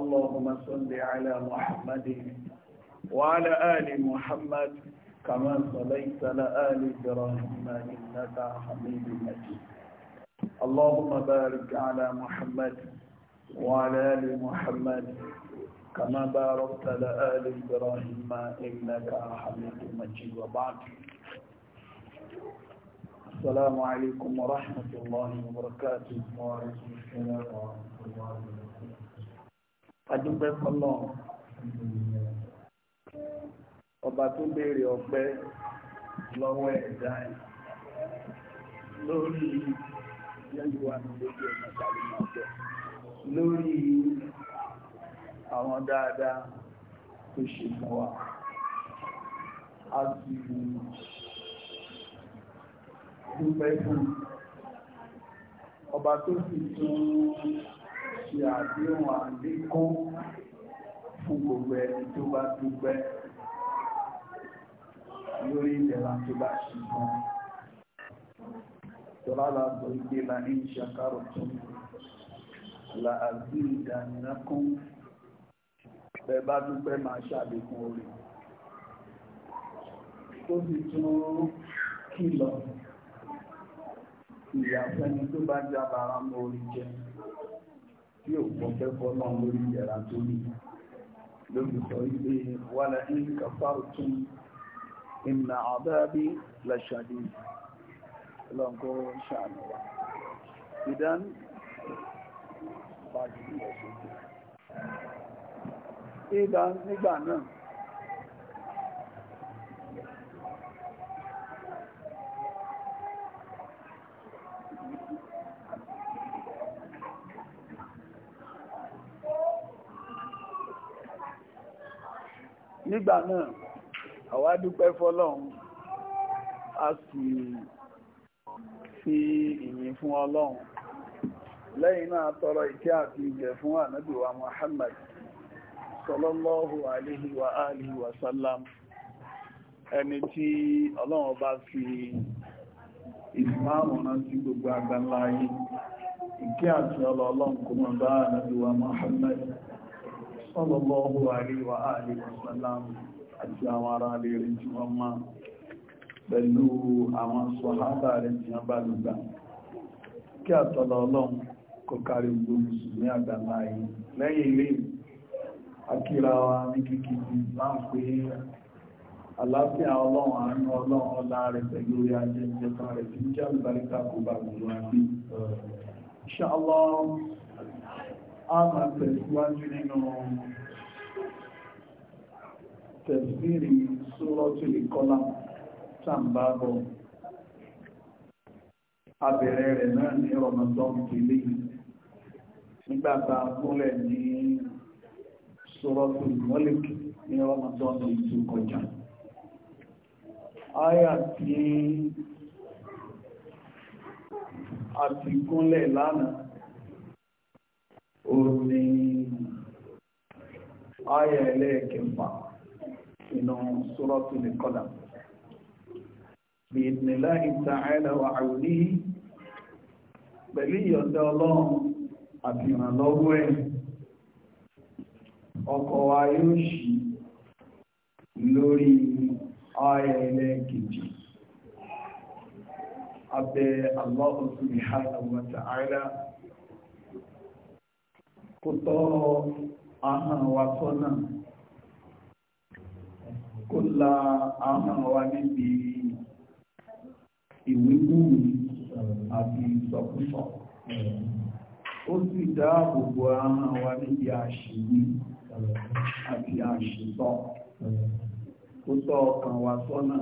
اللهم صل على محمد وعلى آل محمد كما صليت على آل إبراهيم إنك حميد مجيد اللهم بارك على محمد وعلى آل محمد كما باركت على آل إبراهيم إنك حميد مجيد وبعد السلام عليكم ورحمة الله وبركاته وعليكم السلام ورحمة الله وبركاته adúpẹ́ fọlọ́ ọba tó béèrè ọpẹ́ lọ́wọ́ ẹ̀dá ẹ̀ lórí lẹ́yìn wa ní lójú ẹ̀mọ́ tàbí ọjọ́ lórí àwọn dáadáa tó ṣe fún wa a sì dúpẹ́ fún ọba tó sì tún ṣe àdéhùn àlékún fún gbogbo ẹni tó bá dúpẹ́ lórí ìlera tó bá ṣe fún tọ́lálà bọ̀ ìgbé la ń ṣàkárọ̀ tó la àbí ìdánilákún bẹ́ẹ̀ bá dúpẹ́ máa ṣàlékún orí tó sì tún kìlọ̀ ìyàfẹ́ni tó bá jábára mọ́ orí jẹ́ tí ò kọ́kẹ́ kọ́ náà lórí ìyàrá tó ní lórí sọ ilé wà láì kàfàrù tún ìmìnà àdábí lẹ́ṣàdé lọ́nkọ́ ṣàmìwà ìdán ìdán nígbà náà nígbà náà àwa dúpẹ́ fọ́lọ́run a sì fi ìyìn fún ọlọ́run lẹ́yìn náà tọrọ ìkẹ́ àti ìgẹ̀ fún ànábì wa Muhammad sallallahu alaihi wa alihi wa sallam ẹni tí ọlọ́run bá fi ìsìmáàmù náà sí gbogbo àgbáńlá ayé ìkẹ́ àti ọlọ́run kò mọ̀ bá ànábì Muhammad sallallahu alaihi wa alihi wasallam àti àwọn ará lè rí tí wọ́n máa pẹ̀lú àwọn sọ̀hábà rẹ̀ tí wọ́n bá lùgbà kí àtọ́lọ ọlọ́run kò kárí gbogbo ní àgbàlá yìí lẹ́yìn ilé akíra wa a máa tẹ̀síwájú nínú tẹ̀síìrì sórọ́tù ìkọlá tàbábọ̀ abẹ̀rẹ̀ rẹ̀ náà ní Ramadan kìlì nígbàtà gúnlẹ̀ ní sórọ́tù ìmọ́lẹ̀kì ní Ramadan ìtù Aya tí a ti gúnlẹ̀ lánàá òní ayẹ̀ ẹlẹ́ẹ̀kẹfà inú suratul Qalam bi'idhnillahi ta'ala wa 'awnihi pẹ̀lú ìyọ̀dá ọlọ́run àfihàn lọ́wọ́ ẹ̀ ọkọ̀ wa lórí ayẹ̀ ẹlẹ́ẹ̀kejì abẹ́ Allah subhanahu wa ta'ala kó tọ́ ahọ́n wa sọ́nà kó la ahọ́n wa níbi ìwíwúwì àti ìsọkúsọ ó sì dáàbò bo ahọ́n wa níbi àṣìwí àti àṣìsọ kó tọ́ ọkàn wa sọ́nà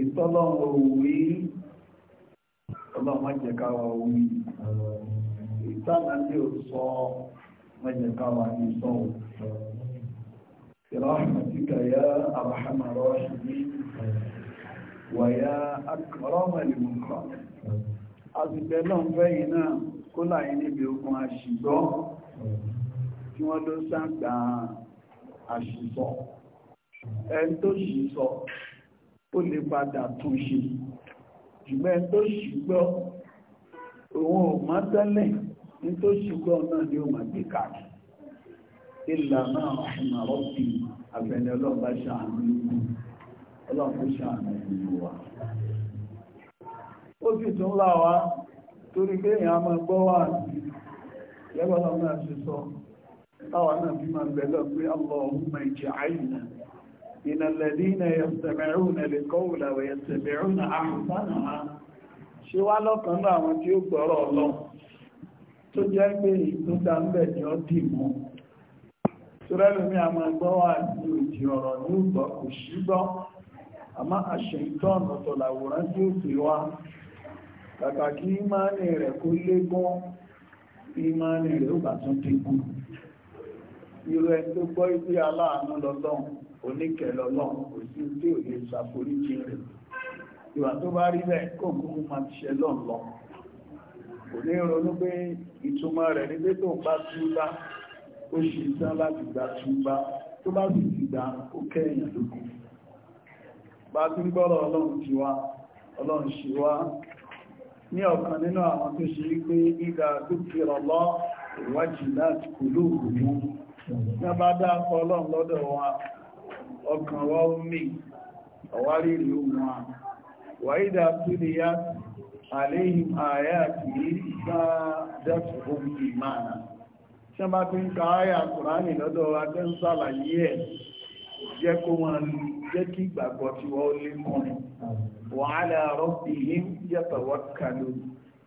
ìtọ́lọ́wọ̀ òwú ọlọ́mọ jẹ́ ká wa sáàlà ní òsọ mẹ́jẹ̀ká wà ní sọ́wọ́ برحمتك يا أرحم الراحمين ويا أكرم المكرمين àtìgbẹ́ náà fẹ́yìn náà kó láyé níbi ogun àṣìgbọ́ tí wọ́n ló sáàgbà àṣìsọ ẹni tó ṣìsọ ó lè padà tún ṣe ṣùgbọ́n ẹni tó ṣìgbọ́ òun ò mọ̀ tẹ́lẹ̀ ní tó ṣùgbọ́ náà ni ó máa gbé káàkiri ìlànà ọ̀hún àrọ́bì abẹ́ni ọlọ́ọ̀bá ṣàánú ìlú ọlọ́ọ̀bá ṣàánú ìlú wa ó sì tún là wá torí pé èèyàn máa gbọ́ wà sí lẹ́gbọ́n náà ṣe sọ táwa náà fi máa bẹ̀lẹ̀ pé Allahumma ij'alna من الذين يستمعون القول ويتبعون أحسنها ṣe wá lọ́kàn náà àwọn tí ó gbọ́rọ̀ Ọlọ́run tó jẹ́ pé ìtò dáńbẹ̀ ni ó dì mú torẹ́lùmí a máa gbọ́ wà ní òjì ọ̀rọ̀ ní ìgbọ́ kò sí gbọ́ àmá àṣẹ ìtọ́n ọ̀tọ̀ làwòrán tí ó pè wá kàkà kí ìmáni rẹ̀ kó légún ìmáni rẹ̀ ó bà tún dínkù irú ẹni tó gbọ́ ibi aláàánú lọ́lọ́run oníkẹ̀ lọ́lọ́run kò sí tí ò lè ṣàforíjì rẹ̀ ìwà tó bá rí bẹ́ẹ̀ kó kúkú máa ṣẹlọ́ọ̀ lọ́run kò ní ronú pé ìtumọ̀ rẹ̀ ní pé tó ń bá túbá ó ṣe tán láti gba túbá tó bá sì ti gbà ó kẹ́yìn lókun bá tún gbọ́rọ̀ ọlọ́run ti wá ọlọ́run ṣe wá ní ọ̀kan nínú àwọn tó ṣe wípé ìgbà tó kìrọ lọ ìwájì láti kò lóògùn ní bá dápọ̀ ọlọ́run lọ́dọ̀ wa ọkàn wa ó mì ọwárí ìlú wọn wà tó lè yá àléhìn àyàtì sáàdẹ́fùhùn ìmáà tí wọ́n bá ti ń ka àyà kùránì lọ́dọ̀ adẹ́sàlàyé ẹ̀ jẹ́ kó wọn jẹ́ kí ìgbàgbọ́ tí wọ́n lé kùnrin wàhálà rọ́bì ní yàtọ̀wọ́ kàlù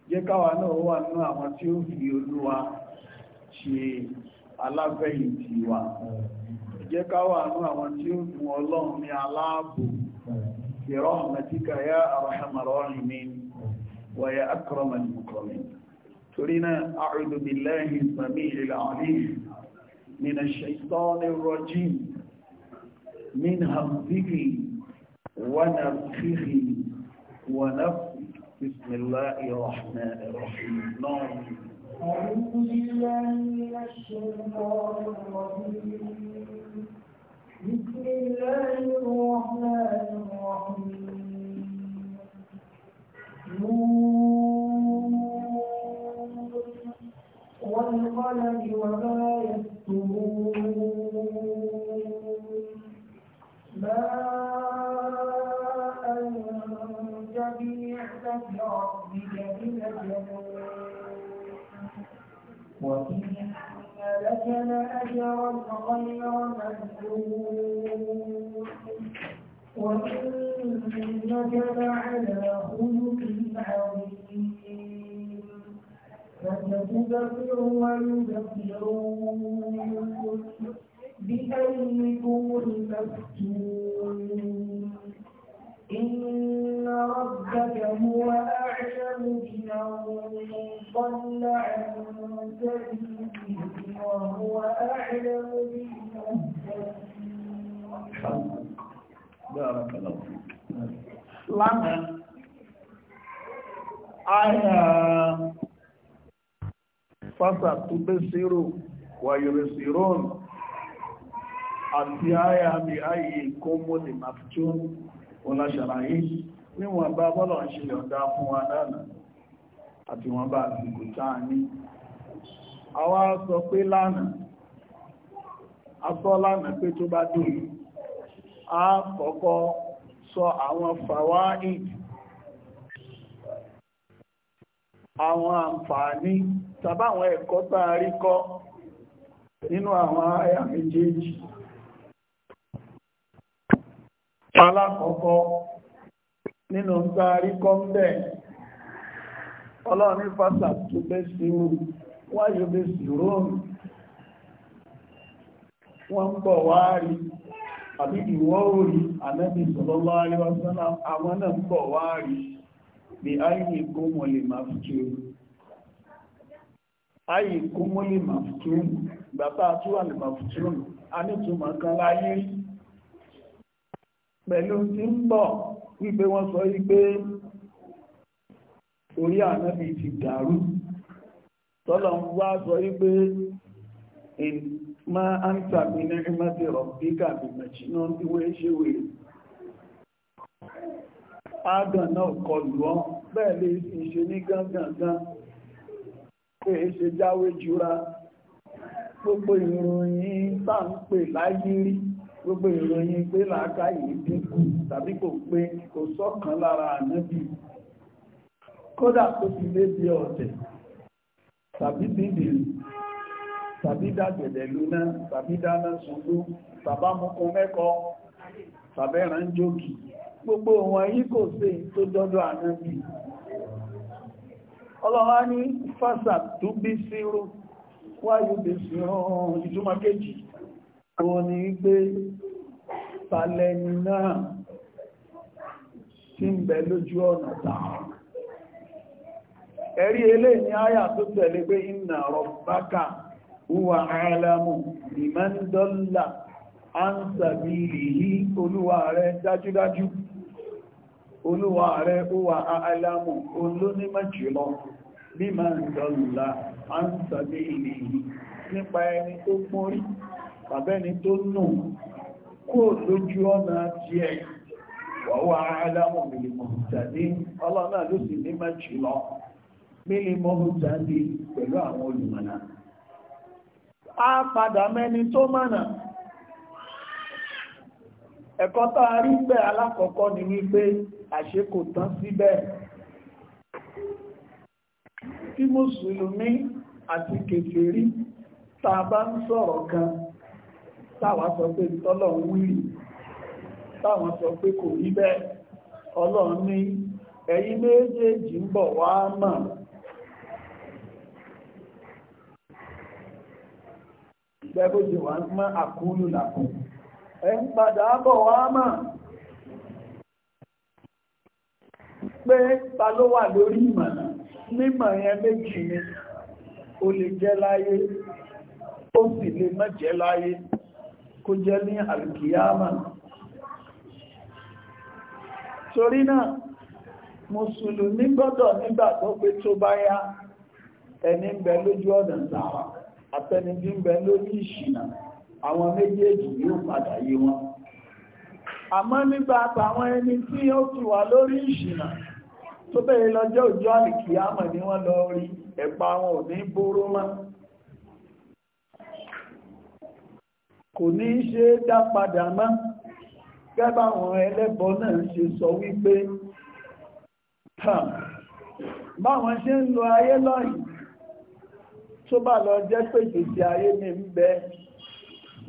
jẹ́ káwa náà wà nú àwọn tí ó fi olúwa ṣe aláfẹ̀yìntì wa jẹ́ káwa nú àwọn tí ó mú ọlọ́run ní aláàbò ìrọ̀hùn àti kàyà àrọ̀hàmàrọ̀ rìn ní ويا أكرم المكرمين ترينا أعوذ بالله السميع العليم من الشيطان الرجيم من همزه ونفخه ونفخه بسم الله الرحمن الرحيم نعم أعوذ بالله من الشيطان الرجيم بسم الله الرحمن الرحيم والقلم وما يكتبون ما أنت بنعمة ربك بمجنون وإن لك لأجرا غير مكتوب وإنك لعلى خلق عظيم فتتبعر ويذكرون بأيكم المفتون إن ربك هو أعلم بمن ضل عن سبيله وهو أعلم بالمهتدين lánàá àyà uh, fásà tó bẹ́ sírò wàyẹ̀rẹ̀ síròn àti àyà bí ayé kó mọ́ lè máa fi tún ọláṣàrà yìí níwọ̀n bá bọ́lọ̀ dana ati wa ba àti wọ́n bá àgbègbè táà ní àwa sọ pé pe to a kọ́kọ́ sọ àwọn fawaid àwọn àǹfààní tàbí àwọn ẹ̀kọ́ tàà rí kọ́ nínú àwọn àyà méjèèjì alákọ̀ọ́kọ́ nínú tàà rí kọ́ ń bẹ̀ ọlọ́rin fásà tó bẹ́ sí orí wáyé bẹ́ sí róòrùn wọ́n ń bọ̀ wá àbí ìwọ́ orí ànábì sallallahu alaihi wasallam àwọn náà pọ̀ wá rí bí ayé kó mọ̀ o ayé kó mọ̀ lè máa fi kí o gbàtà tó wà lè máa fi kí a ní túmọ̀ kan láyé rí pẹ̀lú tí ń bọ̀ wípé wọ́n sọ wípé orí ànábì ti dàrú tọ́lọ̀ wá sọ wípé ma an tàbí ní ìmọ̀tí rọ̀bíkà bí mẹ̀jìnà ìwé ṣíwé adàn náà kọlù ọ́ bẹ́ẹ̀ lè sì ṣe ní gángangán pé ṣe jáwé jura gbogbo ìròyìn bá ń pè láyé gbogbo ìròyìn pé làákà yìí dínkù tàbí kò pé kò sọ́kàn lára ànábì kódà tó ti lé ọ̀tẹ̀ tàbí bíbélì tàbí dàgbẹ̀dẹ̀ lóná tàbí dáná sunlú tàbá mọ́kún mẹ́kọ́ tàbẹ́ràn jókì gbogbo wọn yí kò sí tó dọ́dọ̀ ànábì ọlọ́wá ní fásà tó bí síró wáyé bí síró wọn ni náà tí ń bẹ lójú ọ̀nà ẹ̀rí elé ní àyà tó huwa alamu liman dalla an sabilihi oluwa rẹ̀ dájúdájú oluwa rẹ̀ huwa alamu olónímọ̀ jùlọ liman dalla an sabilihi nípa ẹni tó mórí tàbẹ́ni tó nù kó lójú ọ̀nà tí ẹ̀ wọ́wọ́ aláwọ̀ mílìmọ̀hútàdé ọlọ́nà ló sì ní pẹ̀lú àwọn olùmọ̀nà a padà mẹ́ni tó mọ̀nà ẹ̀kọ́ tó a rí bẹ́ alákọ̀ọ́kọ́ ni wípé àṣẹ kò tán síbẹ̀ tí mùsùlùmí àti kèfèrí ta bá ń sọ̀rọ̀ kan táwa sọ pé tọ́lọ́run wíri táwọn sọ pé kò rí bẹ́ẹ̀ ọlọ́run ní ẹ̀yí méjèèjì ń bọ̀ wá mọ̀ bẹ́bójì wà ń mọ́ àkúlù làkún ẹ ń padà bọ̀ wá pé ló wà lórí ìmọ̀ mímọ̀ yẹn méjì ni o lè jẹ́ láyé ó sì lè má jẹ́ láyé kó jẹ́ ní àlùkìyámà torí náà mùsùlùmí gbọ́dọ̀ nígbàgbọ́ pé tó bá àtẹnidí ń bẹ lórí ìṣìnà àwọn méjèèjì yóò padà yé wọn àmọ́ nígbà àtàwọn ẹni tí ó ti wà lórí ìṣìnà tó bẹ̀rẹ̀ lọ́jọ́ òjò àlìkìyàmọ̀ ni wọ́n lọ rí ẹ̀pà wọn ò ní bóró mọ́ kò ní í ṣe dá padà mọ́ gẹ́gbà àwọn ẹlẹ́bọ náà ṣe sọ wípé báwọn ṣe ń lo ayé lọ́yìn tó bá lọ jẹ́ pé ìgbésí ayé ní ń bẹ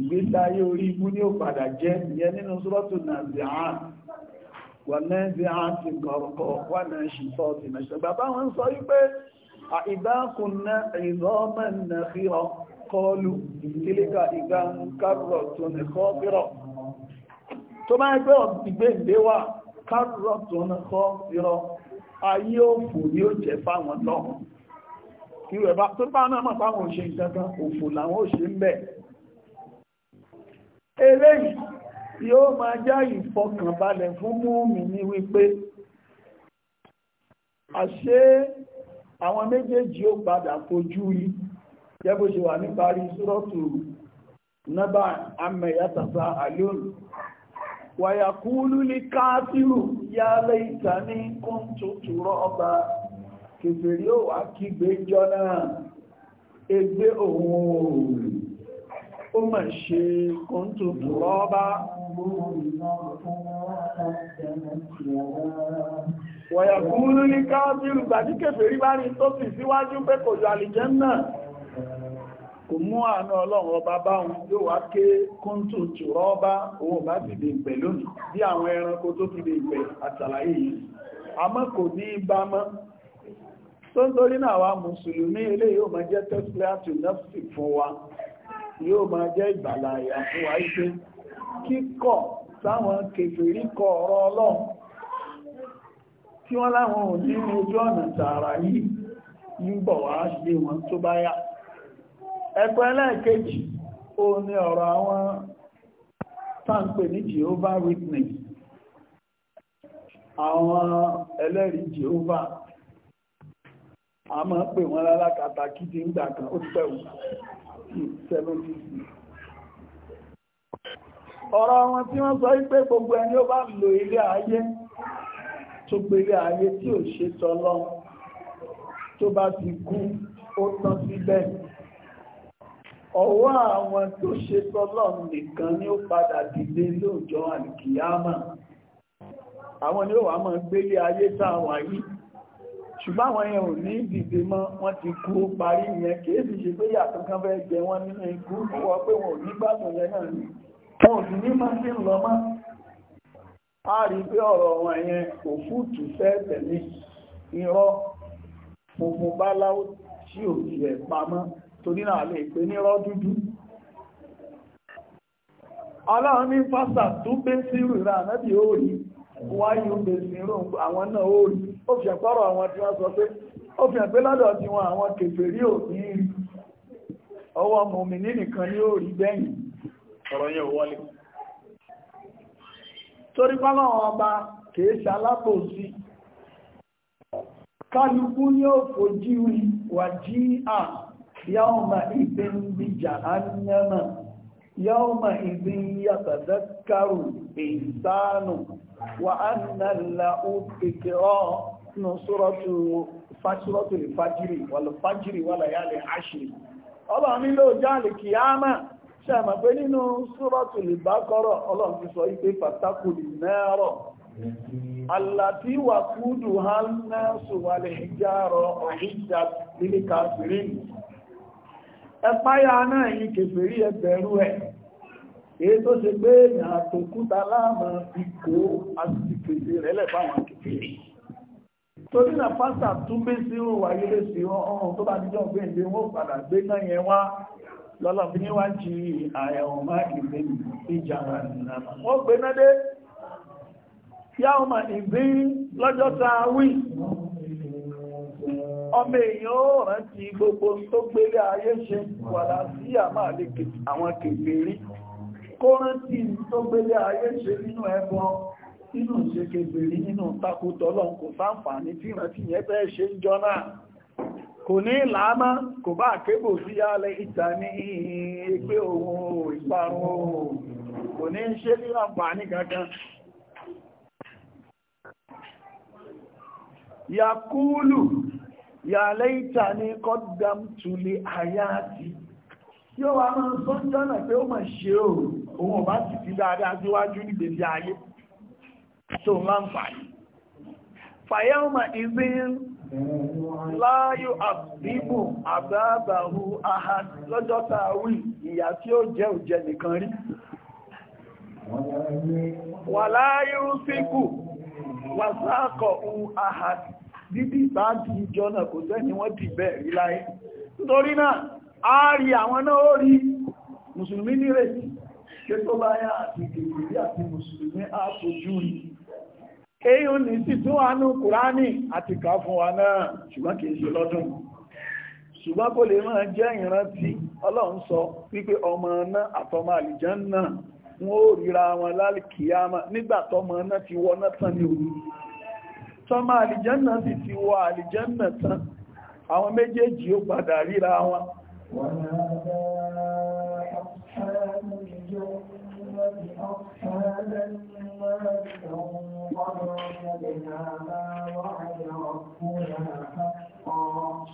ìgbésí ayé orí ibú ní ó padà jẹ́ ìyẹn nínú sọ́tò nàìjíríàn wà nàìjíríàn ti kọ̀ọ̀kọ̀ wà náà ṣì sọ́ ti bàbá wọn sọ wípé ìdákùnná ìzọ́mọ̀ ayé òfò ni ó jẹ́ fáwọn náà irú ẹ̀bá tó bá náà mọ̀ fáwọn òṣè ìjọkan òfò làwọn òṣè ń bẹ̀. eléyìí yóò máa já ìfọkànbalẹ̀ fún múmi ní wípé àṣé àwọn méjèèjì ó padà fojú rí jẹ́ bó ṣe wà níparí sọ́rọ̀tù nọ́bà amẹ̀yàtàfà àlóòn wàyàkúlú ní káàfíù yálé ìtàní kún rọ́ọ̀bà kèfèrí ò wá kígbe jọ náà ẹgbẹ́ òun ó mọ̀ ṣe kóntù rọ́bá wọ̀yàkúrú ní káàbírù gbàjí kèfèrí bá ní tó sì síwájú pé kò jọ àlìjẹ́ náà kò mú àánú ọlọ́run ọba báhùn yóò wá ké kóntù rọ́bá òun bá ti dè ìpẹ̀ lónìí bí àwọn ẹranko tó ti dè ìpẹ̀ àtàlàyé yìí àmọ́ kò ní bá mọ́ tó ń torí náà wa mùsùlùmí ilé yóò máa jẹ́ tẹ́sílẹ́àtì nọ́ọ̀sì fún wa yóò máa jẹ́ ìgbàlà àyà fún wa ipe kíkọ̀ sáwọn kèfèrí kọ ọ̀rọ̀ ọlọ́run tí wọ́n láwọn ò ní ojú ọ̀nà tààrà yìí ń bọ̀ wá ṣe wọn tó bá yá ẹ̀kọ́ ẹlẹ́ẹ̀kejì ó ní ọ̀rọ̀ àwọn táǹpẹ̀ ní Jehovah Witness àwọn ẹlẹ́rìí Jehovah a máa pè wọ́n lálákàtà kí ti ń gbà kan ó pẹ̀ wù ọ̀rọ̀ wọn tí wọ́n sọ wípé gbogbo ẹni ó bá lò ilé ayé tó gbé ilé ayé tí ò ṣe tọ́lọ́ tó bá ti kú ó tán síbẹ̀ ọwọ́ àwọn tó ṣe tọ́lọ́ nìkan ni ó padà dìde lóòjọ́ àlìkìyámà àwọn ni ó wà máa gbélé ayé táwà yìí ṣùgbọ́n àwọn èèyàn ò ní dìde mọ́ wọ́n ti kú parí ìyẹn kìí sì ṣe pé yàtọ̀ kan fẹ́ jẹ wọ́n nínú ikú wọ́n pé wọn ò ní gbádùn yẹn náà ni wọn ò sì ní máa ṣe ń lọ mọ́ a rí pé ọ̀rọ̀ wọn yẹn kò fúùtù sẹ́ẹ̀tẹ̀ ní irọ́ funfun báláwo tí ò tiẹ̀ pamọ́ torí náà lè pé nírọ́ dúdú ọlọ́run ní fásitì tó gbé sí ìrìnà náà bí ó rí wáyé ó gbé sí ìrò àwọn náà ó rí ó fi àpárọ̀ àwọn tí wọ́n sọ pé ó fi hàn pé lọ́dọ̀ tí wọn àwọn kèfèrí ò ní rí ọwọ́ mòmìnì nìkan ni ó rí gbẹ̀yìn ọ̀rọ̀ yẹn wọlé torí pálọ̀wọ̀n ọba kìí ṣe alábòsí kálukú ní ó fojú wà jí à yáò ma ìgbé ń bí jà ánìyànà yáò ma ìgbé ń yàtàdá kárù ìsánù wà ánìyànlá ó kékeré nínú sọ́rọ́tù fásirọ́tù lè fájírì wàlù fájírì wàlà yà lè áṣìrì ọba mi ló jáàlì nínú sọ́rọ́tù bakọrọ. bá kọ́rọ̀ ipé pàtàkùlì náà yìí kèfèrí ẹgbẹ̀rú ẹ̀ èyí tó ṣe láàmà àti rẹ̀ lẹ́fà torí náà pásítà tún gbé sí ó wà yóò sí ọ̀hún tó bá níjọ́ gbé ìgbé wọn padà gbé náà yẹn wá lọ́lọ́ fi níwájú àyẹ̀wò má ìgbé ìjà ara nìyà wọ́n gbé náà dé yáwọn mà ìgbé lọ́jọ́ tá a wí ọmọ èèyàn ó rántí gbogbo tó gbélé ayé ṣe wàlá sí àwọn kèfèrí kó rántí tó gbélé ayé ṣe nínú ẹbọ nínú ṣe kèbèrè nínú takótọ́lọ́ kò sáǹfààní tí ìrántí yẹn fẹ́ ṣe ń jọ náà kò ní ìlàámá kò bá kébò sí alẹ́ ìta ní ẹgbẹ́ ohun ìparun ohun kò ní ṣe níwàmbà ní kankan yakúlù yàlẹ́ ìta ní kọ́dám tulé àyàtì yóò wá mọ́ sọ́jọ́nà pé ó mọ̀ ṣe òun ọ̀bá sì ti dáadáa síwájú nígbèsí ayé tó láǹfààní fàyàmà ìbí láyò àbíbù àbábàhù àhà lọ́jọ́ tààwì ìyà tí ó jẹ́ òjẹ́ nìkan rí wà láyò síkù wà sáàkọ̀ ohun àhà dídí ìbáàdì ìjọ náà kò sẹ́ni wọ́n ti bẹ́ẹ̀ rí láyé nítorí náà a rí àwọn náà ó rí mùsùlùmí nírètí pé tó bá yá àti kèkèrí àti mùsùlùmí á fojú rí èyàn ní sí àánú kùránì àti fún wa náà ṣùgbọ́n kìí ṣe lọ́dún ṣùgbọ́n kò lè máa jẹ́ ìrántí ọlọ́run sọ wípé ọmọ náà àtọmọ àlìján náà wọ́n ó ríra wọn lálìkìyàmá nígbà tọmọ náà ti wọ náà tán ní òru tọmọ náà sì ti wọ àlìján náà tán àwọn méjèèjì ó padà ríra wọn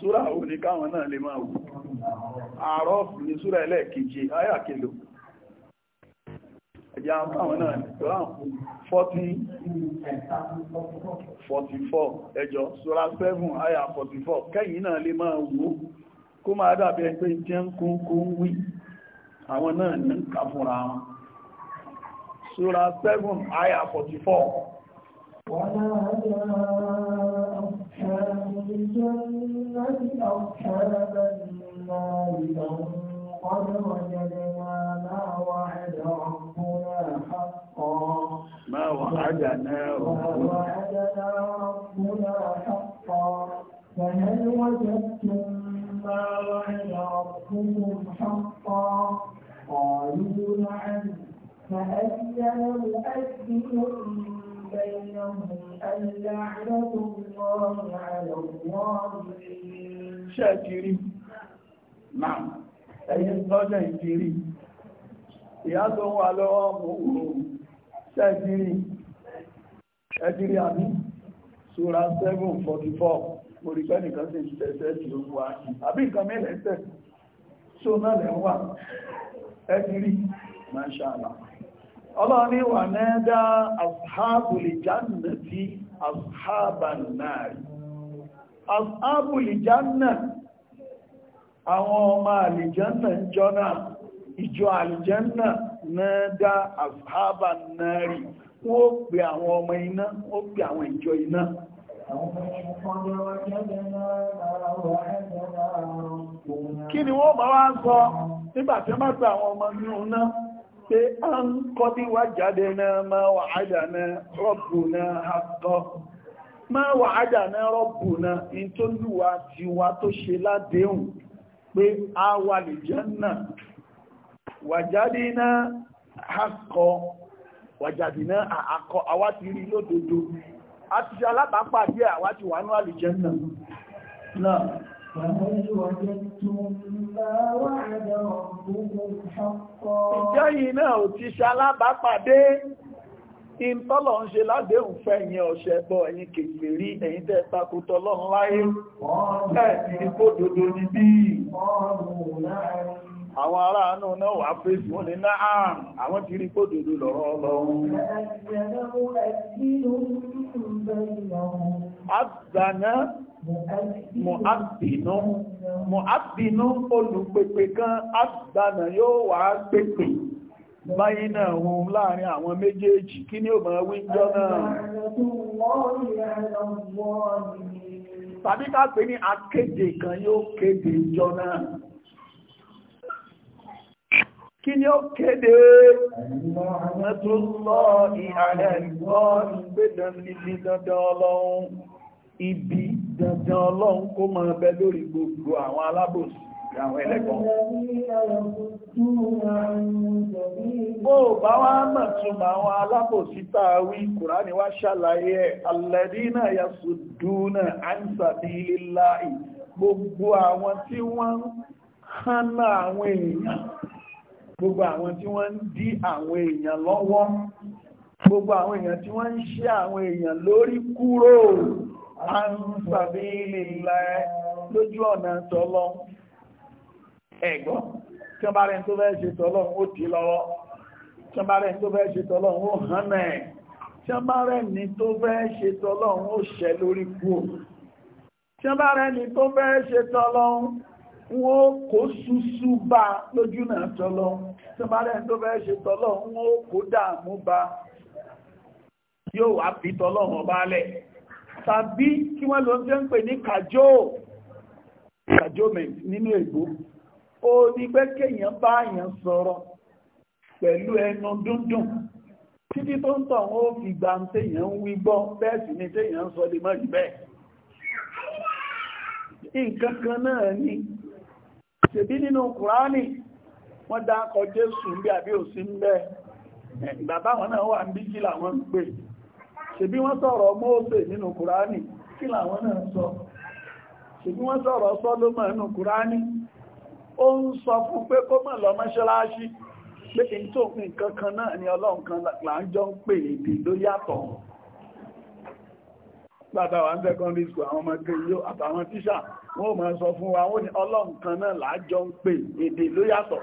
Súra wo ni káwọn náà lè máa wù? Àárọ̀ ni súra ẹlẹ́ẹ̀kejì, ayà kìlò. Ẹja káwọn náà lè fọ́tí 44 ẹjọ́, súra 7, ayà 44, kẹ́yìn náà lè máa wù kó máa dàbẹ́ pé jẹ́ ń kún kún wí, àwọn náà ní ń kà wọn. Súra 7, ayà 44. ونادى أصحاب الجنة أصحاب النار قد وجدنا ما وعد ربنا حقا فهل وجدتم ما وعد ربكم حقا قالوا نعم فأذن مؤذن بينهم اللعنة الله lọ́jọ́ ìkiri ìyá tó wà lọ́wọ́ mọ̀wòrò ṣẹ́kiri ẹ̀kiri àmì ṣúra 744 orípẹ́ nìkan sí ìṣẹ́ṣẹ́ tí ó wà àbí nǹkan ṣó náà lẹ́wà ẹ̀kiri máa ọlọ́ni wà nẹ́dá asáàbùlìjánnàtí asáàbànáàrí asáàbùlìjánnà àwọn ọmọ àlìjánnà jọna ìjọ na nẹ́dá asáàbànáàrí wọ́n pè àwọn ọmọ iná wọ́n pè àwọn ìjọ iná kí ni wọ́n bá wá ń sọ nígbàtí wọ́n bá àwọn ọmọ pé a ń kọ́ tí wá jáde náà máa wà ájànà rọ́pù náà àtọ́ máa wà ájànà rọ́pù náà in tó lùwà ti wá tó ṣe ládéhùn pé a wà lè jẹ́ náà wà jáde náà àkọ́ wà jáde náà àkọ́ àwa ti rí lódodo a ti ṣe alábàápàdé àwa ti wà ní àlùjẹ́ Ìjẹ́ yìí náà ò ti ṣalábàápàdé ìntọ́lọ̀ ń ṣe ládéhùn fẹ́ ẹ̀yin ọ̀ṣẹ́ bọ́ ẹ̀yin kèfè rí ẹ̀yin tẹ́ takùtọ̀ lọ́run láyé láìsí àwọn ará àánú náà wà fèsì wọ́n ní náà àwọn ti rí ipò dòdò lọ́rọ̀ ọlọ́run àgbàná Mọ̀ábìnú, mọ̀ábìnú olùpèpè kan àgbànà yóò wà pèpè báyìí náà wọn láàrin àwọn méjèèjì kí ní ò wíjọ́ náà. Tàbí ká pè ní akéde kan yóò kéde ìjọ náà. Kí ni ó kéde? Mẹ́túnlọ́ ìhàlẹ̀ ìgbọ́ ìgbédan níbi ọlọ́run ibi dandan ọlọ́run kó máa bẹ lórí gbogbo àwọn alábòsí àwọn ẹlẹ́gbọ́n. Ó bá wá mọ̀ túnmọ̀ àwọn alábòsí táa wí, Kùránì wá ṣàlàyé ẹ̀, alladina yasudduna an sabilillahi, gbogbo àwọn tí wọ́n hánà àwọn èèyàn, gbogbo àwọn tí wọ́n ń dí àwọn èèyàn lọ́wọ́, gbogbo àwọn èèyàn tí wọ́n ń ṣe àwọn èèyàn lórí kúrò an sabilillah lójú ọ̀nà tọ́lọ́ ẹ̀gbọ́ tí wọ́n bá rẹ̀ tó fẹ́ ṣe tọ́lọ́ ó ti lọ́wọ́ tí wọ́n bá rẹ̀ tó fẹ́ ṣe tọ́lọ́ ó hàn ẹ̀ tí wọ́n bá rẹ̀ ní tó fẹ́ ṣe tọ́lọ́ ó ṣẹ lórí kú tí wọ́n bá rẹ̀ ní tó fẹ́ ṣe tọ́lọ́ wọ́n kó súsú bá lójú náà tọ́lọ́ tí wọ́n bá rẹ̀ tó fẹ́ ṣe tọ́lọ́ wọ́n kó dààmú bá yóò wá fi tọ́lọ́ wọn bá lẹ̀ tàbí kí wọ́n lọ jẹ́ ń pè ní kàjó kàjómẹ̀ntì nínú ègbó ó ní pé kéèyàn bá èèyàn sọ̀rọ̀ pẹ̀lú ẹnu dúndùn títí tó ń tàn ó fi gbà ń téèyàn ń wí gbọ́ bẹ́ẹ̀ sì ni téèyàn ń sọ lè mọ́ jù bẹ́ẹ̀ nǹkan kan náà ni ṣèbí nínú kùránì wọ́n dá kọ Jésù ń bí àbí òsín bàbá wọn náà wà ń bí kí làwọn ń pè é ṣebí wọ́n sọ̀rọ̀ Mósè nínú Kùránì kí làwọn náà sọ ṣebí wọ́n sọ̀rọ̀ Sọ́lọ́mọ̀ nínú Kùránì ó ń sọ fún pé kó mọ̀ lọ mọ́ṣáláṣí pé kí n tó pín kankan náà ni Ọlọ́run kan là ń jọ ń pè èdè ló yàtọ̀ látàwà ń secondary school àwọn ọmọ gẹ̀yọ́ àtàwọn tíṣà wọ́n mọ̀ sọ fún wa wọ́n ní Ọlọ́run kan náà là jọ ń pè èdè ló yàtọ̀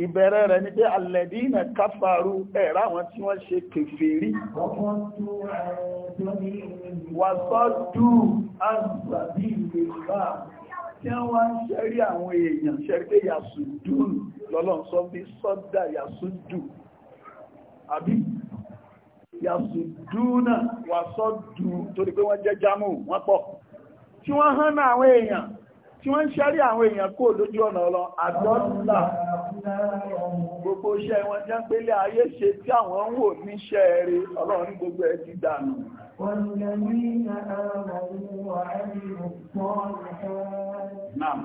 ìbẹ̀rẹ̀ rẹ̀ ní pé alẹ́dínà káfàrú ẹ̀rá àwọn tí wọ́n ṣe kèfèrí wàsọ́dù àgbàbí ìgbà tí wọ́n ń ṣẹ́rí àwọn èèyàn ṣẹ́rí pé yàsùdù lọ́lọ́sọ́ bí sọ́dà yàsùdù àbí yàsùdù náà wàsọ́dù torí pé wọ́n jẹ́ jámù wọ́n pọ̀ tí wọ́n hánà àwọn èèyàn tí wọ́n ń ṣẹ́rí àwọn èèyàn kó lójú ọ̀nà ọlọ àtọ́nùlà gbogbo iṣẹ́ wọn jẹ́ ń pélé ayé ṣe tí àwọn ń wò iṣẹ́ eré ọlọ́run ní gbogbo ẹ̀ ti dànù Naam.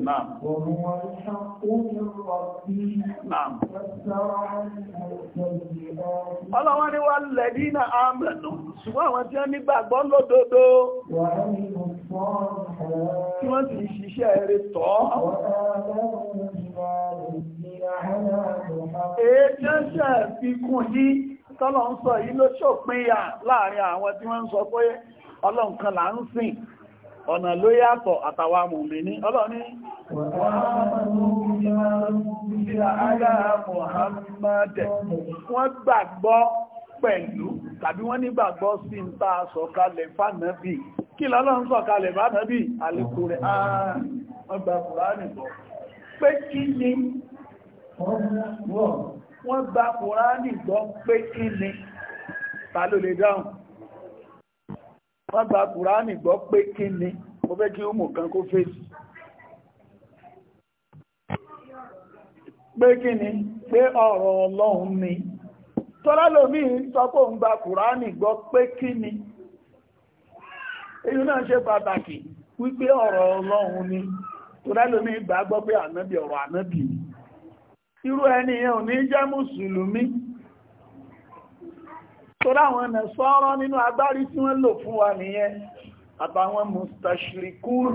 نعم وهو الحق من ربنا وسرع السيئات ni wà lẹ̀dí na àmàlù ṣùgbọ́n àwọn tí wọ́n ní gbàgbọ́ lódodo tí wọ́n sì ṣiṣẹ́ eré tọ́ èéjẹ́ṣẹ́ fi kún yí tọ́lọ ń sọ yí láàrin àwọn tí wọ́n ń sọ pé ọlọ́nkan là ń sìn ọ̀nà ló yàtọ̀ àtàwà mùmí ní ọlọ́ni wọ́n gbàgbọ́ pẹ̀lú tàbí wọ́n nígbàgbọ́ sí ń tàà sọ̀kalẹ̀ fánàbí kí lọ́lọ́run sọ̀kalẹ̀ fánàbí alìkúrẹ̀ ah, pé kí ni wọ́n gba Kùránì gbọ́ pé kí ni ta ló lè dáhùn wọ́n gba kùránì gbọ́ pé kí ni mo fẹ́ kí ọmọ kan kó fèsì pé kí ni pé ọ̀rọ̀ ọlọ́run ni tọ́lá lómi sọ pé òun gba kùránì gbọ́ pé kí ni èyí náà ṣe pàtàkì wípé ọ̀rọ̀ ọlọ́run ni tọ́lá lómi gbàgbọ́ pé ànábì ọ̀rọ̀ ànábì irú ẹni yẹn ò ní torí àwọn ẹ̀nà sọ́rọ́ nínú agbárí tí wọ́n lò fún wa nìyẹn àtàwọn mustashirikun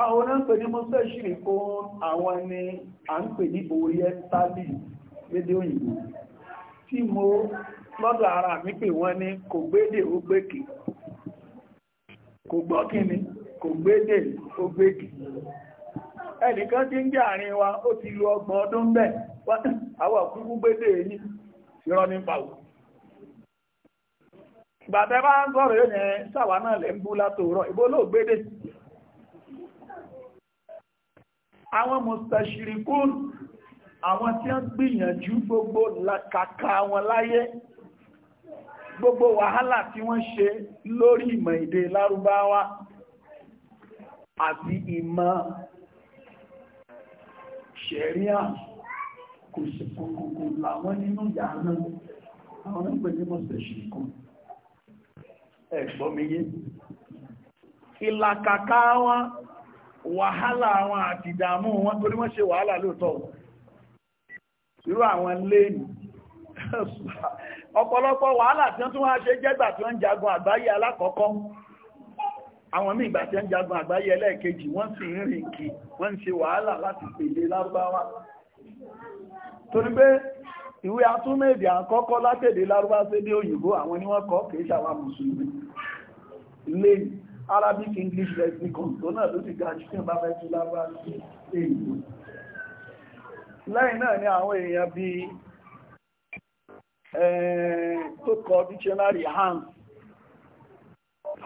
àwọn onípe ní mustashirikun àwọn ni a ń pè ní orientali lédè òyìnbó tí mo lọ́dọ̀ ara mi pè wọ́n ní kò gbédè ó gbékè kò gbọ́ kíni kò gbédè ó gbékè ẹnìkan tí ń jẹ́ àárín wa ó ti lo ọgbọ̀n ọdún bẹ́ẹ̀ àwọn òkúkú gbédè yìí ìrọ́ nípa òkú gbàtẹ́ bá ń sọ̀rọ̀ yóò yẹn sáwà náà lẹ́ ń bú látòrọ̀ ìbò olóògbédè àwọn mùsàṣìrìkún àwọn tí wọ́n gbìyànjú gbogbo kàkà wọn láyé gbogbo wàhálà tí wọ́n ṣe lórí ìmọ̀ èdè lárúbáwá àti ìmọ̀ ṣẹ̀ríà kò sí kòkòkò làwọn nínú yàrá àwọn ẹgbẹ̀rún mọ̀sẹ̀ṣìrìkún ẹ̀gbọ́n mi yé ìlàkàkà wọn wàhálà wọn àti ìdààmú wọn torí wọ́n ṣe wàhálà lóòótọ́ irú àwọn léèmù ọ̀pọ̀lọpọ̀ wàhálà tí wọ́n tún wá ṣe jẹ́gbà tí wọ́n ń jagun àgbáyé alákọ̀ọ́kọ́ àwọn míì ìgbà tí wọ́n jagun àgbáyé ẹlẹ́ẹ̀kejì wọ́n sì ń rìn kì wọ́n ń ṣe wàhálà láti pèlè lárúbáwá torí pé ìwé atúmẹ̀dì àkọ́kọ́ látèdè lárúbá sédé òyìnbó àwọn ni wọ́n kọ́ kìí ṣàwà mùsùlùmí lè Arabic English lexicon tó náà ló ti ga jù fún bàbá ẹ̀tù lárúbá sí èyìnbó lẹ́yìn náà ni àwọn èèyàn bí tó kọ dictionary Hans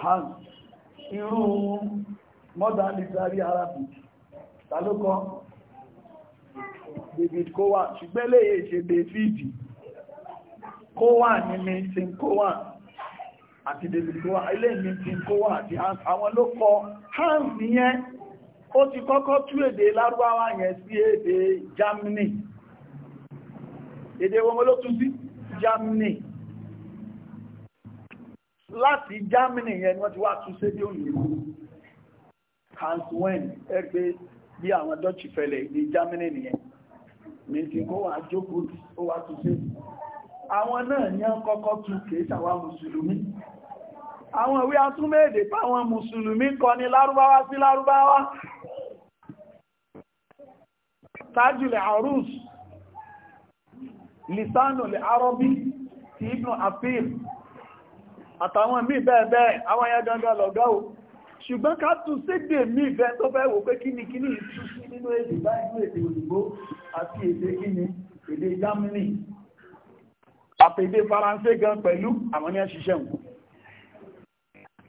Hans irú modern literary Arabic ta ló David Kowa, ṣùgbẹ́ léyè ṣe David Cowan ni Milton Kowa, àti David Kowa, ilé Milton Kowa, àti Hans àwọn ló kọ Hans nìyẹn ó ti kọ́kọ́ tú èdè lárúbáwá yẹn sí èdè Germany èdè wọn ló tú sí Germany láti Germany yẹn wọ́n ti wá tú sédé òyìnbó Hans Wen ẹgbẹ́ bí àwọn Dutch fẹ́lẹ̀ èdè Germany nìyẹn méjì kó wà jókòó ó wà tún sí àwọn náà ní ọkọ́kọ́ tún kèé sàwà mùsùlùmí àwọn ìwé atúmẹ́èdè fáwọn mùsùlùmí kọ ní lárúbáwá sí lárúbáwá tajul arus lisanul arabi ti ibn afir àtàwọn míì bẹ́ẹ̀ bẹ́ẹ̀ àwọn ya gangan lọ̀gá o ṣùgbọ́n ká tún ségbè míì bẹ́ẹ̀ tó fẹ́ wò pé kíni kíni ìtúsí nínú èdè báyìí èdè òyìnbó àti èdè kíni èdè Germany àpèdè Faransé gan pẹ̀lú àwọn ní ẹ̀ṣiṣẹ́ wọn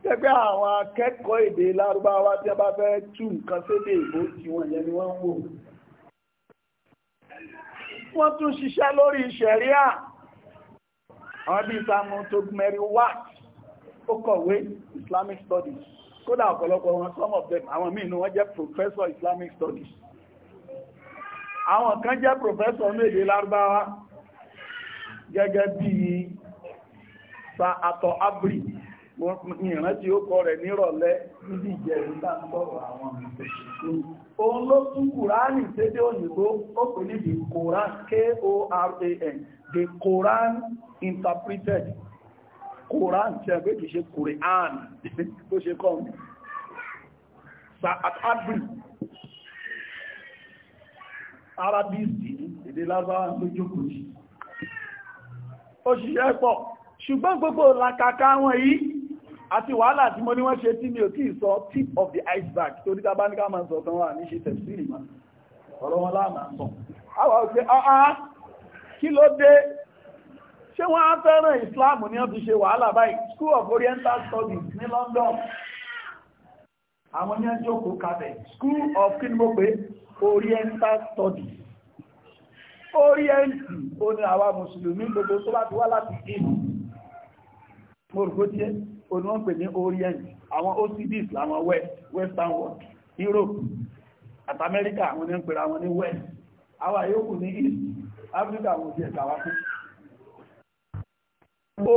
gẹ́gẹ́ àwọn akẹ́kọ̀ọ́ èdè lárúbáwá tí a bá fẹ́ tú nǹkan sédè ìbò tí wọ́n yẹn ni wọ́n ń wò wọ́n tún ṣiṣẹ́ lórí ṣẹ̀ríà àwọn bí Samuel Togmeri Watt ó kọ̀wé Islamic Studies kódà ọ̀pọ̀lọpọ̀ wọn some of them àwọn míì ni wọ́n jẹ́ professor Islamic Studies àwọn kan jẹ́ professor méje lárúbáwá gẹ́gẹ́ bí sa àtọ̀ abri ìrántí ó kọ rẹ̀ nírọ̀lẹ́ níbi ìjẹ̀rù dáńtọ́rọ̀ àwọn òun ló tún kùránì tẹ́dẹ́ òyìnbó ó pè ní the Quran K-O-R-A-N the Quran interpreted Quran tí a gbé kìí ṣe Quran bó ṣe kọ́ mi sa àtàbí arábìsì èdè lábáwá ló jókòó sí ó ṣiṣẹ́ pọ̀ ṣùgbọ́n gbogbo làkàkà wọn yìí àti wàhálà tí mo ní wọ́n ṣe tí mi ò tí sọ tip of the iceberg torí tá bá ní ká máa sọ tán wà ní ṣe tẹ̀síìrì mà ọ̀rọ̀ wọn ah, ah, Islam ní wọ́n fi ṣe School of Oriental Studies ní London àwọn ní ẹjọ́ kò kalẹ̀ School of kí ni oriental studies orient ó ní àwa mùsùlùmí gbogbo tó bá ti wá láti ìlú mọ̀rùgbótíẹ́ ó ní wọ́n pè ní orient àwọn ocds làwọn west western world europe àti america àwọn ní ń pèrè àwọn ní west àwa yòókù ní east africa àwọn òsì ẹ̀ka wá fún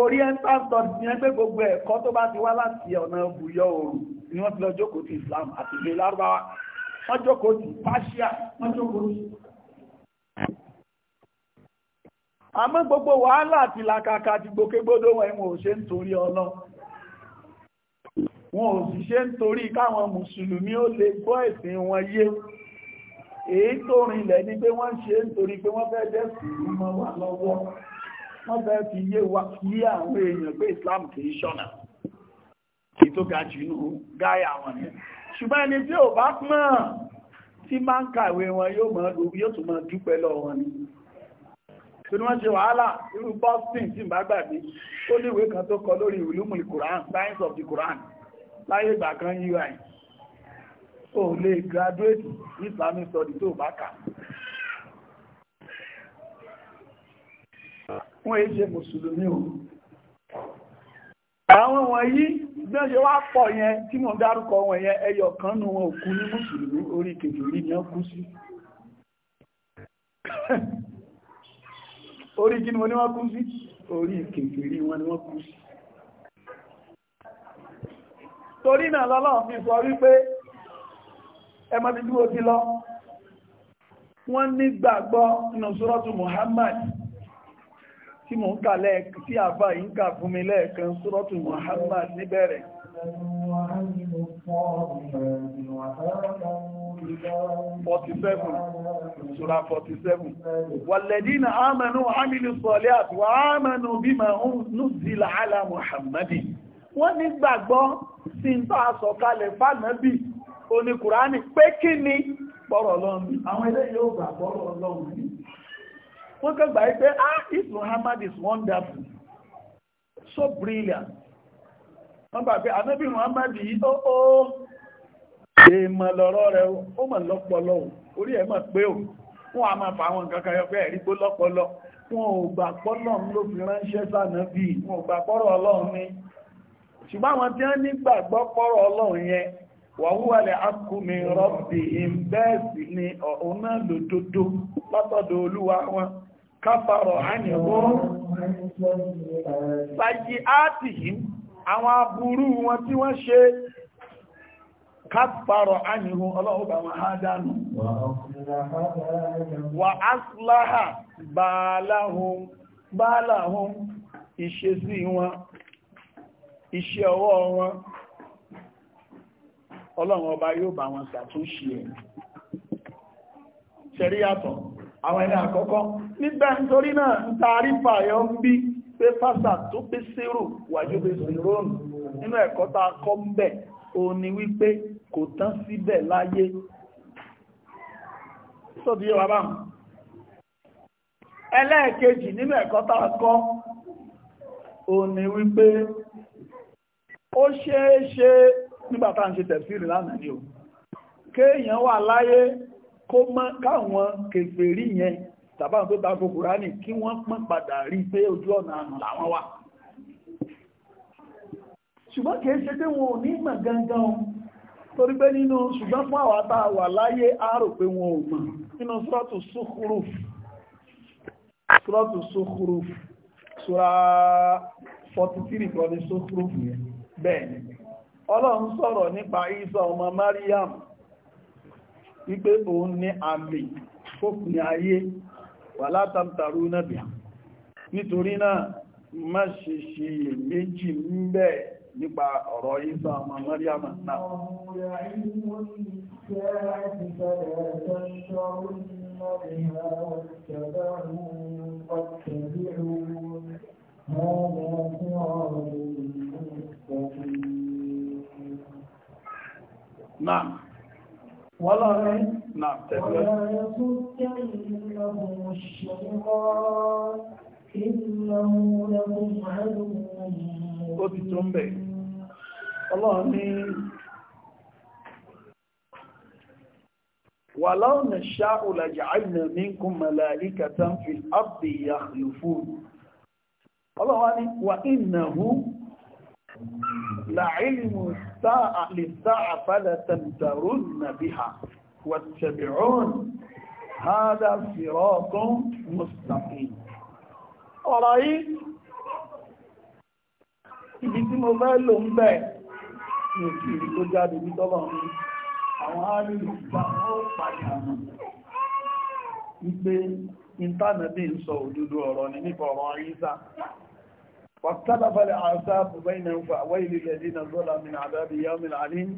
oriental studies ní ẹgbẹ́ gbogbo ẹ̀kọ́ tó bá ti wá láti ọ̀nà bùyọ̀ oòrùn ni wọ́n ti lọ jókòó ti islam àti ìgbé lárúbáwá wọ́n jókòó ti pàṣíà wọ́n jókòó ti. àmọ́ gbogbo wàhálà àti làkàkà àti gbòkègbodò wọn wọn ò ṣe ń torí ọlọ́ wọn ò sì ṣe ń torí káwọn mùsùlùmí ó lè gbọ́ ẹ̀sìn wọn yé èyí tó rinlẹ̀ ni pé wọ́n ṣe ń torí pé wọ́n fẹ́ jẹ́ sùúrù mọ́ wa lọ́wọ́ wọ́n fẹ́ fi yé wa yé àwọn èèyàn pé Islam kìí ṣọ̀nà kìí tó ga jù nù gáyà wọn ni ṣùgbọ́n ẹni tí ò bá mọ̀ tí máa ń kàwé wọn yóò mọ̀ yóò tún mọ̀ dúpẹ́ lọ wọn ni tí wọ́n ṣe wàhálà irú Boston tí bá gbàgbé ó léwé kan tó kọ lórí ulumul Quran science of the Quran láyé ìgbà kan UI ó lè graduate Islamic study tó bá kà wọ́n èé ṣe mùsùlùmí o àwọn wọ̀nyí bí ṣe wá pọ̀ yẹn tí mo dárúkọ wọn yẹn ẹyọ kan nù wọn òkú ní mùsùlùmí orí kèfèrí ni ó kú sí orí kí ni wọ́n ní wọ́n kú sí orí kèfèrí wọn ni wọ́n kú sí torí náà lọ́lọ́run fi sọ wípé ẹmọ́ ti dúró ti lọ wọ́n nígbàgbọ́ nínú Suratu Muhammad tí mo ń kà lẹ́ẹ̀kì tí àbá yìí ń kà fún mi lẹ́ẹ̀kan sọ́rọ́tù Muhammad níbẹ̀rẹ̀ Forty-seven, Sura forty-seven. Wàlẹ̀dínà ámẹ́nu Hamilu Sọ̀lẹ́ àti wà ámẹ́nu bí ma ń zìlà àlà Muhammadi. Wọ́n ní gbàgbọ́ sí ń tàà sọ̀kalẹ̀ fánàbí oní Kùránì pé kí ni pọ̀rọ̀ lọ́nà. Àwọn ilé yóò gbàgbọ́rọ̀ lọ́nà wọ́n kàn gbà ah if Muhammad is wonderful so brilliant wọ́n gbà pé anábì Muhammad yìí ó ó èèmọ̀ lọ́rọ̀ rẹ ó mọ̀ lọ́pọlọ orí ẹ̀ mọ̀ pé ò fún àmà fàwọn nǹkan kan ẹ̀rí wọn ò gbà ló fi ránṣẹ́ sànà bí wọn ò pọ́rọ̀ ọlọ́run ṣùgbọ́n àwọn tí wọ́n ní gbàgbọ́ yẹn ni ọ̀hún náà káfàrọ̀ ánìwọ́ sàyí áàtì awọn aburu wọn tí wọ́n ṣe káfàrọ̀ ánìwọ́ ọlọ́ọ̀bà wọn ha dánú wà áṣláhà bàálàhùn bàálàhùn ìṣesí wọn iṣẹ́ ọwọ́ wọn ọlọ́run yóò bá wọn ṣàtúnṣe ẹ̀ ṣẹ̀ríyàtọ̀ àwọn ẹni àkọ́kọ́ nígbà nítorí náà ń taari fàyọ́ ń bí pé fásà tó pé sírù wájú pé sírònù nínú ẹ̀kọ́ tá a kọ́ ń bẹ̀ ó ní wípé kò tán síbẹ̀ láyé ẹlẹ́ẹ̀kejì nínú ẹ̀kọ́ tá kọ́ ó ní wípé ó ṣeé ṣe ń ṣe tẹ̀síìrì lánàá ni kéèyàn wà láyé kó má káwọn kèfèrí yẹn tàbá tó tako kùránì kí wọ́n pọ́n padà rí pé ojú ọ̀nà àná làwọn wà ṣùgbọ́n kìí ṣe pé wọn ò ní mọ̀ gangan o torí pé nínú ṣùgbọ́n fún àwa tá a wà láyé a rò pé wọn ò mọ̀ nínú sọ́ọ̀tù sukhruf sọ́ọ̀tù sukhruf sura 43 kan ní sukhruf yẹn bẹ́ẹ̀ ni ọlọ́run sọ̀rọ̀ nípa Isa wípé òun ní àmì fópin ayé wà látàntàrú nàbì nítorí náà má ṣe ṣe méjì ń bẹ nípa ọ̀rọ̀ Ìsá ọmọ Màríàmà náà Naam. ولن ولا يصدنهم الشيطان إنه لكم عدو قلتم به الله من ولو نشاء لجعلنا منكم ملائكة في الأرض يخلفون الله وإنه لعلم الساعة للساعة فلتمترن بها واتبعون هذا صراط مستقيم ọ̀rọ̀ yìí ibi tí mo fẹ́ lò ń bẹ̀ ní òkìrí tó jáde bí tọ́lọ̀ ní àwọn arìnrìn ìgbà ó padà mọ̀ wípé ìntánẹ̀bí ń sọ òdodo ọ̀rọ̀ ní nípa ọ̀rọ̀ ìsá واختلف الأعصاب بينهم فأويل الذين ظلموا من عذاب يوم العليم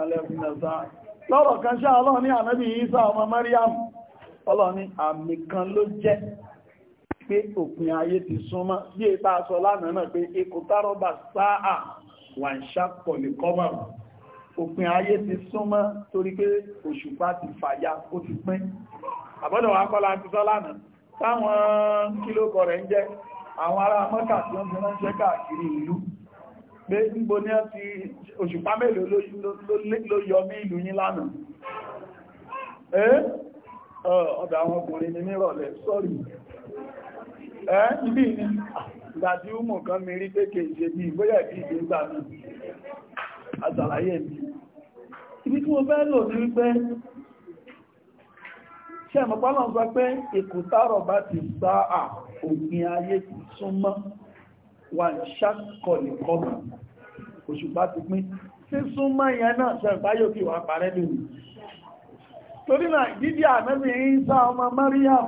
ألم نزع lọ́rọ̀ kan ṣá ọlọ́run ní ànábì Ìsá ọmọ Maryam ọlọ́run ní àmì kan ló jẹ́ pé òpin ayé ti súnmọ́ bí i sọ lánàá pé ikú tárọ́bà sáà wà ń ṣàpọ̀ lè kọ́mọ̀ òpin ayé ti súnmọ́ torí pé òṣùpá ti ó ti pín ti àwọn ará mọ́kà tí wọ́n fi ránṣẹ́ káàkiri ìlú pé níbo ní ọ́ ti òṣùpá mélòó ló yọ ní ìlú yín lánàá ẹ́ ọ̀dà àwọn ọkùnrin ni nírọ̀lẹ́ sọ́rì ẹ́ ibi ni ìgbàtí ó mọ̀ kan mi rí pé kèé ṣe bí ìgbóyà ìbí ìgbégbà mi àtàlàyé mi ibi tí mo fẹ́ lò ní wípé ṣe mọ̀pálọ̀ sọ pé ìkùtàrọ̀ bá ti sáà òpin ayé ti súnmọ́ wà ń ṣàkọ̀ nìkọ́bà òṣùpá ti pín sí súnmọ́ ìyẹn náà ṣẹ̀rùpáyò kí wà parẹ́ lè rí torí náà dídí àmẹ́bí ìsá ọmọ Mariam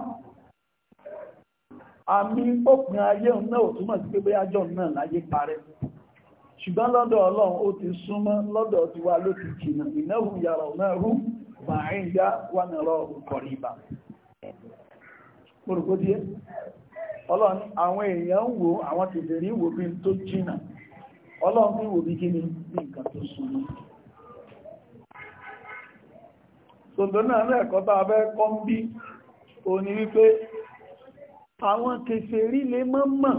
àmì òpin ayé náà ò túmọ̀ sí pé bóyá John náà láyé parẹ́ ṣùgbọ́n lọ́dọ̀ Ọlọ́run ó ti súnmọ́ lọ́dọ̀ tiwa ló ti jìnà ìnáhùn yàrá náà rú bàáyìn yá wà nàrọ̀ ọkọ̀ ìbà. Mo rò kó díẹ̀ ọlọ́run ní àwọn èèyàn ń wo àwọn tètèrè wò bí tó jìnà ọlọ́run ní wò bí kí ni nǹkan tó súnmọ́ tòndó náà lẹ́ẹ̀kọ́ bá abẹ́ kọ́ ń bí o ní wípé àwọn kèfèrí lè mọ́ mọ̀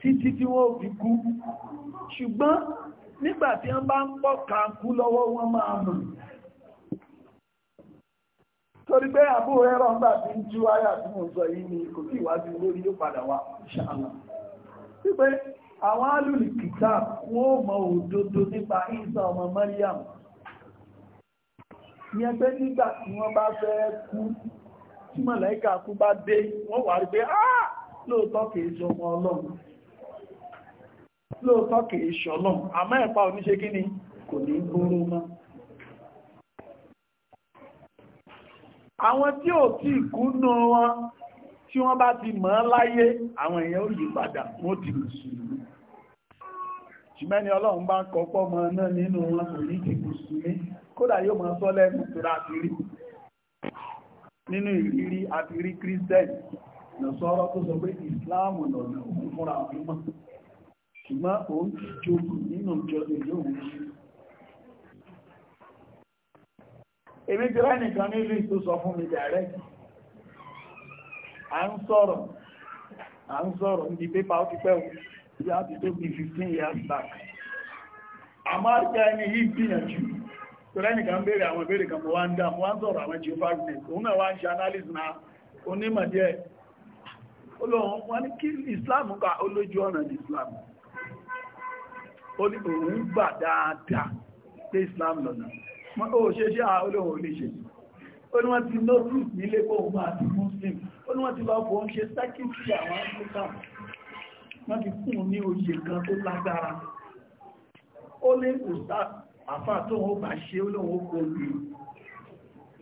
títí tí wọ́n fi kú ṣùgbọ́n nígbàtí wọ́n bá ń pọ̀ kàkú lọ́wọ́ wọn máa mọ̀ torí pé àbú ẹ̀rọ ńgbà tí ń jú ayà tí mo sọ yìí ni kò tí ìwájú lórí yóò padà wá ṣàlá wípé àwọn alùlù kìtà wọ́n mọ òdodo nípa ìsà ọmọ Mariam yẹn pé nígbà tí wọ́n bá fẹ́ kú tí mọ̀lẹ́kà kú bá dé wọ́n wà rí pé ah! lóòótọ́ kìí ṣe ọmọ ọlọ́run lóòótọ́ kìí ṣọlọ́run àmọ́ ẹ̀pa oníṣe kí ni kò ní gbóró mọ́ àwọn tí ò tí ìkúnnú wọn tí wọ́n bá ti mọ̀ láyé àwọn èèyàn ó yí padà wọ́n ti mùsùlùmí ṣùgbẹ́ni ọlọ́run bá kọ́kọ́ mọ náà nínú wọn kò ní ti mùsùlùmí kódà yóò mọ sọ lẹ́nu tó rí nínú ìrírí àti rí kírísítẹ́nì lọ́sọ́rọ́ tó sọ pé ìsìláàmù lọ́nà òun fúnra òun mọ́ ṣùgbọ́n òun ti jókòó nínú ìjọ èmi ti rẹ́ nìkan nílùú ìtò sọ fún mi direct à ń sọ̀rọ̀ à ń sọ̀rọ̀ níbi pépà ó ti 15 years back àmọ́ àríkà ẹni yìí gbìyànjú tó rẹ́ nìkan béèrè àwọn ìbéèrè kan mo wá ń dá mo wá ń sọ̀rọ̀ àwọn òun náà wá ń ṣe na onímọ̀ díẹ̀ wọn Islam ká olójú ọ̀nà ní Islam ó ní òun gbà dáadáa pé Islam lọ́nà ó ṣe ṣe ah, olóhùn oníṣe ó ní wọ́n ti notice nílé pọ̀ máa ti muslim ó ní wọ́n ti bá fòun ṣe sákìtì àwọn african wọ́n ti fún un ní oyè kan tó lágbára ó ní òsà àfà tó ń bá ṣe olóhùn oko lè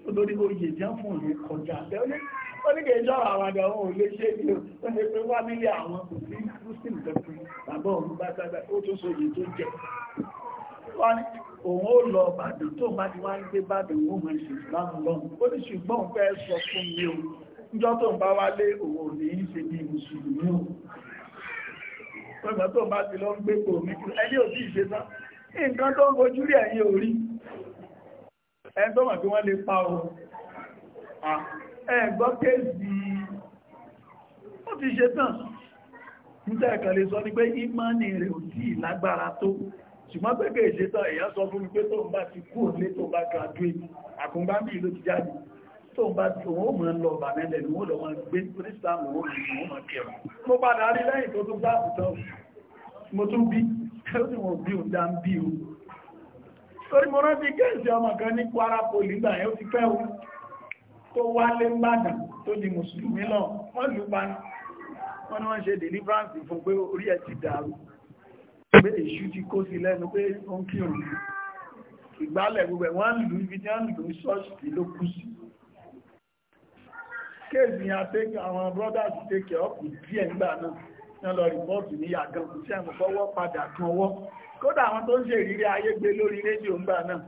ó lórí oyè jẹ́ fún òun kọjá bẹ́ẹ̀ ó ní ó ní kèjọ́ àwọn àgbà wọn ò lè ṣe ní ó ní pé wá nílé àwọn kò sí muslim kankan bàbá òun bá sábà ó tó so oyè tó jẹ òun ó lọ bàdàn tó bá ti wá ń gbé bàdàn ó mọ̀ ṣe ìsìlámù lọ́nà ó ní ṣùgbọ́n fẹ́ sọ fún mi o níjọ́ tó ń bá wálé òun ò ní í ṣe bí mùsùlùmí o pẹ̀lú tó bá ti lọ ń gbé pò mí kúrò ẹni ò sí ìṣe tán nǹkan tó ń gojú rí ẹ̀yìn orí ẹni tó mọ̀ pé wọ́n lè pa o ẹ̀gbọ́ kéèsì ó ti ṣe tán níta ẹ̀kàn lè sọ ní pé ìmánì rẹ̀ ò tí lágbára tó ṣùgbọ́n pẹ́kẹ́ ìṣẹ́tọ̀ èyàn sọ fún mi pé tó ń bá ti kú ní tó bá graduate àkùnbá bí ìlú ti jáde tó ń bá ti wọ́n mọ̀ lọ bà mẹ́lẹ̀ ni mo padà rí lẹ́yìn tó tún sáàbù mo tún bí ẹ̀rùn ìwọ̀n bí ò dá ń bí o torí mo rántí kẹ́ẹ̀sì ọmọ kan ní Kwara poli gbà ẹ̀ ó o tó wálé mbàdàn tó di mùsùlùmí lọ wọ́n lù pa wọ́n ni wọ́n ṣe deliverance fún pé orí ẹ̀ ti dàrú pé èṣù ti kó sí lẹ́nu pé ó ń kírun ìgbálẹ̀ gbogbo ẹ̀ wọ́n lù ibi tí wọ́n lù ní ṣọ́ọ̀ṣì ló kú sí kéèsì yẹn àtẹ́kì àwọn brothers take up díẹ̀ nígbà náà wọ́n lọ rìpọ́ọ̀tù ní yàgàn kò sí àwọn fọwọ́ padà kan ọwọ́ kódà àwọn tó ń ṣe ìrírí ayé gbé lórí rédíò ńgbà náà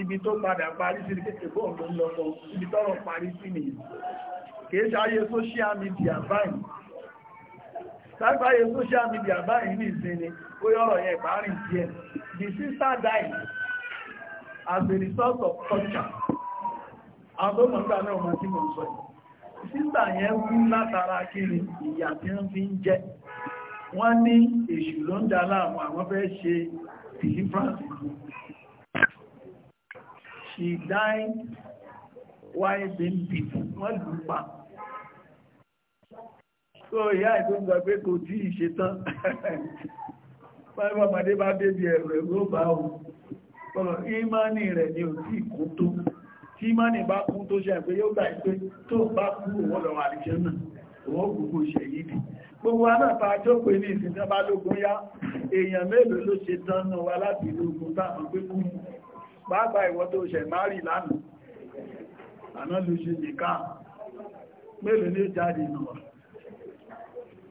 ibi tó padà parí sí kéèké bóun ló ń lọ sọ ibi tọ́rọ̀ parí sí nìyí kìí ṣe ayé social media báyìí sáfàyè social media báyìí ní ìsinmi ó yọ́rọ̀ yẹ ìpàárín díẹ̀ the sister died as a result of culture àwọn tó mọ̀ nígbà náà mọ̀ tí mo sọ yìí sísà yẹn kú látara kiri ìyà tí ń fi ń jẹ wọ́n ní èṣù ló ń dá láàmú àwọn fẹ́ ṣe deliverance she died while being people wọ́n lù pa so ìyá ìtò ń sọ pé kò tí ì ṣe tán pàápàá ọmọdé bá débi ẹ̀rọ ẹ̀rọ bá o ọ̀rọ̀ ìmánì rẹ̀ ni ò tí kú tó tí ìmánì bá kú tó ṣe pé yóò gbà pé tó bá kú òwò lọ àríṣẹ́ náà òwò gbogbo ṣe yìí dì gbogbo aná ta jókòó ní ìsìnkú bá lógún yá èèyàn mélòó ló ṣe tán náà wá láti ìlú ogun táwọn pé kú pàápàá ìwọ tó ṣẹ̀ àná ló ṣe nìkan mélòó ní ó jáde náà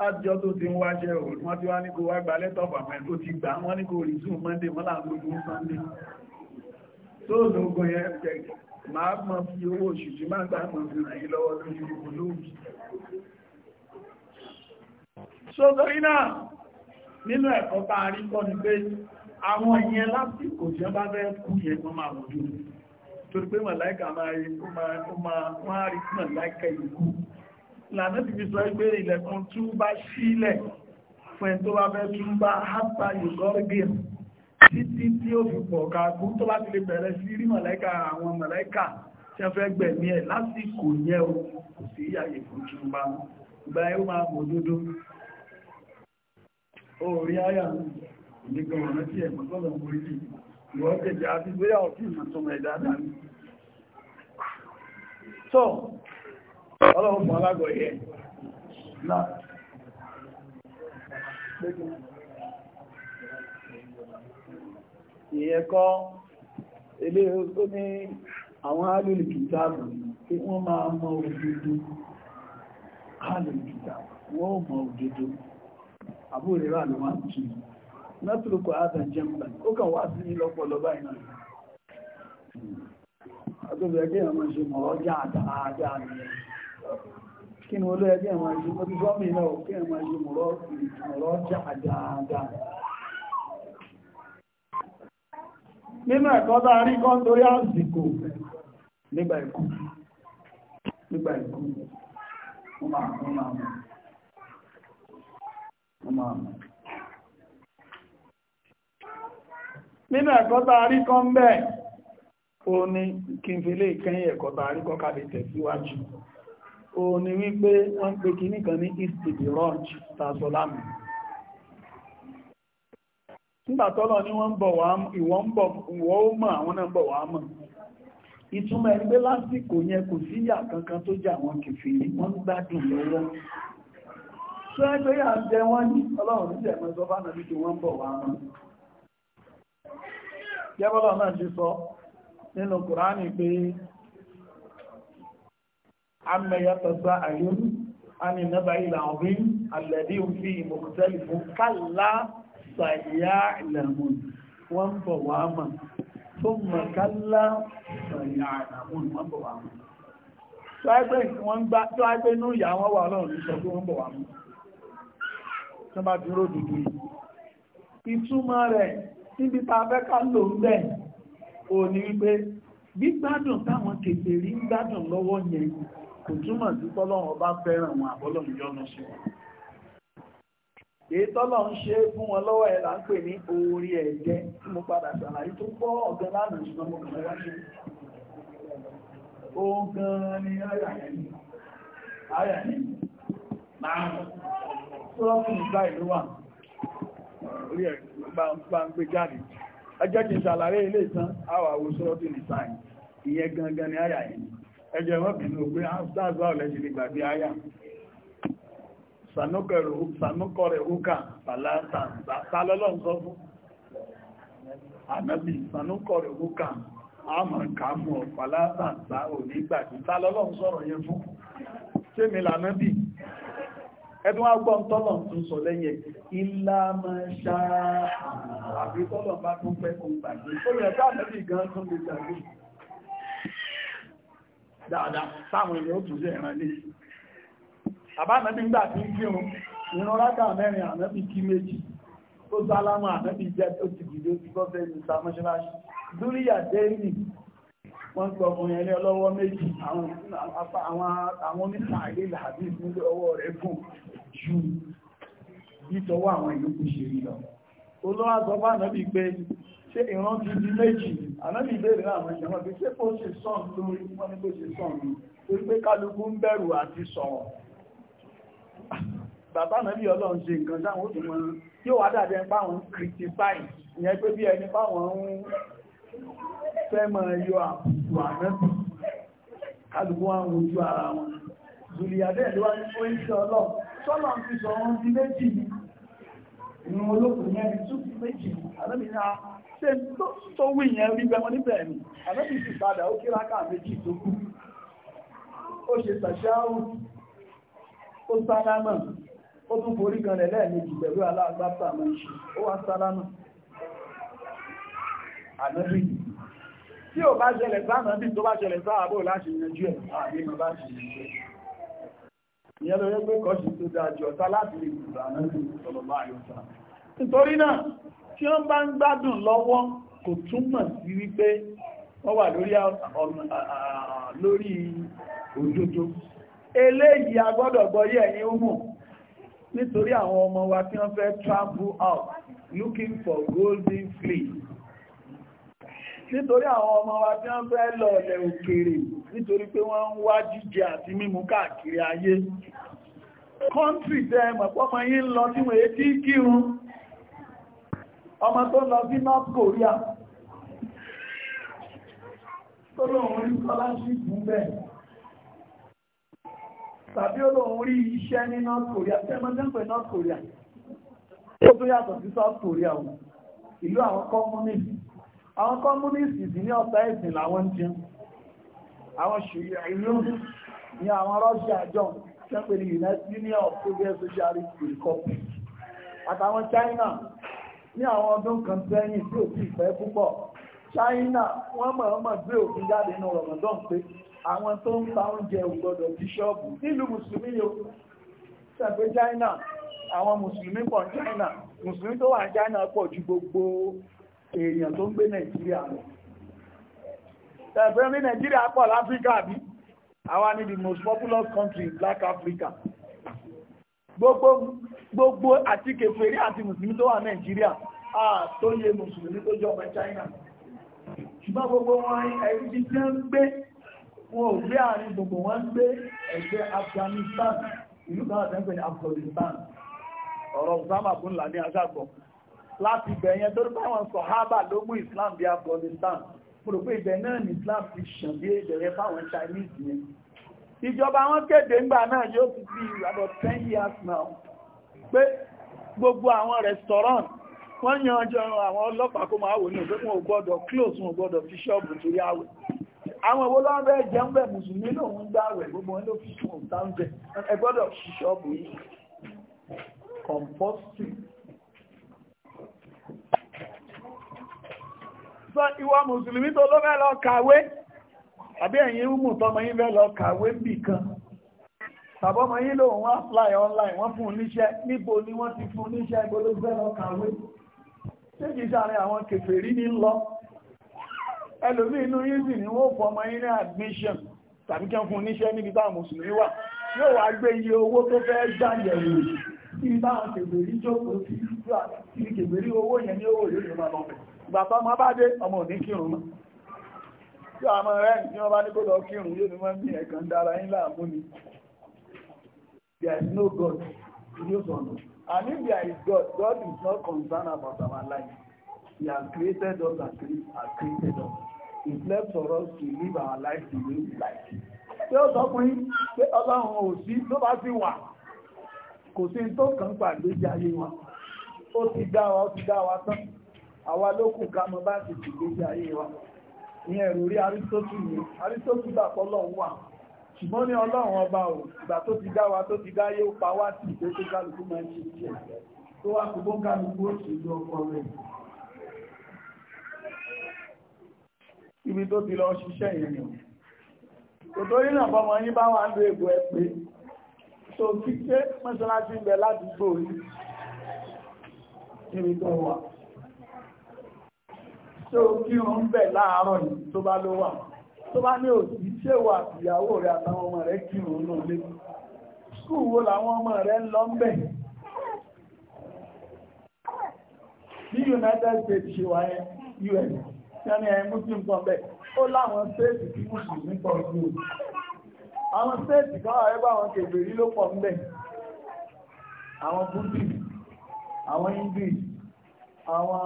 láti ọdún tí ń wáṣẹ́ òòrùn wọ́n ti wá ní kó wá gba lẹ́tọ̀ pàpẹ́ tó ti gbà wọ́n ní kó rí zoom monday mọ́lá lógún sunday tó lógún yẹn jẹ́gẹ̀ máa mọ́ fi owó oṣù tí máa gbà mọ́ fi ràn yí lọ́wọ́ lójú gbogbo lóògì sótorí náà nínú ẹ̀kọ́ bá rí kọ́ ni pé àwọn ìyẹn lásìkò tí bá fẹ́ kú yẹn wọ́n máa wùdú torí pé mọ̀láìkà máa rí kú máa rí mọ̀láìkà lànà ti fi sọ pé ilẹ̀kùn túbá sílẹ̀ fún ẹ̀ tó bá fẹ́ túbá hápá yìgọ́rìgìm títí tí ó fi pọ̀ kàkú tó bá ti lè bẹ̀rẹ̀ sí rí mọ̀lẹ́kà àwọn mọ̀lẹ́kà tí a fẹ́ gbẹ̀mí ẹ̀ lásìkò yẹn o kò sí àyè fún túbá gba ẹ̀ máa mọ̀ dúdú orí ayà ní gọ̀ọ̀rọ̀ tí ẹ̀ mọ̀tọ́lọ̀ orí ìwọ́n tẹ̀jẹ̀ àti gbéyàwó ọlọ́run fún alágọ̀ yẹ náà ìyẹn kọ́ ilé ó ní àwọn alìlìkìtàbù tí wọ́n máa mọ òdodo alìlìkìtàbù wọ́n mọ òdodo àbúrẹ́rà ló wá kí látòrókò àtàjẹ́mbà ó kàn wá sí lọ́pọ̀lọpọ̀ iná àtòbẹ̀ẹ́gbẹ̀ ọmọ ṣe mọ̀ àtàrà àmì kí ni olú ẹgbẹ́ ẹ̀mọ̀ ìlú mọ́bí gọ́mì náà kí ẹ̀mọ̀ ìlú mọ̀rọ̀ jà dáadáa nínú ẹ̀kọ́ bá rí kọ́ torí àsìkò nígbà ikú nígbà ìkú wọ́n nínú ẹ̀kọ́ bá rí bẹ́ẹ̀ ní o ni wípé wọ́n ń pè of the ní istidiraj tazolami nígbà tọ́lọ ní wọ́n bọ̀ wá ìwọ́n bọ̀ ìwọ́ ó mọ̀ àwọn náà bọ̀ mọ̀ ìtumọ̀ lásìkò yẹn kò sí kankan tó jẹ́ àwọn kèfèrí wọ́n gbádùn lọ́wọ́ tó ẹgbẹ́ yà jẹ wọ́n ní ọlọ́run bá nàbí wọ́n bọ̀ mọ̀ jẹ́bọ́lọ́ sọ nínú Kùránì pé عما يتساءلون عن النبع العظيم الذي هم فيه مختلفون كلا سيعلمون وانفواما ثم كلا سيعلمون وانفواما tó ẹgbẹ́ inú ìyá wọn wà lọ́rùn ní ṣọ́gbọ́n wọn bọ̀ wà mú tó bá dúró dúdú ìtumọ̀ rẹ̀ níbi ta fẹ́ ká lò ń bẹ̀ ò ní wípé gbígbádùn táwọn kèfèrí ń gbádùn lọ́wọ́ yẹn kò túmọ̀ sí tọ́lọ́run ọba fẹ́ràn wọn àbọ́lọ́run yọ́nú sí wọn èyí ń ṣe fún wọn lọ́wọ́ ẹ̀ là ń pè ní orí ẹ̀jẹ̀ tí padà ṣàlàyé tó pọ̀ ọ̀gán lánàá ṣùgbọ́n mo kàn wá ṣe ni àyà àyà ìlú wà orí ẹ̀ gbà ń gbé jáde ẹjẹ́ kí ṣàlàyé ilé ìtàn gangan ni àyà ẹjẹ́ wọ́n bínú pé áńsáàzá ọ̀lẹ́jì ní gbàgbé ayà sànúkọrẹ̀ húkà pàlátà tàlọ́lọ́ sọ fún ànábì sànúkọrẹ̀ húkà àmà kàmù pàlátà tà ò ní gbàgbé tàlọ́lọ́ sọ̀rọ̀ yẹn fún ṣé mi lànábì ẹdún agbọ́n tọ́lọ̀ tún sọ lẹ́yẹ ilá máa ṣáà àbí tọ́lọ̀ bá tún fẹ́ kún gbàgbé ó yẹ káàkiri gan tún lè gbàgbé dáadáa táwọn èèyàn tún jẹ́ ìran lé sí àbánàbí ń gbà tí ń kírun ìran rákà mẹ́rin ànábì kí méjì tó sálámà ànábì jẹ́ tó ti dìde ó ti gbọ́ fẹ́ ní sàmọ́ṣáláṣí dúríyà dẹ́rì wọ́n gbọ́ fún ẹlẹ́ ọlọ́wọ́ méjì àwọn oníta ilé làbí ìfúnlẹ̀ ọwọ́ rẹ̀ gùn ju bí tọwọ́ àwọn ìlú kù ṣe rí lọ olówó àsọfà náà bí pé ṣe ìran ti di méjì ànábì ìbéèrè àwọn ìṣẹ̀wọ̀n pé ṣé kó ṣe sàn lórí wọ́n ní kó ṣe sàn ní torí pé kálukú ń bẹ̀rù àti sọ̀rọ̀ bàbá náà bí ọlọ́run ṣe nǹkan sáwọn ó tún wọn tí ó wà dàbí ẹni páwọn criticize ìyẹn pé bí ẹni páwọn ń fẹ́ mọ yọ àbùkù ànábì kálukú wọn ń wojú ara wọn zùlìyàdé ẹ̀ ló wá ní ó ń ṣe ọlọ́run sọ́lọ́ ti sọ wọn di méjì ìrùn olókùn yẹn ní tún méjì àlọ́mìnira ṣe tó wí yẹn rí bẹ́mọ́ níbẹ̀ ni àmẹ́bí sì padà ó kí rákà méjì tó kú ó ṣe tàṣáwù ó sálámà ó tún forí kan rẹ̀ lẹ́ẹ̀mejì pẹ̀lú aláàgbáta mọ́ ṣe ó wá sálámà àmẹ́bí tí ò bá ṣẹlẹ̀ sáàmà bí tó bá ṣẹlẹ̀ sáàbò láti yanjú ẹ̀ àmì mọ́ bá ṣe ṣe ìyẹn lọ yẹ pé kọ́ṣì tó dáa jọ sá láti lè gbà náà nítorí náà tí wọ́n bá ń gbádùn lọ́wọ́ kò túmọ̀ sí wípé wọ́n wà lórí òdodo eléyìí agbọ́dọ̀ gbọ́yé ẹ̀yin ọmọ nítorí àwọn ọmọ wa tí wọ́n fẹ́ travel out looking for golden flea nítorí àwọn ọmọ wa tí wọ́n fẹ́ lọ ọ̀lẹ̀ òkèèrè nítorí pé wọ́n ń wá jíjẹ àti mímu káàkiri ayé kọ́ńtì tẹ́ mọ̀pọ́mọ yí ń lọ tí èé tí kírun ọmọ tó lọ sí North Korea tó lóun rí scholarship bẹ́ẹ̀ tàbí ó lóun rí iṣẹ́ ní North Korea tẹ́mọ́ tẹ́mọ́ North Korea ó tó yàtọ̀ sí South Korea o ìlú àwọn communist àwọn communist ní ọ̀tá ẹ̀sìn làwọn ń jẹun àwọn ṣùgbọ́n ìlú ní àwọn Russia john tẹ́pẹ̀ ní United Union of Soviet Socialist Republic àtàwọn China ní àwọn ọdún kan sẹ́yìn tí ò sì fẹ́ púpọ̀ China wọ́n mọ̀ọ́mọ̀ gbé òfin jáde ní Ramadan pé àwọn tó ń ta oúnjẹ ò gbọdọ̀ sí ṣọ́ọ̀bù nílùú mùsùlùmí yóò sẹ́gbé China àwọn mùsùlùmí pọ̀ ní China mùsùlùmí tó wà ní China pọ̀ ju gbogbo èèyàn tó ń gbé Nàìjíríà lọ sẹ́gbé ní Nàìjíríà pọ̀ láfíríkà bí àwa ni the most populous country in Black Africa gbogbo àti kèfèrí àti mùsùlùmí tó wà nàìjíríà tó yẹ mùsùlùmí tó jọ ọmọ china ṣùgbọ́n gbogbo wọn ẹ̀rí tí wọ́n ń gbé wọn ò gbé àárín gbogbo wọn ń gbé ẹgbẹ́ afghanistan ìlú kan àti ẹgbẹ́ afghanistan ọ̀rọ̀ osama bin laden aṣáàgbọ̀ láti ibẹ̀ yẹn tó bá wọn sọ harvard ló mú islam bí afghanistan mo rò pé ibẹ̀ náà ní islam ti ṣàn chinese ìjọba wọn kéde ńgbà náà yóò ti bí about ten years now pé gbogbo àwọn restaurant wọ́n yan jọ àwọn ọlọ́pàá kó máa wò ní òfin wọn ò gbọ́dọ̀ close wọn ò gbọ́dọ̀ fi ṣọ́ọ̀bù torí àwẹ̀ àwọn owó lọ́wọ́ bẹ́ẹ̀ jẹun bẹ́ẹ̀ mùsùlùmí lòun ń gbàwẹ̀ gbogbo wọn ló fi sùn òtáǹjẹ ẹ gbọ́dọ̀ fi ṣọ́ọ̀bù yìí composting sọ ìwọ mùsùlùmí tó ló fẹ́ lọ kàwé àbí ẹ̀yin ìmú tọmọ yín fẹ́ lọ kàwé bì kan tàbọ́mọ yín lòun wá fly online wọ́n fún níṣẹ́ níbo ni wọ́n ti fún níṣẹ́ ibo ló fẹ́ lọ kàwé ṣé kìí sàárín àwọn kèfèrí ní lọ ẹlòmí inú yín sì ni wọ́n fọmọ yín ní admission tàbí kí wọ́n fún níṣẹ́ níbi táwọn mùsùlùmí wà yóò wá gbé iye owó tó fẹ́ gbàyẹ̀wò níbi táwọn kèfèrí jókòó sí ìlú àti kèfèrí owó yẹn ní owó yóò ní ọmọ ọmọ bàbá ọmọ bá dé ọmọ òní kírun náà tí àmọ́ rẹ̀ tí wọ́n bá ní kó lọ kírun yóò ní wọ́n bí ẹ̀kan dára yín láàmú ni there is no God yóò sọ̀nà and if there is God God is not concerned about our life He has created us and created, has created us It's left for us to live our life the way we like ṣé ó sọ fún yín pé Ọlọ́run ò sí ló bá sì wà kò sí tó kàn pàgbéjì ayé wa ó ti dá wa ó ti dá wa tán àwa ló kù ká mọ bá ti tìgbéjì ayé wa ní ẹ̀rù orí aristótù ní aristótù gbà pọ́lọ́run wà ṣùgbọ́n ní ọlọ́run ọba ò ìgbà tó ti dá wa tó ti dáyé ó pa wá sí ìgbé tó kálukú máa ń ṣe tiẹ̀ tó wá kó kálukú ó sì lú ọkọ rẹ̀ ibi tó ti lọ ṣiṣẹ́ yẹn ni kò tó rí náà bọ́mọ yín bá wà ń lo ègbò ẹ pé tó fi mọ́ṣáláṣí ń bẹ ládùúgbò yìí níbi tó wà tó kí ń bẹ̀ láàárọ̀ yìí tó bá ló wà tó bá ní òsì ṣé wà ìyàwó rẹ̀ àtàwọn ọmọ rẹ̀ kí òun náà lé skúù wo làwọn ọmọ rẹ̀ ń lọ ń bẹ̀ ní United States ṣe wà yẹn US yẹni ẹ̀ muslim kan bẹ̀ ó láwọn stéètì tí mùsùlùmí pọ̀ sí o àwọn stéètì kan wà ẹgbẹ́ àwọn kèbèrí ló pọ̀ ń àwọn Buddhist àwọn English àwọn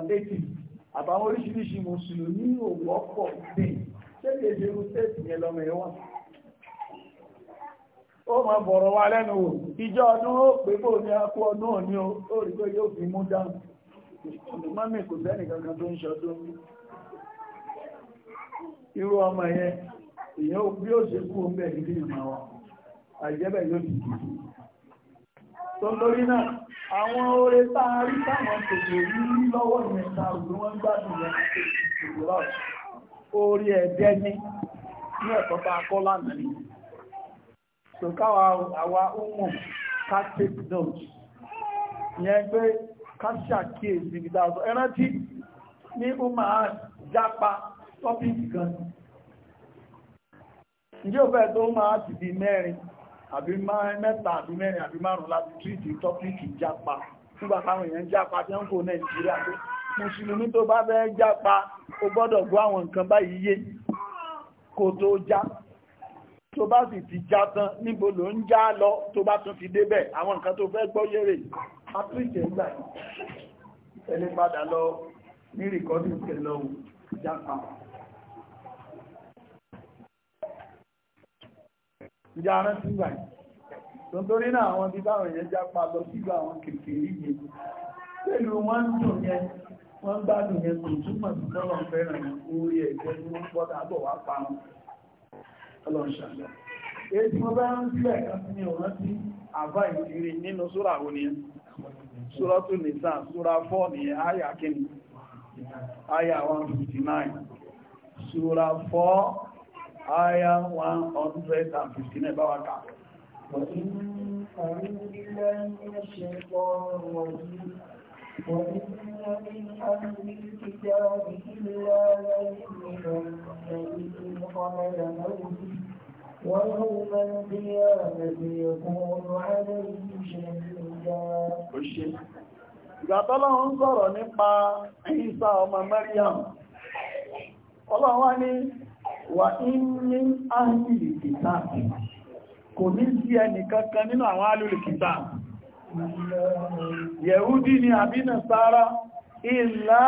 Atheist àbáwọn oríṣiríṣi mùsùlùmí òwò ọ̀pọ̀ sí ṣé kìí ṣe irú tẹ́sì yẹn lọ́mọ ẹ̀wọ̀n ó máa bọ̀rọ̀ wa lẹ́nu wò ìjọ ọdún ó pé bó ní akú ọdún òní ó rí pé yóò fi mú dáhùn mọ́mí kò sẹ́nì kankan tó ń ṣọdún irú ọmọ yẹn èèyàn bí ó ṣe kú ń bẹ̀ nílé ìmọ̀ wa àìjẹ́bẹ̀ yóò dìbò àwọn orí tá a rí táwọn tòjò rí lọ́wọ́ yẹn òun wọ́n gbádùn yẹn tòjò lọ́wọ́ orí ẹ̀dẹ́ ní ní ẹ̀kọ́ tá kọ́ lánàá ni àwa a ní ọmọ jápa tọ́pìkì kan ǹjẹ́ òfẹ́ tó máa àbí mẹ́ta àbí mẹ́rin àbí márùn láti tríìtì tọ́pìkì jápa nígbà táwọn èèyàn jápa tí wọ́n kò nàìjíríà pé mùsùlùmí tó bá fẹ́ jápa ó gbọ́dọ̀ gbọ́ àwọn nǹkan báyìí yé kó tó já tó bá sì ti já tán níbo ló ń já lọ tó bá tún ti débẹ̀ àwọn nǹkan tó fẹ́ gbọ́ yéré àtúnṣe gbà ẹni padà lọ ní rìkọ́dù tẹ̀lọ́wù jápa ìjà rántí gbà yìí tontorí náà àwọn bí báwọn èèyàn jápa lọ sígbà àwọn kékeré yìí pẹ̀lú wọ́n dùn yẹn wọ́n gbádùn yẹn kò túmọ̀ sí tọ́lọ̀ fẹ́ràn orí ẹ̀jẹ̀ ní wọ́n pọ́dà bọ̀ wá pa wọn ọlọ́ṣàlọ́ èyí tí wọ́n bá ń sílẹ̀ kan sí ní ọ̀rán sí àbá ìṣirí 159 súra Aya 159 bá wà ká. Wọ́n وإن من أهل الكتاب إلا ليؤمنن به قبل موته ويوم القيامة يكون عليه شهيدا Ìgbàtọ́lọ́run ń sọ̀rọ̀ nípa Ìsá ọmọ Mẹ́ríàm. Ọlọ́run wá ní wà ní áhìlì kìtà kò ní sí ẹni kankan nínú àwọn alìlì kìtà yẹ̀húdí ni àbínà sára ìlà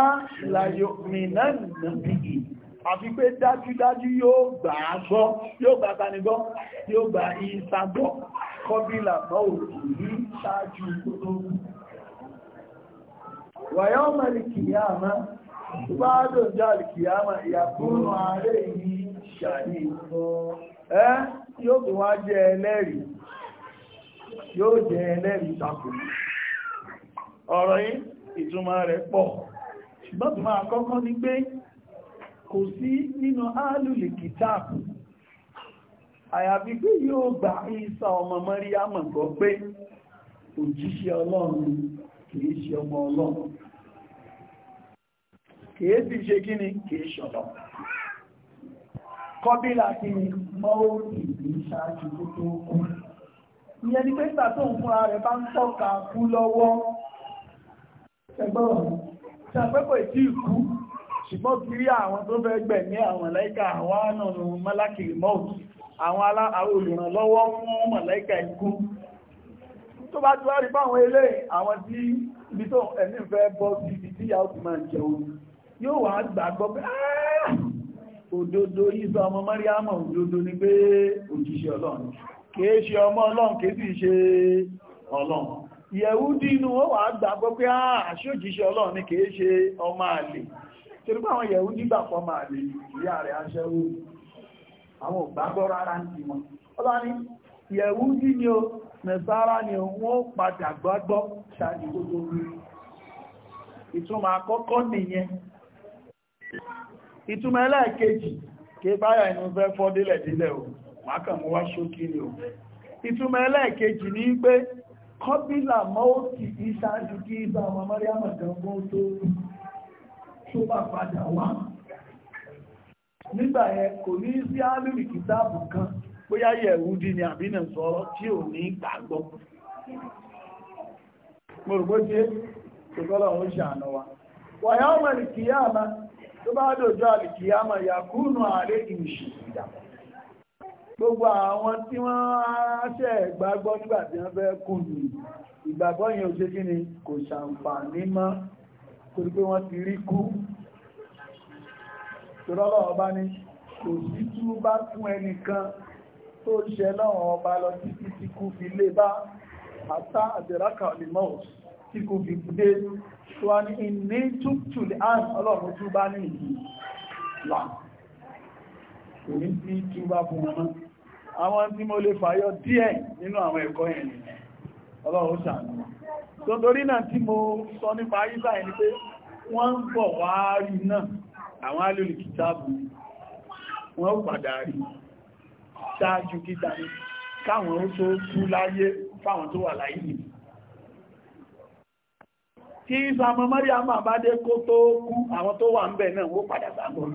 làyò mìíràn nàbí àfi pé dájúdájú yóò gbà gbọ́ yóò gbà tani gbọ́ yóò gbà ìsà kọbílà bọ́ òkú Báàdò jẹ́ alìkìyàmà ìyàkúrò ààrẹ ìní ṣàní. Ẹ yóò bí wá jẹ ẹlẹ́rìí, yóò jẹ yìí, ìtumọ̀ rẹ̀ pọ̀. Ṣùgbọ́n tó máa ní pé kò sí nínú áàlùlì kìtàkù. Àyàfi yóò ọmọ kìí sì ṣe kí ni kìí ṣọ̀lọ̀ kọbílà kí ni mọ́ọ̀rì ìlú ṣáájú tó tó kú ìyẹn ni pé ìgbà tó ń fúnra rẹ̀ bá ń tọ́ka kú lọ́wọ́ ẹgbọ́rọ̀ ṣàpẹ́pọ̀ ìtí ìkú ṣùgbọ́n kiri àwọn tó fẹ́ gbẹ̀mí àwọn màláíkà àwọn ànàrùn mọ́lákìrì mọ́ọ̀tù àwọn olùrànlọ́wọ́ fún màláíkà ikú tó bá ti wá rí fáwọn ilé àwọn tí ibi tó ẹ̀mí fẹ́ bọ́ sí ibi tí yàó ti máa jẹun yóò wá gbàgbọ́ pé ah! òdodo ìsọ ọmọ Mariamọ̀ òdodo ni pé òjíṣẹ́ ọlọ́run kìí ṣe ọmọ ọlọ́run kìí sì ṣe ọlọ́run yẹ̀wúdí inú ó wà gbàgbọ́ pé ah! àṣójíṣẹ́ ọlọ́run ni kìí ṣe ọmọ àlè tí àwọn yẹ̀wúdí gbàpọ̀ ọmọ àlè ìyá ni ó ni wọ́n padà gbàgbọ́ ṣáàdì gbogbo ìtumọ̀ àkọ́kọ́ nìyẹn ìtumọ̀ ẹlẹ́ẹ̀kejì kí báyà inú fẹ́ fọ́dílẹ̀ dílẹ̀ o mákàmú wá ṣókí ni o ìtumọ̀ ẹlẹ́ẹ̀kejì ní pé kọ́bílà mọ́ọ̀tì ìṣáájú kí ìbá ọmọ mọ́ríàmọ̀ gangan tó tó bá padà wá nígbà yẹn kò ní sí álùrì kìtáàbù kan bóyá yẹ̀wúdí ni àbínà sọ̀rọ̀ tí ò ní gbàgbọ́ mo rò ṣe ó ṣàánú wa wàyá ọmọ máa tó bá dòjọ́ àlìkì àmà yàkúnù ààrẹ ìṣì ìdà gbogbo àwọn tí wọ́n ṣẹ̀ gbàgbọ́ nígbà tí wọ́n fẹ́ kùnù ìgbàgbọ́ yẹn ò ṣe kí ni kò ṣàǹfààní mọ́ torí pé wọ́n ti rí kú tòrọ́lọ́ ọba ní kò sí tú bá fún ẹnìkan tó ṣẹ lọ́wọ́ ọba lọ títí tí kú fi lé bá àtà àdẹ̀rákà lè tí kú fi dé tó wá ní ìní tútù lè án ọlọ́run tó bá ní ìlú là kò ní sí tí bá fún ọmọ àwọn tí mo lè fàyọ díẹ̀ nínú àwọn ẹ̀kọ́ yẹn ọlọ́run ṣàánú tó torí náà tí mo sọ nípa ayíbá ẹni pé wọ́n ń bọ̀ wá rí náà àwọn alólùkítàbù wọ́n padà rí ṣáájú kíta ní káwọn ó tó kú láyé fáwọn tó wà láyé nìí kí ìsàmọ́ Maryam bá dé kó tó kú àwọn tó wà ń bẹ̀ náà wó padà sàgbọ́n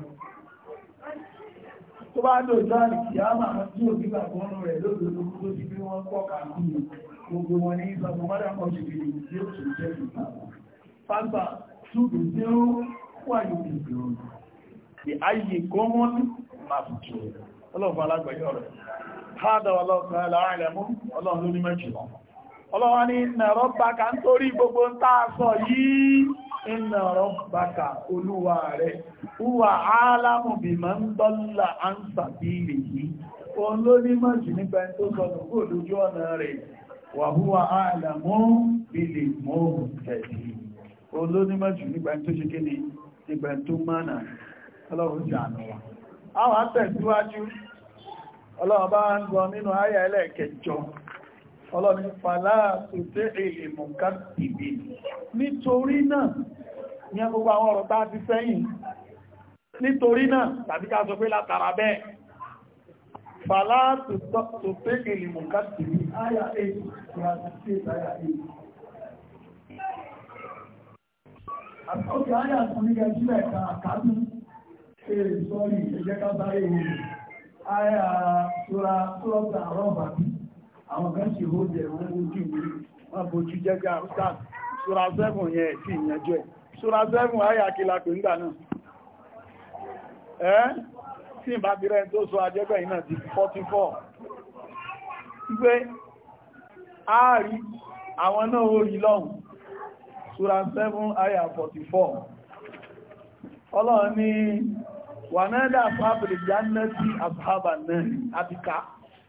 tó bá dò ìdáàlì kì a máa tí ò nígbà gbọ́nù rẹ̀ lóòdòdó tó ti bí wọ́n pọ̀ kàkùn gbogbo wọn ní ìsàmọ́ Maryam kan ṣe ọlọ́wọ́ ní ìnàrọ̀ baka ń gbogbo ń tàà sọ yìí ìnàrọ̀ baka olúwa rẹ̀ wúwà áàlámù bí ma ń dọ́là á ń sàbí ilé yìí òun ló ní mọ́jì nípa ẹni tó sọ̀rọ̀ kó lójú ọ̀nà rẹ̀ wà áàlámù bí lè mọ́ tẹ̀lé ọlọ́ni fàlá tó tẹ́ èlè mọ̀ká ìbè nítorí náà ní agbogbo àwọn ọ̀rọ̀ tá ti sẹ́yìn nítorí náà tàbí ká sọ pé látara bẹ́ẹ̀ fàlá tó tẹ́ èlè mọ̀ká ìbè áyà 8 áyà 8 Àtọ́kì ayé àtúnigẹ̀ sílẹ̀ kan àkádú, èrè sọ́rí ìjẹ́kátà èrè, ayé àtúrà tó lọ́pàá àrọ́bàtí àwọn kan sì hó jẹ wọ́n ń dì mí wọ́n bojú jẹ́gà ustaz sura 7 yẹn ti ìyànjú ẹ̀ sura 7 ayà kìlà pé ń gbà náà ẹ́ tí ìbá ti rẹ̀ tó sọ ajẹ́gbẹ̀ iná ti 44 gbé ààrí àwọn náà orí lọ́hùn sura 7 ayà 44 ọlọ́run ni wà náà dà fábìlì jánẹ́sì àbábà náà àbíká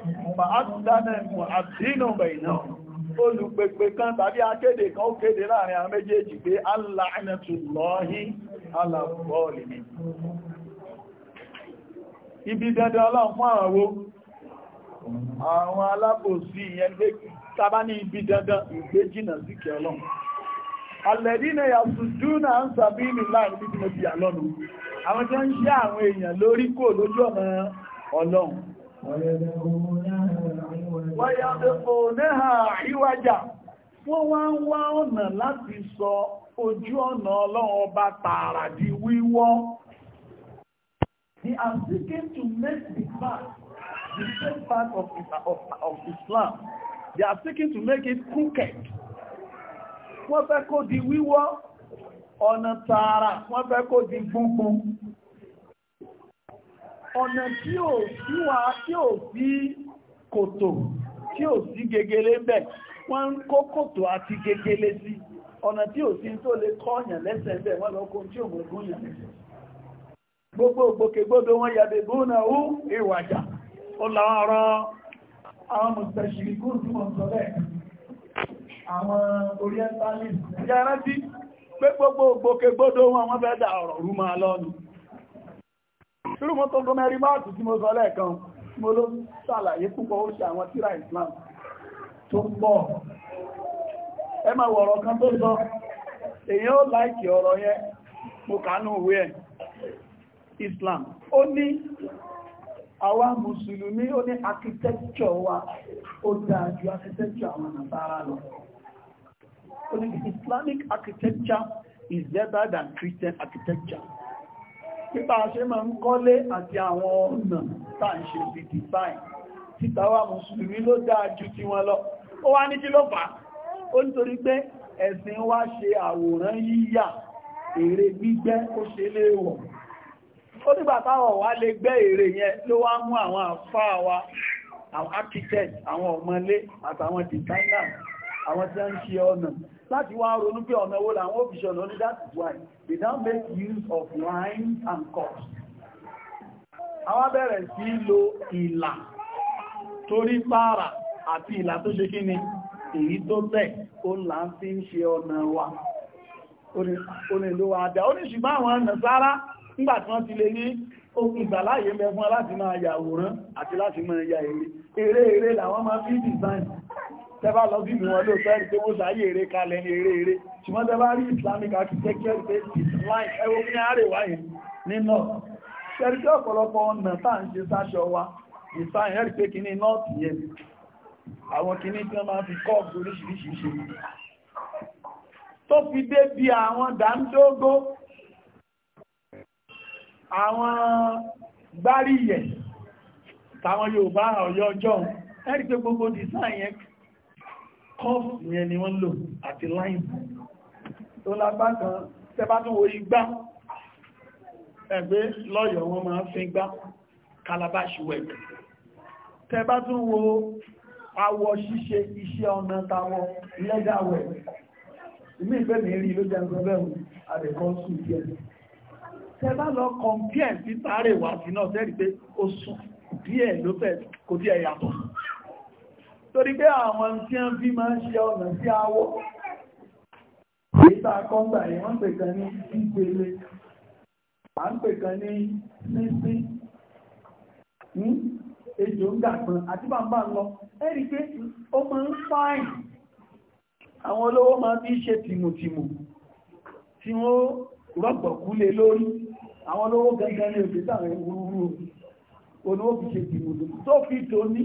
Mùhàdínù bẹ̀yìnà, olùgbègbè kan tàbí akéde kan ó kéde láàrin àwọn méjèèjì pé Allah'anatullahi alàbọ̀ọ̀lì ni. Ibi dandan ọlọ́run fún àwọn àwọn alábòsí ìyẹn gbé tàbá ní ibi dandan ìgbé jìnà síkẹ̀ ọlọ́run. Àlẹ̀dínà ibi Wọ́yàdẹ̀kùnẹ́hà àríwájà, wọ́n wá ń wá ọ̀nà láti sọ ojú ọ̀nà ọlọ́run ọba tààrà di wíwọ́. They are seeking to make the path, the straight part of, of, of Islam. They are seeking to make it crooked. Wọ́n fẹ́ kó di wíwọ́, ọ̀nà tààrà, wọ́n fẹ́ kó di gbùngbùn ọ̀nà tí ò sí wà tí ò sí kòtò tí ò sí gegele bẹ̀ wọ́n ń kó kòtò àti gegele sí ọ̀nà tí ò sí tó lè kọ́ ọ̀yàn lẹ́sẹ̀ bẹ̀ wọ́n lọ kó tí ò mọ̀gún yàn gbogbo ògbòkègbodò wọn yàbẹ̀ gbóná ó ìwàjà ó làwọn ọ̀rọ̀ àwọn mùsùlùmí kúrò tí wọ́n sọ bẹ́ẹ̀ àwọn orientalist yàrá sí pé gbogbo ògbòkègbodò wọn wọ́n fẹ́ dà ọ̀rọ̀ rú máa lọ́nu irú mo tó gọmẹ́rí máàtù tí mo sọ lẹ́ẹ̀kan mo ló ṣàlàyé púpọ̀ ó ṣe àwọn tíra Islam tó ń bọ̀ ẹ máa wọ̀rọ̀ kan tó sọ èyí ó láìkì ọ̀rọ̀ yẹn mo kàánú òwe ẹ̀ Islam ó ní àwa mùsùlùmí ó ní architecture wa ó dáa ju architecture àwọn nàbára lọ ó ní Islamic architecture is better than Christian architecture nípa ṣe máa ń kọ́lé àti àwọn ọ̀nà tá ń ṣe sí design títa wà mùsùlùmí ló dáa ju ti wọn lọ ó wá ní kí ló fà ó nítorí pé ẹ̀sìn wa ṣe àwòrán yíyà èrè gbígbẹ́ ó ṣe léèwọ̀ ó nígbà táwọn wá lè gbẹ́ èrè yẹn ló wá mú àwọn àfáà wa àwọn architect àwọn ọmọlé àtàwọn designers àwọn tí wọ́n ń ṣe ọ̀nà láti wá ronú pé ọ̀nà owó làwọn òbíṣọ́ lọ ní that why they don't make use of lines and cups àwọn bẹ̀rẹ̀ sí lo ìlà torí pààrà àti ìlà tó ṣe kí ni èyí tó tẹ̀ ó là ń fi ń ṣe ọ̀nà wa onílówà àdá oníṣìgbà àwọn nàṣàrá nígbàtí wọ́n ti lè ní ohun ìgbàláyé mẹ́fún láti máa yàwòrán àti láti máa ya ère eré eré làwọn máa fi design tẹ́bá lọ bí mi wọn ló fẹ́ rí pé wọ́n sáyé eré kalẹ̀ ní eré eré ṣùgbọ́n tẹ́bá rí islamic architecture pé islam ẹwọ́ ní àríwá yìí ní north ṣẹ́rí pé ọ̀pọ̀lọpọ̀ ọ̀nà tá à ń ṣe sáṣọ wa ìsáyìn ẹ̀rí pé kìíní north yẹn àwọn kìíní tí wọ́n máa fi cup oríṣiríṣi ṣe tó fi dé bí àwọn dáńdógó àwọn gbáríyẹ̀ táwọn Yorùbá ọ̀yọ́ ọjọ́ ẹ̀rí pé gbogbo design yẹn cups yẹn ni wọ́n lò àti line tó lágbá kan tẹ́bá tó wo igbá ẹgbẹ́ lọ́yọ̀ wọn máa fi gbá calabash work tẹ́bá tó wo awọ ṣíṣe iṣẹ́ ọ̀nà tàwọn leather work ilé ìfẹ́ mi rí ló jẹ́ ẹgbẹ́rún àdẹ̀kọ́ sùn díẹ̀ tẹ́bá lọ compare sí tààrẹ̀ wà sí náà tẹ́rì pé ó sùn díẹ̀ ló fẹ́ kò díẹ̀ yàtọ̀ torí pé àwọn tí wọ́n fi máa ń ṣe ọ̀nà sí awọ́ ìta kọ́ngbà yìí wọ́n pè kan ní ìpele à ń pè kan ní sísí ní hmm, ejò ń gàgbọn àti bàbá lọ ẹ̀rí pé ó máa ń fáìn àwọn olówó máa bí ṣe tìmùtìmù tí wọ́n rọ̀gbọ̀kú lé lórí àwọn olówó gangan ní òkè sáàrin wúrúwúrú olówó fi ṣe tìmùtìmù tó fi tó ní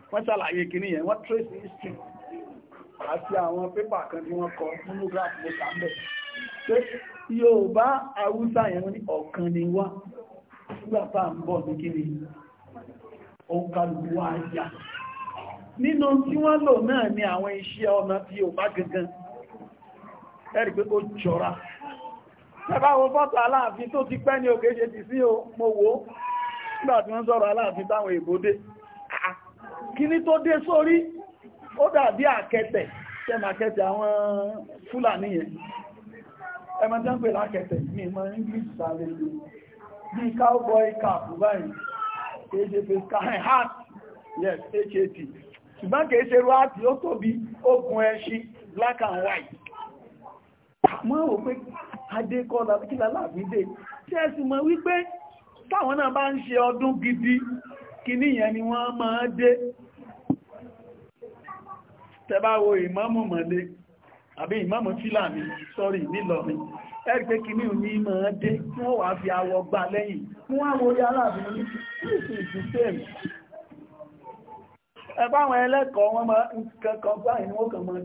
wọ́n ṣàlàyé kìíní yẹn wọ́n trace history àti àwọn pépà kan tí wọ́n kọ monograph ló kà ń bẹ̀ pé Yorùbá Haúsá yẹn ní ọ̀kan ni wá nígbà tá à ń bọ̀ ní kíni òǹkàlùkù wa yà nínú tí wọ́n lò náà ni àwọn iṣẹ́ ọ̀nà tí Yorùbá gangan ẹ̀rì pé ó jọra ẹbáwọn fọ́tò Aláàfin tó ti pẹ́ ní òkè ṣe ti sí o mo wò ó nígbà tí wọ́n sọ̀rọ̀ Aláàfin táwọn èbó dé kíní tó dé sórí ó dàbí àkẹtẹ̀ tẹ́mà kẹtẹ̀ àwọn fúlàní yẹn ẹmọ tẹ́ ń pè lákẹtẹ̀ ní ìmọ̀ english sáré lè bí cowboy cap báyìí kéje pé sky hat yes hat ṣùgbọ́n kìí ṣe ruwáàtì ó tóbi ogun ẹṣin black and white mọ́ ò pé adé kọ́ lábíkílá láàbídé tí ẹ sì mọ̀ wípé táwọn náà bá ń ṣe ọdún gidi kíní yẹn ni wọ́n máa dé tẹbáwo ìmámù mọ̀lẹ́ àbí ìmámù fílàní sọ́rì nílọrin ẹ̀rí pé kíní ò ní máa dé wọ́n wà fi awọ gbá lẹ́yìn wọ́n kàn máa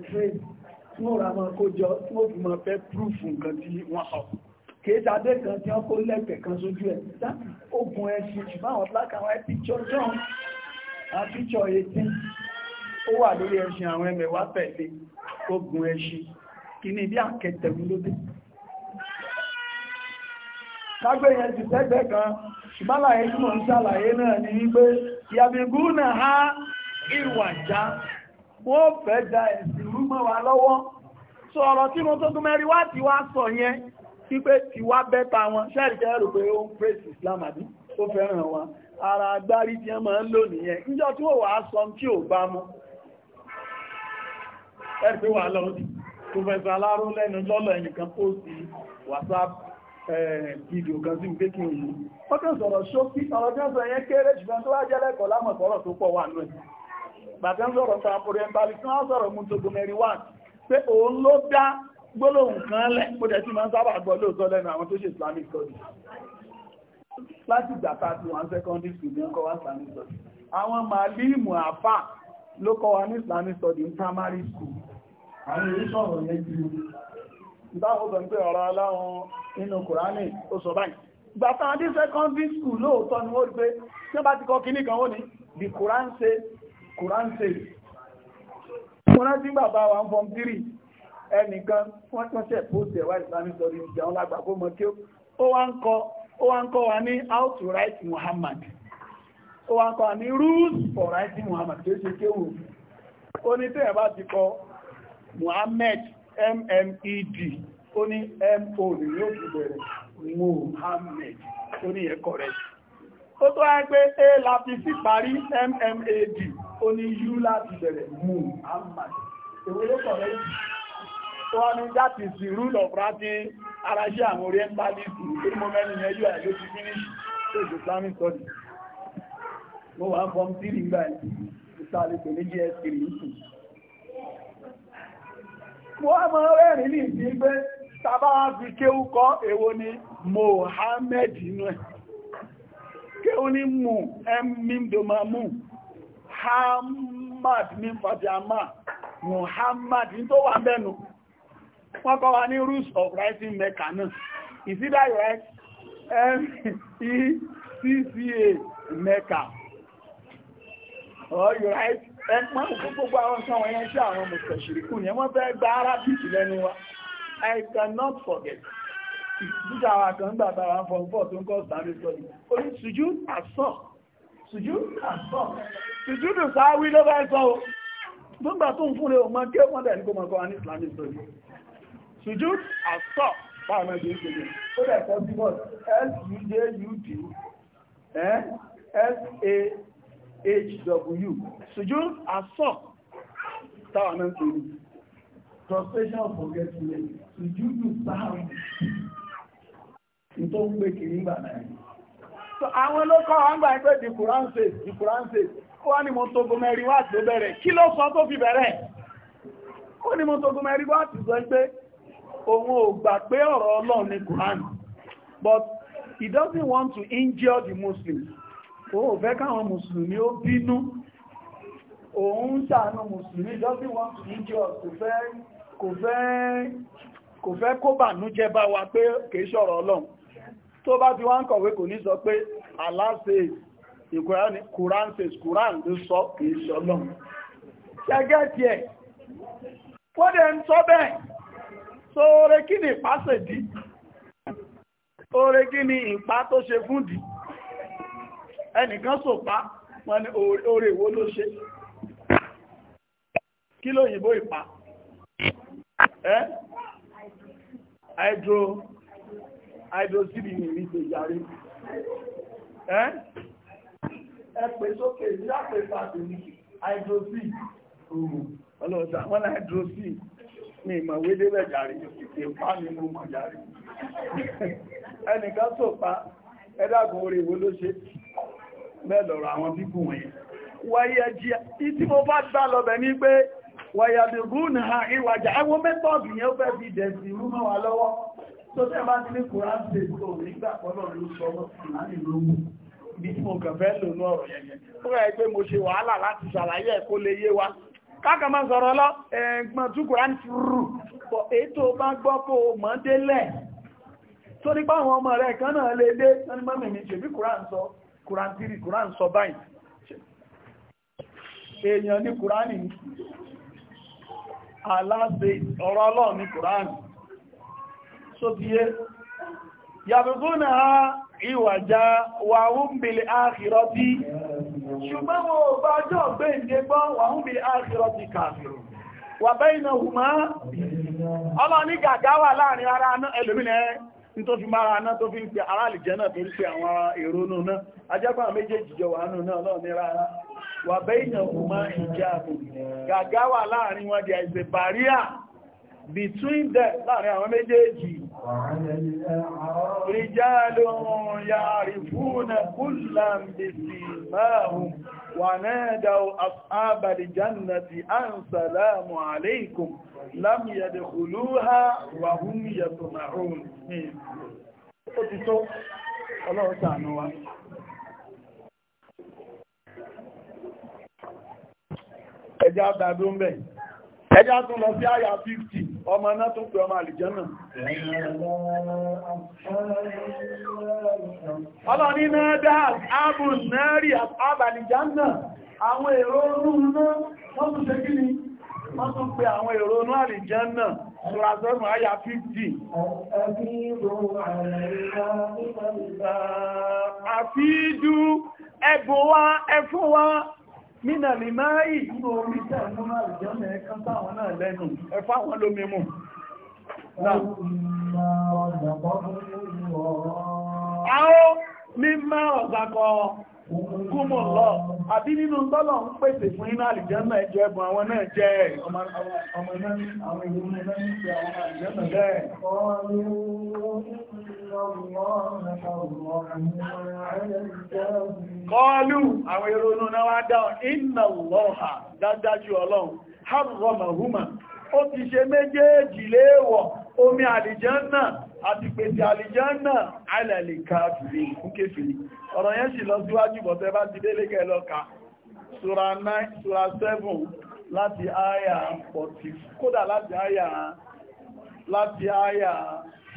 trade wọ́n rà máa kójọ tí kéèdà abẹ́ kan tí wọ́n kó lẹ́gbẹ̀ẹ́ kan sójú ẹ̀ láti ogun ẹṣin ṣùgbọ́n àwọn black and white picture john and picture eighteen ó wà lórí ẹṣin àwọn ẹmẹ̀wá pẹ̀lú ogun ẹṣin kì ní bí àkẹtẹ̀mí lóde kágbé yẹn ti sẹ́gbẹ́ kan ṣùgbọ́n láyé tí mò ń ṣàlàyé náà ni wípé ìyàbìgú náà há ìwà já wọ́n fẹ́ da ẹ̀sìn rúmọ́ wa lọ́wọ́ sọ ọ̀rọ̀ tí mo tó gún mẹ́rin wá ti wá sọ yẹn wípé tí wá bẹ́ta wọn ṣẹ́rì kẹ́rù pé ó ń praise Islam àbí ó fẹ́ràn wọn ara agbárí tí wọ́n máa ń lò nìyẹn níjọ́ tí ó wà á sọ tí ò bá mú ẹ̀rì pé wà lọ́dí Professor Aláró lẹ́nu lọ́lọ́ ẹnìkan pósì WhatsApp fídíò kan sí pé kí n yìí wọ́n kàn sọ̀rọ̀ ṣókí ọ̀rọ̀ tí wọ́n sọ yẹn kéré ṣùgbọ́n tó wá jẹ́ lẹ́kọ̀ọ́ lámọ̀sọ̀rọ̀ tó pọ̀ wà nù ẹ̀ bàtẹ́ ń sọ̀rọ̀ sàpòrẹ̀ ń balẹ̀ tí wọ́n sọ̀rọ̀ mú tó gomẹ̀rí wà pé òun ló dá gbólóhùn kan lẹ̀ mo dẹ̀ tí máa ń sábà gbọ́ lóòótọ́ lẹ́nu àwọn tó ṣe islamic studies láti ìgbà tá a secondary school ní ọkọ̀ wa islamic studies àwọn màálìmù àfà ló kọ́ wa ní islamic studies ní primary school àwọn èyí sọ̀rọ̀ yẹn jù ìdáhùn sọ pé ọ̀rọ̀ aláwọn nínú kùránì ó sọ báyìí ìgbà tá a ni wọ́n rí Quran says Quran says mo rántí bàbá wa ẹnìkan wọ́n tún ṣẹ̀ pósì ẹ̀wà ìsàmì sọ̀rọ̀ ìjìyà wọn lágbà mọ̀ kí ó wá ń kọ́ wa ní how to write Muhammad ó wá ń wa ní rules for writing Muhammad tí ó ṣe kéwù ó ní tẹ́ ti kọ Muhammad mmed ó ní mo ní yóò ti bẹ̀rẹ̀ Muhammad ó ní re. correct ó tó wáyé pé a láti sí parí mmad e ó ní u láti bẹ̀rẹ̀ Muhammad èwo ló wọ́n ní that is the rule of writing ara ṣe àwọn orientalist tó mọ́ mẹ́rin yẹn yóò àìló ti finish tó ìjọ islamic study mo wà ń fọ́n tí nígbà ìsàlẹ̀ pẹ̀lú gs3 nìkú mo wá mọ́ ẹ̀rìn ní ìdí pé tàbá wá fi kéwú kọ́ èwo ni mohammed inú ẹ̀ kéwú ní mú ẹmíndòmamú hamad ní fatima muhammad tó wà mẹ́nu wọ́n kọ́ wa ní rules of writing mechanism is it that right m-e-c-c-a mecca or you write ẹgbọ́n gbogbo àwọn nǹkan wọ̀nyẹn ṣe àwọn mùsùlùmí ni wọ́n fẹ́ gba arabic lẹ́nu wa i cannot forget títà àwọn kan gbà bàbá fọ́n fọ́ tó ń kọ́ sáré sọ́lì ó ní ṣùjú àsọ́ ṣùjú àsọ́ ṣùjú dùn sáwí ló fẹ́ sọ́ o tó ń gbà tó ń fún lè ọmọ kí ó mọ́dẹ̀ ní kó mọ́kọ́ ní islamic studies Sujud àtọ̀ báwọn ẹgbẹ́ ìṣèlú ó dẹ̀ sọ sí bọ́ọ̀d s-u-j-u-d s-a-h-w Sujud àtọ̀ táwọn ẹgbẹ́ ìṣèlú prostration of forgetfulness sùjú dù báwọn tó ń gbé kiri ńgbà náà so àwọn ló kọ́ wọn gbà pé the Quran says the Quran says ó wá ní mo tó gomẹ́rin wá tó bẹ̀rẹ̀ kí ló sọ tó fi bẹ̀rẹ̀ ó ní mo tó gomẹ́rin wá tó sọ pé òun ò gbà pé ọ̀rọ̀ ọlọ́run ni Quran but he doesn't want to injure the Muslims òun ò fẹ́ káwọn Mùsùlùmí ó bínú òun ń ṣàánú Mùsùlùmí doesn't want to injure kò fẹ́ kò fẹ́ kò fẹ́ kó bànújẹ́ bá wa pé kìí ṣọ̀rọ̀ ọlọ́run tó bá ti wá ń kọ̀wé kò ní sọ pé Allah says ìkùránì Quran says Quran ló sọ kìí ṣọlọ́run ṣẹ́gẹ́ tiẹ̀ kódẹ̀ ń sọ bẹ́ẹ̀ so oore kí ni ìpá ṣe dí oore kí ni ìpá tó ṣe fún dí ẹnìkan sòpá wọ́n ní oore ìwó ló ṣe kí ló yìnbó ìpá ẹ́ hydro hydro síbi ní ìrìnṣẹ́ ìyàrí ẹ́ ẹ̀pẹ̀ sókè ìyàpẹ̀ ìpàdé hydro sí ọlọ́ọ̀ta wọ́n ní hydro sí ní ìmọ̀wé débẹ̀ jàrí ìpá ní mo mọ̀ jàrí ẹnìkan tó pa ẹdàgùn orí ìwó ló ṣe bẹ́ẹ̀ lọ̀rọ̀ àwọn bíbù wọ̀nyí wáyé jí tí mo bá dá lọ́bẹ̀ ní pé wàyàdùgún ha ìwàjà ẹwọ́ mẹ́tọ́ọ̀dù yẹn ó fẹ́ fi dẹ̀sì rú mọ́ wa lọ́wọ́ tó tẹ́ bá ti ní kùrán ṣe tó nígbà pọ́lọ̀ ló sọ bí mo kàn fẹ́ lò ní ọ̀rọ̀ yẹn yẹn ó rẹ̀ pé mo ṣe wàhálà láti ṣàlàyé ẹ̀ kó lè káàkà máa sọ̀rọ̀ lọ ẹ̀gbọ́n tún kùrán fúrú pọ̀ ètò bá gbọ́ kó mọ́ délẹ̀ tó nípa àwọn ọmọ rẹ̀ kan náà lè dé wọ́n ni mọ́ mẹ́mí ṣe bí kùrán sọ kùrán tírì kùrán sọ báyìí èèyàn ní kùránì aláṣẹ ọ̀rọ̀ ọlọ́ọ̀ n'i kùránì so ti yé yàbùkú náà ìwàjá wà ṣùgbọ́n wọn ò bá jọ gbéǹde gbọ́ wà ń bí áàkìrọ̀ ti wà bẹ́ iná ní gàgá wà láàrin ara náà ẹlòmínà ní tó fi mara náà tó fi ń pẹ ara náà tó ń pẹ àwọn èrò náà méjèèjì jọ wà nù náà lọ́ọ̀ wà bẹ́ iná gàgá between them láàrin àwọn méjèèjì rijalun ya'rifuna kullam bisimahum wa nadaw ashabal jannati an salamu alaykum lam yadkhuluha wa hum yatma'un ó ti tó ọlọ́run ẹjá dàdó ń bẹ̀ ẹjá tún lọ sí àyà ọmọ náà tó pè ọmọ àlìjánà ọlọ́ni náà dá ààbò náà rí àbàlìjánà àwọn èrò orún náà wọ́n tún ṣe kí ni wọ́n tún pè àwọn èrò orún àlìjánà Ṣùràṣọ́nù àyà 50. Àfíjú ẹbùn wa, ẹfún wa, mínà lè máa yìí nínú omi tẹ́ múnà àjọ́nà ẹ̀kan táwọn náà lẹ́nu ẹ̀fà wọn lómi mú Àwọn mímọ́ kúmọ̀ lọ àbí nínú tọ́lọ̀ ń pèsè fún iná àlìjẹ́nà ẹjọ́ ẹbùn àwọn náà jẹ́ ọmọ àwọn ìlú náà ní àwọn àlìjẹ́nà kọlu ó ti ṣe méjèèjì léèwọ̀ omi àti pèsè fún ọ̀rọ̀ yẹn sì lọ síwájú bọ̀tẹ́ bá ti délé kẹlọ́ka sura 9 sura 7 láti àyà 40 kódà láti àyà láti àyà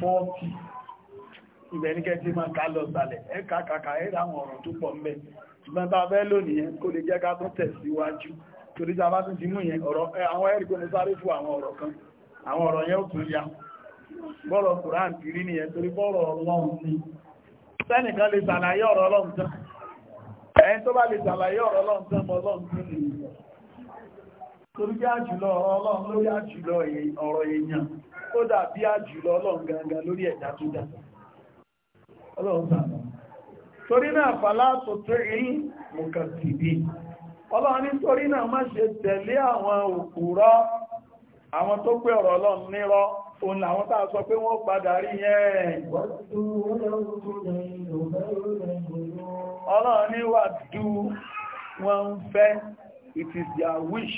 40 ibẹ̀ ní kẹtí máa ká lọ sàlẹ̀ ẹ kàkàkà ẹ ra àwọn ọ̀rọ̀ tó pọ̀ mẹ́ ṣùgbọ́n bá bẹ́ lónìí yẹn kó lè jẹ́ ká tún tẹ̀síwájú torí tá a bá tún ti mú yẹn ọ̀rọ̀ àwọn ẹ̀rìkó bọ́rọ̀ kùrán kiri nìyẹn torí bọ́rọ̀ ọlọ́run ni sẹ́nìkan lè ṣàlàyé ọ̀rọ̀ ọlọ́run tán ẹni tó bá lè ṣàlàyé ọ̀rọ̀ ọlọ́run tán mọ ọlọ́run tán lè yọ torí bí àjùlọ ọ̀rọ̀ ọlọ́run lórí àjùlọ ọ̀rọ̀ èèyàn ó bí àjùlọ ọlọ́run gangan lórí ẹ̀dá tó dá ọlọ́run sàmà torí náà fàlá tó tó rí mùkàtìbí ọlọ́run nítorí náà má ṣe tẹ̀lé àwọn òkúrọ́ àwọn tó pé ọ̀rọ̀ ọlọ́run nírọ́ òun làwọn tàà sọ pé wọ́n padà rí yẹn ọlọ́run ní wà dú wọ́n ń fẹ́ it is their wish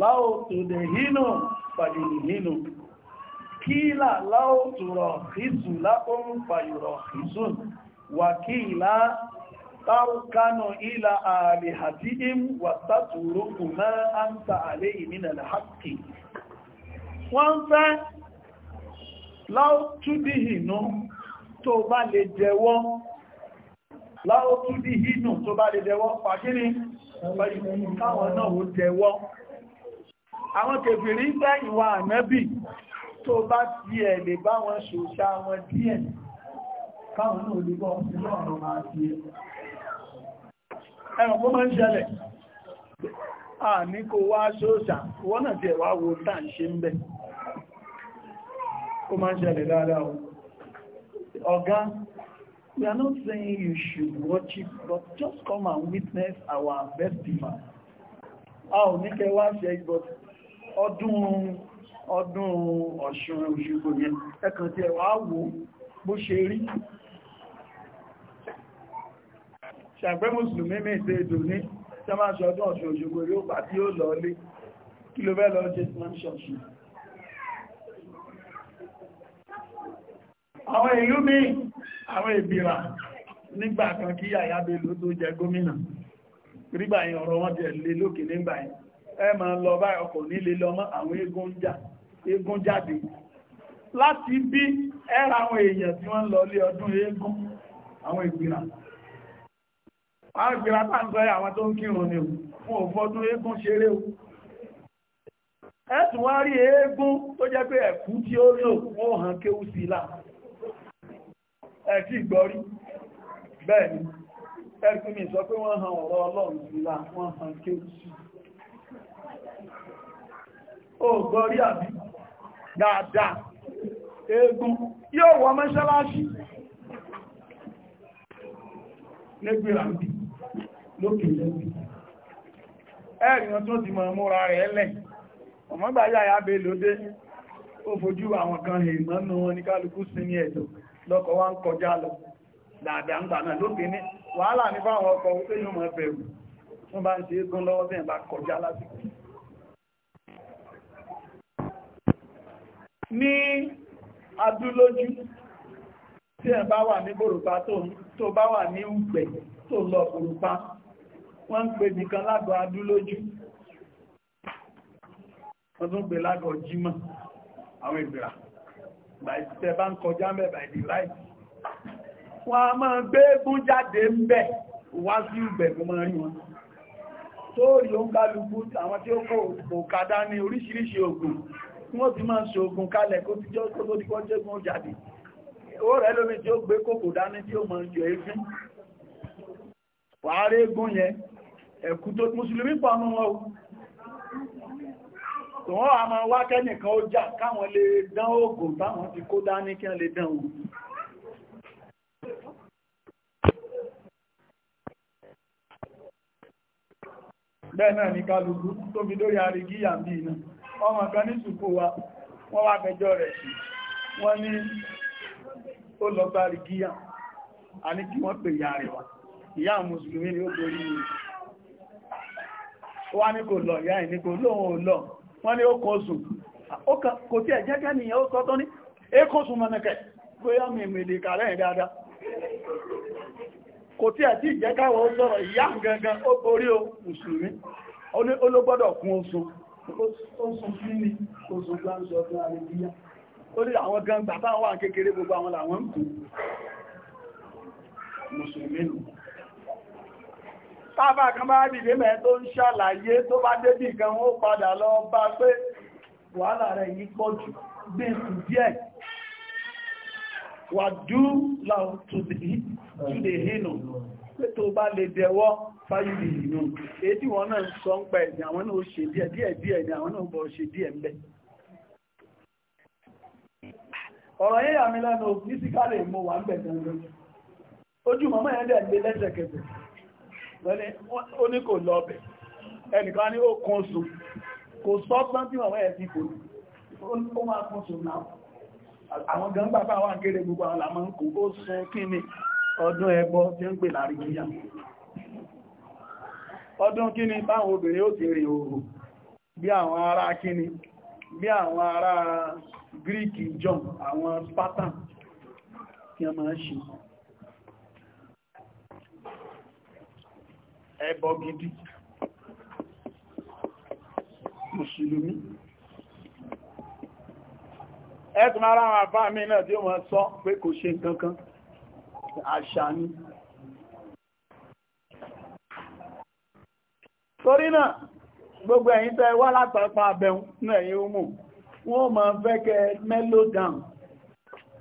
láò tó dẹ̀ hínú pàdé hínú kílà láò tó rọ̀ hìsù lápọ́n pàyọ̀rọ̀ hìsù wà kílà tárùkánù ilá ààrẹ àti im wà sátúrò kùnmọ́ àǹtà àlẹ́ ìmìnà lẹ́hàkì wọ́n fẹ́ láótúdìhìnú tó bá lè jẹ́wọ́ láótúdìhìnú tó bá lè jẹ́wọ́ pàkíní káwọn náà ó jẹ́wọ́ àwọn kèfèrí fẹ́ ìwà ànábì tó bá ti ẹ̀ lè bá wọn ṣòṣà wọn díẹ̀ káwọn náà lè bọ́ ẹ̀rùn kó máa ń ṣẹlẹ̀ à ní kó wá ṣóòṣà wọ́n náà ti ẹ̀wà wo tàà ń ṣe ń bẹ̀ kó máa ń ṣẹlẹ̀ dáadáa o ọ̀gá we are not saying you should watch it but just come and witness our best festival a ò ní kẹ́ wá ṣe but ọdún ọdún Ọ̀ṣun Òṣogbo yẹn ẹ̀kan ti ẹ̀wà wo bó ṣe rí ṣàgbé mùsùlùmí mi ṣe èdò ní tí wọ́n máa ṣe ọdún ọ̀ṣun òṣogbo rí ó bà tí ó lọ lé kí ló fẹ́ lọ jẹ́ islam ṣọ̀ṣù àwọn ìlú mi àwọn ìbìrà nígbà kan kí Yahaya Bello tó jẹ gómìnà rígbà yẹn ọ̀rọ̀ wọn jẹ lé lókè nígbà yẹn ẹ máa lọ bá ọkọ̀ nílé lọmọ àwọn eégún jáde láti bí ẹ́ra àwọn èèyàn tí wọ́n lọ lé ọdún eégún àwọn ìgbìrà àgbèrà bá ń sọ́yà àwọn tó ń kírun ní fún òfọdún eégún ṣeré o ẹ̀sùn wá rí eégún tó jẹ́ pé ẹ̀kú tí ó lò wọ́n hàn kéwú sí ilá ẹ̀kí ìgbọ́rí bẹ́ẹ̀ni ẹ̀kú mi sọ pé wọ́n hàn ọ̀rọ̀ ọlọ́run sí ilá wọ́n hàn kéwú sí ó lókè lẹ́sìn ẹ̀rì tí ti mọ̀ múra rẹ̀ lẹ̀ ọmọgbàyà yàbé lóde ó fojú àwọn kan hè mọ́nú wọn ní kálukú sí ní ẹ̀dọ̀ lọ́kọ̀ wá ń kọjá lọ ní wàhálà ní tí ẹ̀ bá wà ní tó wọ́n ń pè nìkan lágọ̀ adúlójú wọ́n tún pè lágọ̀ jímọ̀ àwọn ìgbìrà ìtẹ́ bá ń kọjá mẹ́bà ìdí láì wọ́n a máa gbé gún jáde ń bẹ̀ wá sí ìgbẹ̀gún mọ́ rí wọn tó rí ó ń kálukú àwọn tí ó kò òkádá ní oríṣiríṣi ogun tí wọ́n ti máa ṣe ogun kalẹ̀ kó ti jọ́ tó tó dìkọ́ jẹ́gún jáde ó rẹ̀ lómi tí ó gbé kòkò dání tí ó mọ̀ jẹ́ ẹ̀fín wàárí egun yẹn ẹ̀kú tó mùsùlùmí pọ̀nù wọn tó wọ́n a máa wá kẹ́nìkan ó jà káwọn lè dán oògùn táwọn ti kó dání kí wọ́n lè dán oògùn bẹ́ẹ̀ náà ní kálùkù tó fi lórí àrígíyà bí iná ọmọ kan ní ṣùkú wa wọ́n wá fẹjọ́ rẹ̀ sí wọ́n ní ó lọ bá àrígíyà a ní kí wọ́n pè yà rẹ̀ wá ìyá mùsùlùmí ni ó borí wá ní kò lọ ìyá ìní kò lóhun ò lọ wọ́n ní ó kó sùn kò tí ẹ̀jẹ́gẹ́ nìyàn ó sọ tó ní ékó sùn mọ́nàkẹ́ bóyá mèmèdè kààrẹ́ ìdáadáa kò tí ẹ̀tí ìjẹ́káwọ̀ ó sọ̀rọ̀ ìyá gangan ó borí o mùsùlùmí ológbọ́dọ̀ kún oṣù oṣù kí tábà kan bá dìde mẹ́ tó ń ṣàlàyé tó bá débì kan ó padà lọ bá pé wàhálà rẹ̀ yìí pọ̀ jù gbé kù díẹ̀ wà dú láwọn tó lè hínú pé tó bá lè dẹwọ́ fáyìlì ìnú èdí wọn náà sọ ń pẹ̀ ní àwọn náà ṣe díẹ̀ díẹ̀ díẹ̀ ní àwọn náà bọ̀ ṣe díẹ̀ ń bẹ ọ̀rọ̀ yíyà mi lẹ́nu ní síkàlẹ̀ mo wà ń bẹ̀ gangan ojú mọ́mọ́ yẹn dẹ̀ gbé lẹ́sẹ̀kẹsẹ̀ ó ní kò lọ bẹ̀ ẹnìkan ní ó kún oṣù kò sọ́gbọ́n tí wọ́n wẹ́ ti kò ó máa kún oṣù náà àwọn gan bàbá wà kéré gbogbo àwọn làmọ́ ń kò ó sun kí ni ọdún ẹbọ tí ń pè láàrin yíyá ọdún kí ni báwọn obìnrin ó ti rìn òòrùn bí àwọn ará kí ni bí àwọn ará Greek John àwọn Spartan tí a máa ń ṣe ẹbọ gidi mùsùlùmí ẹ̀tùn mara àwọn àbá mi náà tí ó mọ̀ sọ pé kò ṣe kankan àṣà ni torí náà gbogbo ẹ̀yin tẹ́ wá látàpá abẹun náà ẹ̀yin ó mú wọ́n máa fẹ́ kẹ́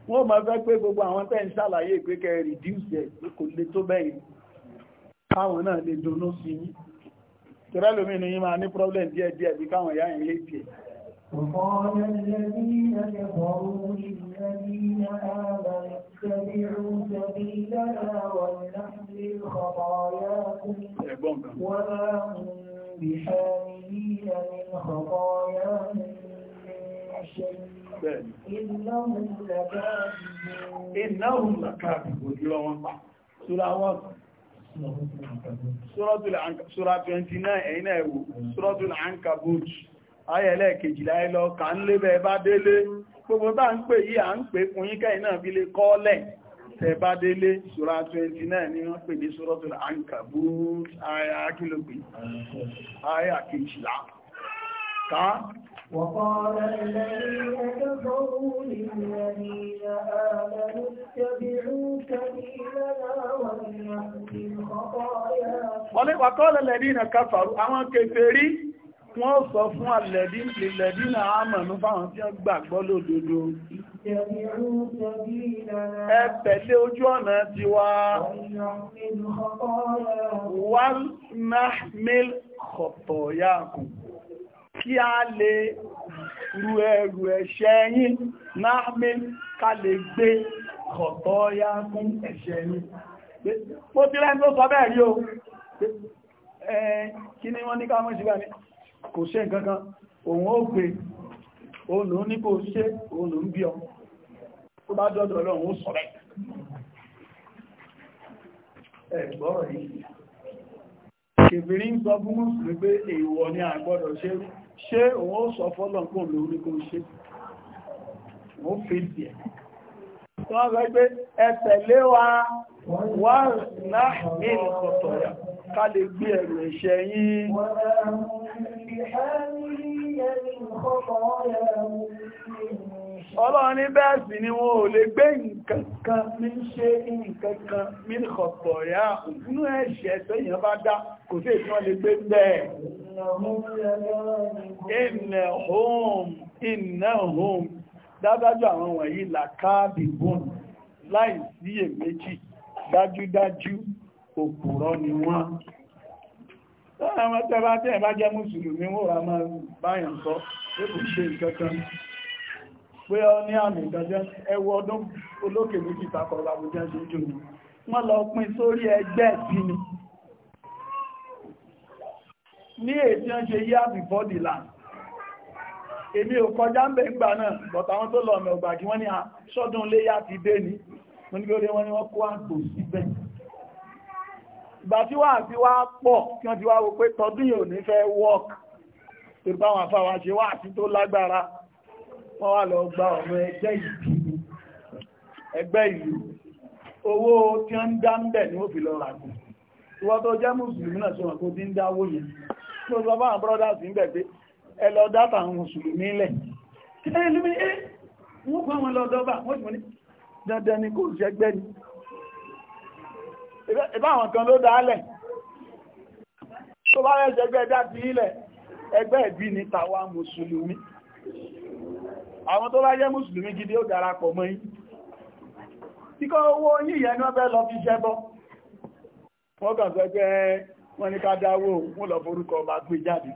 wọ́n máa fẹ́ pé gbogbo àwọn tẹ́ ń ṣàlàyé pé reduce ẹ̀ pé kò le tó bẹ́yìn káwọn náà lè dúnú sí yí tẹ́rẹ́lómi ní yí máa ní problem díẹ̀ díẹ̀ bí káwọn ìyá yìí lè tẹ́ وقال الذين كفروا للذين آمنوا اتبعوا سبيلنا ولنحمل خطاياكم وما هم بحاملين من خطاياهم من شيء إنهم لكاذبون إنهم لكاذبون Sura 29 ẹ̀yìn ẹ̀wò, Suratul Ankabut, ayẹ̀lẹ́ kejìlá ẹlọ kà ń lébẹ̀ bá délé, gbogbo bá ń pè yí à ń pè fún yín kẹ́yìn náà fi lè kọ́ọ́lẹ̀ tẹ bá délé, Sura 29 ni wọ́n pè ní Suratul Ankabut, ayà kìlógbì, وقال الذين كفروا للذين آمنوا اتبعوا سبيلنا ولنحمل خطاياكم وقال الذين كفروا àwọn kèfèrí wọ́n sọ fún àlẹ̀dínà àmànú fáwọn tí ó gbàgbọ́ lódodo ẹ tẹ̀lé ojú ọ̀nà ti wá wal nahmil khatayakum kí a lè ru ẹrù ẹ̀ṣẹ̀ yín náà mé ká lè gbé ọ̀tọ́ ya fún ẹ̀ṣẹ̀ yín mo ti rẹ́ tó sọ bẹ́ẹ̀ rí o kí ni wọ́n ní ká mọ́ ìṣẹ́gbà ní kò ṣe nǹkankan òun ó gbé olùn ní kò ṣe olùn bí ọ tó sọ fún mùsùlùmí pé èèwọ̀ ni àgbọ́dọ̀ ṣe rí ṣé òun ó sọ fọ́lọ̀pọ̀ lórí kó ṣe ó fi díẹ̀ tó wọ́n fẹ́ gbé ẹ̀tẹ̀lé wa wà náà ní ìkọ̀tọ̀yà ká lè gbé ẹ̀rù ẹ̀ṣẹ̀ yín wọ́n ọlọ́run ní bẹ́ẹ̀ sì ni wọn ò lè gbé nǹkankan ní ṣe nǹkankan mílíkọ̀pọ̀ ya nínú ẹ̀ṣẹ̀ tẹ́yàn bá dá kò sí ìtàn lè gbé bẹ́ẹ̀ innahum innahum dájú àwọn wọ̀nyí làkáàbìbùn láì sí èméjì dájúdájú òpùrọ́ ni wọ́n láàrín àwọn tẹ́bá tẹ́ẹ̀ bá jẹ́ mùsùlùmí wọ́n ra máa báyàn sọ pé kò ṣe nǹkankan pé ọ ní àmì ìdájẹ́ ẹwọ ọdún olókè méjì takọ̀ọ̀lá àbújá ṣe jù ní wọ́n lọ pín sórí ẹgbẹ́ ìbí ni ní èdè ń ṣe yá before the land èmi ò kọjá ń bẹ̀ ńgbà náà but àwọn tó lọ ọmọ ọgbà kí wọ́n ní ah, ṣọ́dún léyá ti dé ní wọ́n ní lórí wọ́n ní wọ́n kó àgbò síbẹ̀ ìgbà tí wà sí wá pọ̀ kí wọ́n ti wá wo pé tọdún yìí ò ní fẹ́ work tó bá wọn àfáwà ṣe wá àti tó lágbára wọ́n wá lọ gba ọmọ ẹgbẹ́ ìlú ẹgbẹ́ ìlú owó tí wọ́n ń dá ń bẹ̀ ni ó fi lọ ràkùn ìwọ́n tó jẹ́ mùsùlùmí náà ṣọ́nà kó tí ń dáwó yẹn tó sọ bá àwọn brothers ń bẹ̀ pé ẹ lọ dáta àwọn mùsùlùmí lẹ̀ eh, wọ́n kọ́ àwọn lọ́dọ́bà wọ́n ti mọ̀ ní dandan ni kò ṣẹgbẹ́ ni ìbá àwọn kan ló dálẹ̀ tó bá rẹ̀ ṣẹgbẹ́ dá ti ilẹ̀ ẹgbẹ́ ìbí ni tàwa mùsùlùmí àwọn tó bá jẹ́ mùsùlùmí gidi ó darapọ̀ mọ́ yín tí kọ́ owó yín yẹn wọ́n fẹ́ lọ fi ṣẹbọ wọ́n kàn sọ pé wọ́n ní ká dáwó wọ́n lọ forúkọ ọba gbé jáde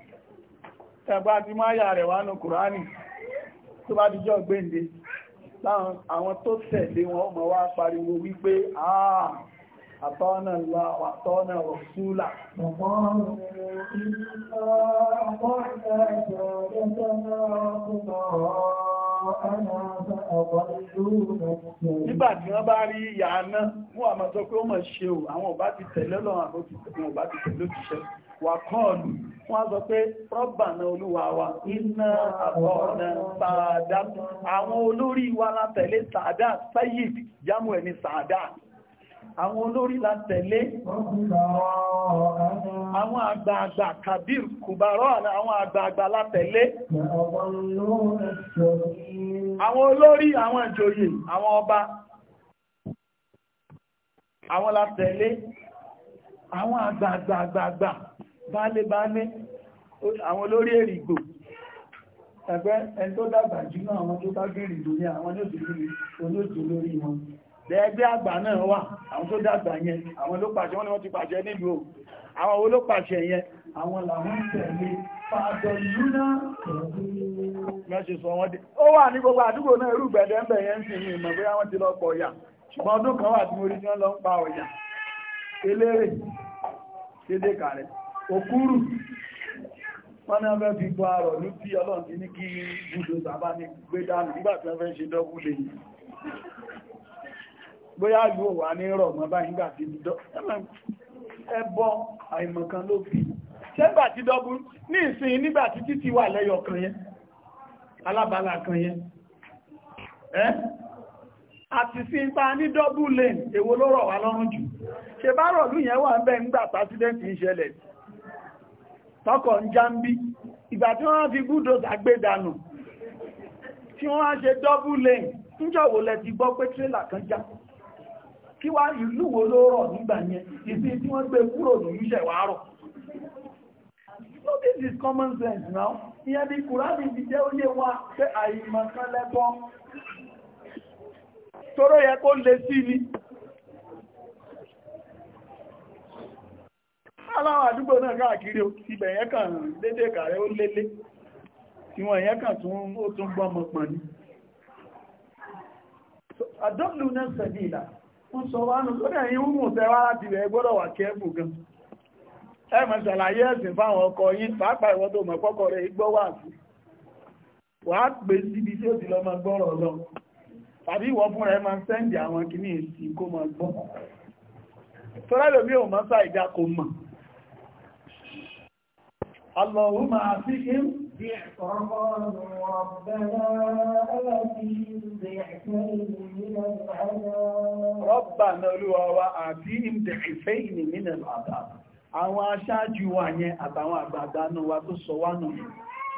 ẹ̀bá ti máa yà rẹ̀ wánú kùránì tó bá dijọ́ gbéǹde láwọn tó tẹ̀lé wọn ọmọ wa pariwo wípé àà àtọ́nà lọ àtọ́nà ọ̀súlà. Ọ̀pọ̀ Nígbà tí wọ́n bá rí ìyà aná, mú àmà sọ pé ó mọ̀ ṣe ò, àwọn ọba ti tẹ̀lé lọ́wọ́ àwọn ọba ti tẹ̀lé òṣìṣẹ́. Wà kọ́ọ̀lù, wọ́n sọ pé Rọ́bàná olúwa wa, iná àbọ̀ọ̀nà sàádá. Àwọn olórí wa látẹ̀lé sàádá, sáyìd, jámù ẹni sàádá àwọn olórí la tẹ̀lé àwọn àgbààgbà kabir kùbàrọ̀ àwọn àgbààgbà la tẹ̀lé àwọn olórí àwọn ìjòyè àwọn ọba àwọn la tẹ̀lé àwọn àgbààgbà bálébálé àwọn olórí èrìgbò ẹgbẹ́ ẹni tó dàgbà jù náà àwọn tó bá gẹ̀rìgbò ní àwọn olóòtú lórí wọn ẹgbẹ́ àgbà náà wà àwọn tó dàgbà yẹn àwọn ló wọ́n ni wọ́n ti pàṣẹ nílùú àwọn olópàṣẹ yẹn àwọn làwọn tẹ̀lé pàtọ̀ mẹ́ṣe sọ wọ́n dé ó wà ní gbogbo àdúgbò náà irú gbẹ̀dẹ̀ ń bẹ̀yẹ ń sìn ìmọ̀ bí wọ́n ti lọ pọ̀ ọ̀yà ṣùgbọ́n ọdún kan wà bóyá ìlú òwà ní rọ̀ mọ́ báyìí gbà tí dídọ́ ẹbọ àìmọ̀kan ló fi ṣẹ́gbà tí dọ́gbù ní ìsìn nígbà tí títí wà lẹ́yọ kan yẹn alábàlá kan yẹn ẹ́ àti sí ipa ní dọ́gbù lane èwo ló rọ̀ wá lọ́rùn jù ṣe bá rọ̀lú yẹn wà ń bẹ́ ńgbà pásídẹ́ntì ń ṣẹlẹ̀ tọkọ̀ ń já ń bí ìgbà tí wọ́n fi búdòsà gbé dànù tí wọ́n ṣe dọ́gbù lane níjọ́ wo lẹ ti gbọ́ pé tírélà kan já kí wá ìlú wo ló rọ̀ nígbà yẹn ìsìn tí wọ́n gbé kúrò lòyún ṣẹ̀ wá so this is common sense now ìyẹn bí kùránì ti jẹ́ ó yé wa pé àìmọ̀ kan lẹ́bọ́ toró yẹ kó lè sí ni aláwọ̀ àdúgbò náà káàkiri ibẹ̀ yẹn kàn dédé kààrẹ ó lélé tí wọ́n yẹn kàn tún ó tún gbọ́mọ̀ pọ̀ ní adọ́lù náà sẹ̀dí ìlànà ń sọ wá nù lórí ẹ̀yìn wúmù tẹ́ wá láti rẹ̀ gbọ́dọ̀ wà kí gan ọkọ yín pàápàá ìwọ́n tó mọ̀ rẹ̀ igbó wà sí pè síbi tí ó ti lọ́mọ gbọ́rọ̀ lọ tàbí ìwọ fúnra ẹ máa àwọn kìíní kó gbọ́ ò mọ́ sáà ìdá kò mọ̀ فقالوا ربنا آتهم ضعفين من العذاب ربنا olúwa wa آتهم ضعفين من العذاب àwọn aṣáájú wa yẹn àtàwọn àgbààgbà náà wa tó sọ wá náà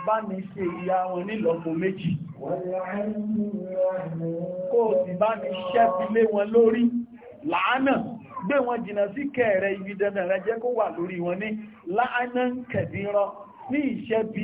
bá ní ṣe ìyá wọn nílọ́pọ̀ méjì kó o sì bá ní ṣẹ́filé wọn lórí làánà gbé wọn jìnnà sí kẹrẹ ibi dandan rẹ jẹ́ kó wà lórí wọn ní làánà kẹ̀dínrán ní ìṣẹ́bí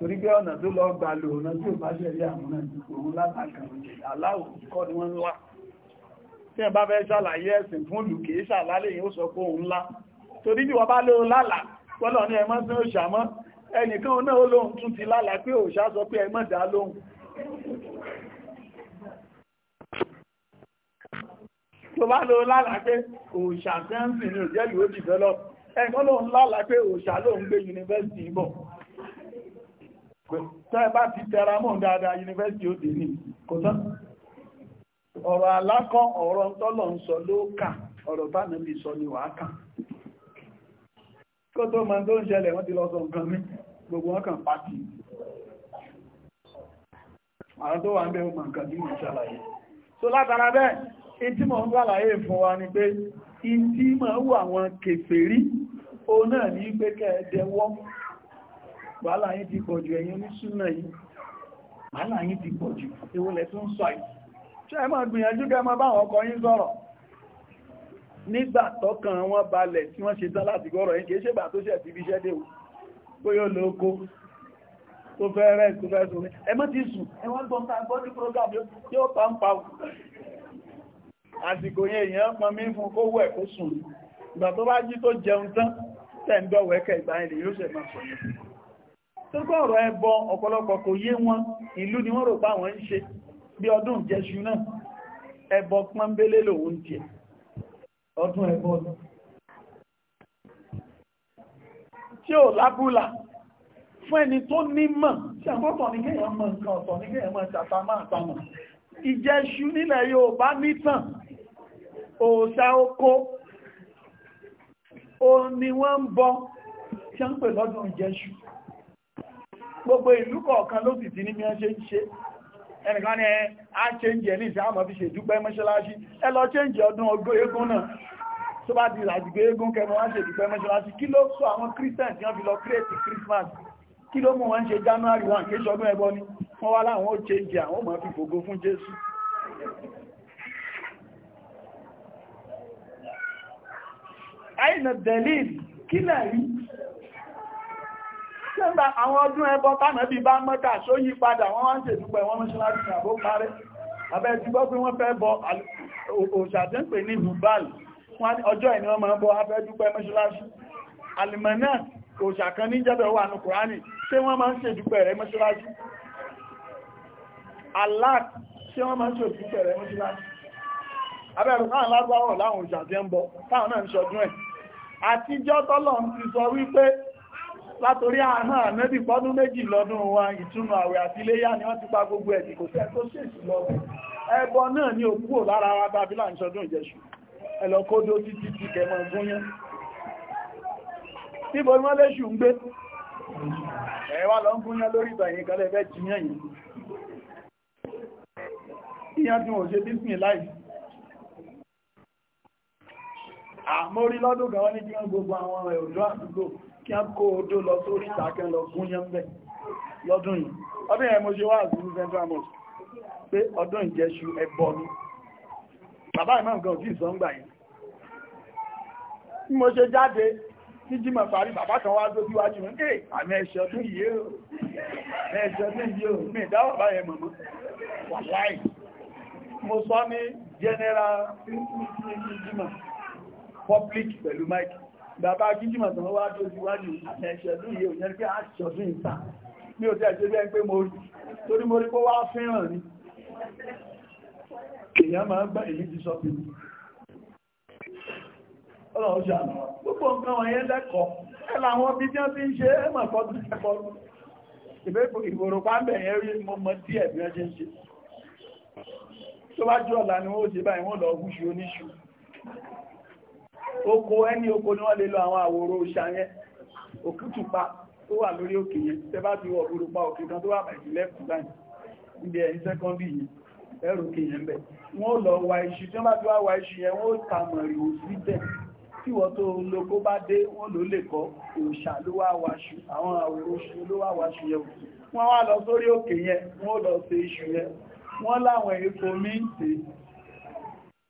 torí pé ọ̀nà tó lọ gbà lò ọ̀nà tí ò bá ṣẹ̀rí àmúnà òun látàkàrùn aláwọ̀ kọ́ ni wọ́n wà tí ẹ bá fẹ́ ṣàlàyé ẹ̀sìn fún olùkèé ṣàlálẹ̀ yóò sọ pé òun ńlá torí bí wọ́n bá ló lálà pọ́lọ̀ ní ẹmọ́ sí òṣà mọ́ ẹnìkan náà ó lóhun tún ti lálà pé òṣà sọ pé ẹmọ́ dá lóhun tó bá ló lálà pé òṣà sẹ́ńsì ni òjẹ́lú ó dìbẹ́lọ́ ẹnìkan lóhun lálà pé òṣà lóhun gbé yunifásitì bọ̀ tẹ́ bá ti tẹra mọ́ dáadáa yunifásitì ó dé ní kò tán ọ̀rọ̀ alákọ̀ ọ̀rọ̀ tọ́lọ̀ ń sọ ló kà ọ̀rọ̀ bá nàbí sọ ni wàá kà kó tó mọ̀ tó ń ṣẹlẹ̀ wọ́n ti lọ sọ nǹkan mi gbogbo wọn kàn pàtì àwọn tó wà ń bẹ́ ọmọ nǹkan bí wọ́n ṣàlàyé so wàhálà yìí ti pọ̀jù ẹ̀yin oníṣúná yìí wàhálà yìí ti pọ̀jù ewúlẹ̀ tó ń sọ yìí ṣé ẹ máa gbìyànjú kẹ́ máa bá àwọn ọkọ yín sọ̀rọ̀ nígbà tọ́kàn wọn balẹ̀ tí wọ́n ṣe tán láti gbọ́rọ̀ yìí kìí ṣègbà tó ṣẹ̀ síbi iṣẹ́ déwò bóyá ó lóko tó fẹ́ rẹ̀ tó fẹ́ sùn ẹ má ti sùn ẹ wọ́n gbọ́n ta gbọ́ ní program yóò pa ń pa àsìkò yẹn èèyàn pọn mí fún kó wẹ̀ kó sùn ìgbà tó bá jí tó jẹun tán tẹ̀ ń dọ̀wẹ́kẹ̀ ìgbà yẹn yóò ṣẹ̀ máa torípé ọ̀rọ̀ ẹbọ ọ̀pọ̀lọpọ̀ kò yé wọn ìlú ni wọ́n rò pa àwọn ń ṣe bí ọdún jẹṣu náà ẹbọ pọ́nbélé lòun ń jẹ ọdún ẹbọ tí ò lábúlà fún ẹni tó nímọ̀ tí àmọ́tọ̀ ní kéèyàn mọ̀ nǹkan ọ̀tọ̀ o ni wọ́n ń bọ tí a ń pè lọ́dún ìjẹṣu gbogbo ìlú kọ̀ọ̀kan ló sì ti ní bí wọ́n ṣe ń ṣe ẹnìkan ni a change ẹ̀ ní ìṣẹ́ àmọ́ fi ṣe ìdúpẹ́ mọ́ṣáláṣí ẹ lọ change ọdún ọgọ́ eégún náà tó bá di ìràjìgbé eégún kẹmọ́ wọ́n ṣe ìdúpẹ́ mọ́ṣáláṣí kí ló sọ àwọn Christian tí wọ́n fi lọ create Christmas kí ló mú wọn ṣe January 1 kéṣọ ọdún ẹbọ ni wọ́n wá láwọn ó change àwọn ọmọ fi gbogbo fún Jésù àìnà dẹ̀lìl kí náà rí ṣẹ́gbà àwọn ọdún ẹbọ tánàbí bá mọ́ta só yí padà wọ́n wá ń ṣèdúpẹ́ wọ́n mọ́ṣíláàrí àbó parẹ́ abẹ́ ti gbọ́ pé wọ́n fẹ́ bọ òṣàtẹ́pẹ̀ ní bubal ọjọ́ ìní wọ́n máa bọ afẹ́ dúpẹ́ mọ́ṣíláàrí alìmọ̀nà òṣàkan ní jẹ́bẹ̀ wà ní kùránì ṣé wọ́n máa ń ṣèdúpẹ́ rẹ̀ mọ́ṣíláàrí alat ṣé wọ́n máa ń ṣèdúpẹ́ rẹ̀ mọ́ṣíláàrí abẹ́rù káà lágbàwọ̀ láwọn òṣàtẹ́ ń bọ táwọn náà ń ṣọdún ẹ̀ àtijọ́ tọ́lọ̀ ti sọ wípé látorí àánà ànẹ́bì fọ́dún méjì lọ́dún wa ìtúnu àwẹ̀ àti iléyá ni wọ́n ti pa gbogbo ẹ̀dì kò sẹ́ tó ṣèṣì lọ́wọ́ ẹbọ náà ní òkúò lára wa bábílà ń sọdún ìjẹṣù ẹlọ́kódó títí ti kẹmọ̀ gúnyán níbo ni wọ́n léṣù ń gbé ẹ̀wà lọ ń gúnyán lórí ìbẹ̀yìn kan lẹ́fẹ́ jiyàn yìí ìyàn tí wọ́n ṣe bísìn láì àmórí lọ́dún kan wọ́n ní kí wọ́n gbogbo àwọn ọ̀dọ́ àdúgbò kí a kó odó lọ sórí ìtàkẹ́ lọ gún yán bẹ́ lọ́dún yìí ọdún yẹn mo ṣe wá àzúrú central mosque pé ọdún ìjẹṣu ẹbọ ni bàbá ìmọ̀ nǹkan òsì ìsọ́ngbà yìí bí mo ṣe jáde tí jímọ̀ parí bàbá kan wá dójú wájú mi ké àmì ẹ̀ṣọ́ tó yìí ó ẹ̀ṣọ́ tó yìí ó mi ìdáwọ̀ bá general jímọ̀ public pẹ̀lú mike bàbá gíjímọ̀ tó wá tó ti wájú àti ẹ̀ṣẹ̀lú yìí ò yẹ́ pé àṣọ̀dún ìta ní ò tẹ́ ṣe bẹ́ẹ̀ pé mo rí torí mo rí pé wá fẹ́ràn ní èèyàn máa ń gbá èyí ti sọ pé ọlọ́run ṣàánú gbogbo nǹkan wọ̀nyẹn lẹ́kọ̀ọ́ ẹ làwọn bí tí wọ́n ti ń ṣe é mọ̀ kọ́ tó kẹ́kọ̀ọ́ ìbẹ́pọ̀ ìgbòrò pàmbẹ̀ yẹn rí mo mọ díẹ̀ bí wọ́n ṣe ń ṣe tó bá jù ọ̀la ni wọ́n ó ṣe báyìí wọ́n lọ gúúṣù oníṣù oko ẹni oko ni wọ́n lè lọ àwọn àwòrò ṣàyẹn òkútùpa tó wà lórí òkè yẹn tẹ́ bá ti wọ òkúrùpa òkè kan tó wà bàjì lẹ́kùn wọ́n lọ wa iṣu tí wọ́n bá ti wá wa iṣu yẹn wọ́n ta mọ̀rì ò síbẹ̀ tí wọ́n tó lóko bá dé wọ́n ló lè kọ́ òòṣà ló wá waṣu àwọn àwòrò oṣù ló wá waṣu yẹn wọ́n wá lọ sórí òkè yẹn wọ́n lọ ṣe iṣu yẹn wọ́n láwọn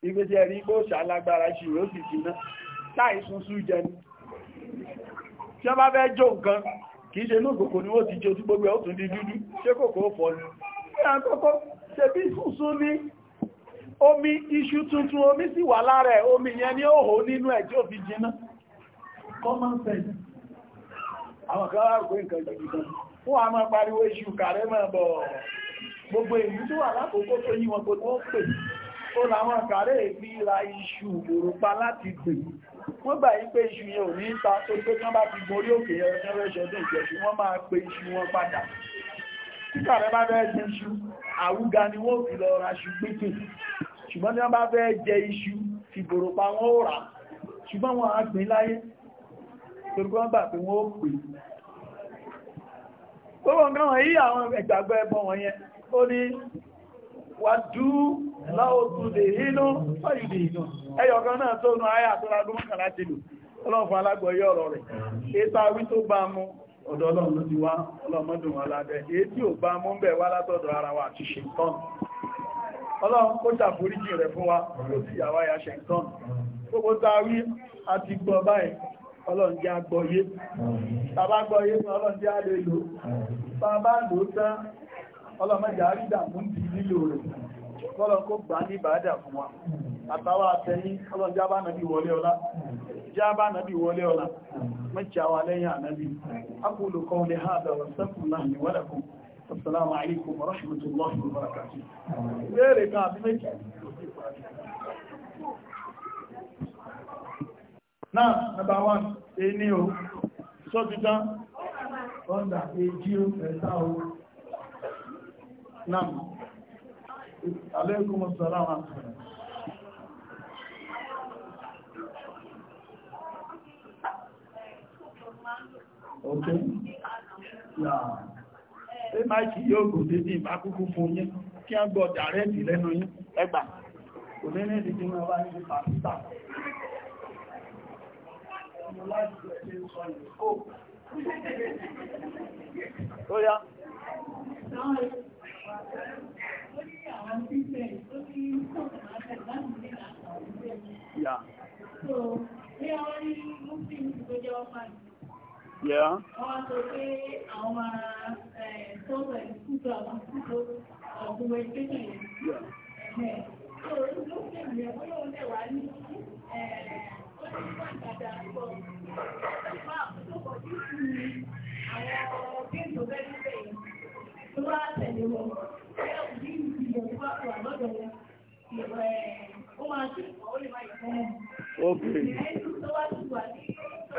ìgbésẹ̀ rí bó ṣàlágbára ṣìrò sì ti ná láì súnsú jẹ ní tí wọ́n bá fẹ́ jó nǹkan kìí ṣe lóòkòkò ni ó ti jó tí gbogbo ẹ̀ ó tún di dúdú ṣé kòkó fọ́ ní ìrànkọ́kọ́ ṣe bí súnsú ní omi iṣu tuntun omi sì wà lára ẹ̀ omi yẹn ní òhò nínú ẹ̀ tí ó fi jiná common sense àwọn kan wá pé nǹkan jìdì kan fún àmọ́ pariwo iṣu kàrẹ́mọ̀ bọ̀ gbogbo ìlú tó wà lákòókò tó yí kò tó pè ó làwọn kàrẹ́ ìbí ra iṣu òrùpa láti gbè wọ́n gbà yí pé iṣu yẹn ò ní ta tó pé kí wọ́n bá ti gorí òkè ẹrẹ́ṣẹ́dún ìjẹ̀ṣù wọ́n máa pe iṣu wọn padà títà rẹ bá fẹ́ jẹ iṣu àwúga ni wọ́n fi lọ ra iṣu gbẹ́kẹ̀ ṣùgbọ́n tí wọ́n bá fẹ́ jẹ iṣu ti bòròpa wọn ó rà ṣùgbọ́n wọn á gbìn láyé wàdú láòtú lè hínú fáyìdì ìnú ẹyọ kan náà tó nù ayà tó lágún mọ́kànlá lati lù ọlọ́fún alágbọ̀yọ́ ọ̀rọ̀ rẹ̀ ètò àwí tó bá mú ọ̀dọ̀ ọlọ́run ti wa wa ya jẹ́ agbọ́yé tàbá ọlọ́run jẹ́ àlè bàbá tán ọlọ́mọdé àrídà mú ti nílò rẹ̀ kọ́lọ̀ kó gbà ní ìbàádà fún wa àtàwà àtẹ́yí kọ́lọ̀ jábá nàbí wọlé ọlá jábá nàbí wọlé ọlá mẹ́jáwà lẹ́yìn ànábí aqulu qawli hadha wa astaghfirullahi wa lakum assalamu alaikum wa rahmatullahi wa barakatuh bẹ́ẹ̀rẹ̀ kan àbí méjì ní o sọ́títán ọ̀dà èjì ó Nam. Alaykum assalam Okay. Yeah. Ṣé máìkì yóò gò dédé ìbákúkú fún yín kí a gbọ́ dàrẹ́tì lẹ́nu yín ẹgbà. Òní ní ìdíjí wọn bá ní pàtàkì. Mo láti ẹ̀ṣẹ́ sọ ìrìn. Ó yá. Yeah. Yeah tó bá tẹ̀lé wọn ẹ̀ òbí ìdìbò tó bá tó àgbọ̀dọ̀ wọn ó máa ṣe ìwọ̀n ó lè má fún wọn. ok ẹ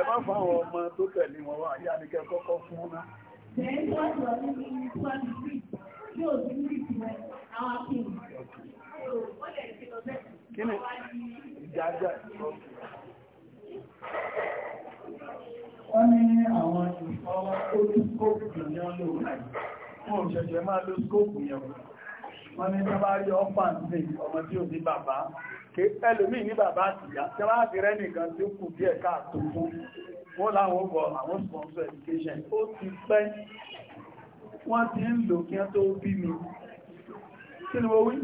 má fún àwọn ọmọ tó tẹ̀lé wọn wá yá ni kẹ́ kọ́kọ́ fún ná. bẹ́ẹ̀ tó bá tó wà nínú ìlú tó wà ní bíi yóò ti ní ìtumọ̀ àwọn akéwì. ó lè ṣe lọ bẹ́ẹ̀. kí ni ìjájá ìtọ́jú wọ́n ní àwọn ìfọwọ́ tó tún kó kùnà ní ọlọ́run láì fún òṣẹ̀ṣẹ̀ máa ló skóòpù yẹn wọ́n ní tọ́bá rí ọ́pàá ní ọmọ tí ò ní bàbá ẹlòmí ní bàbá àtìyá tí wọ́n á ti rẹ́ nìkan tí ó kù díẹ̀ káàtó fún wọ́n láwọn ọgbọ̀ àwọn sponsor education ó ti pẹ́ wọ́n ti ń lò kí wọ́n tó bí mi kí ni mo wí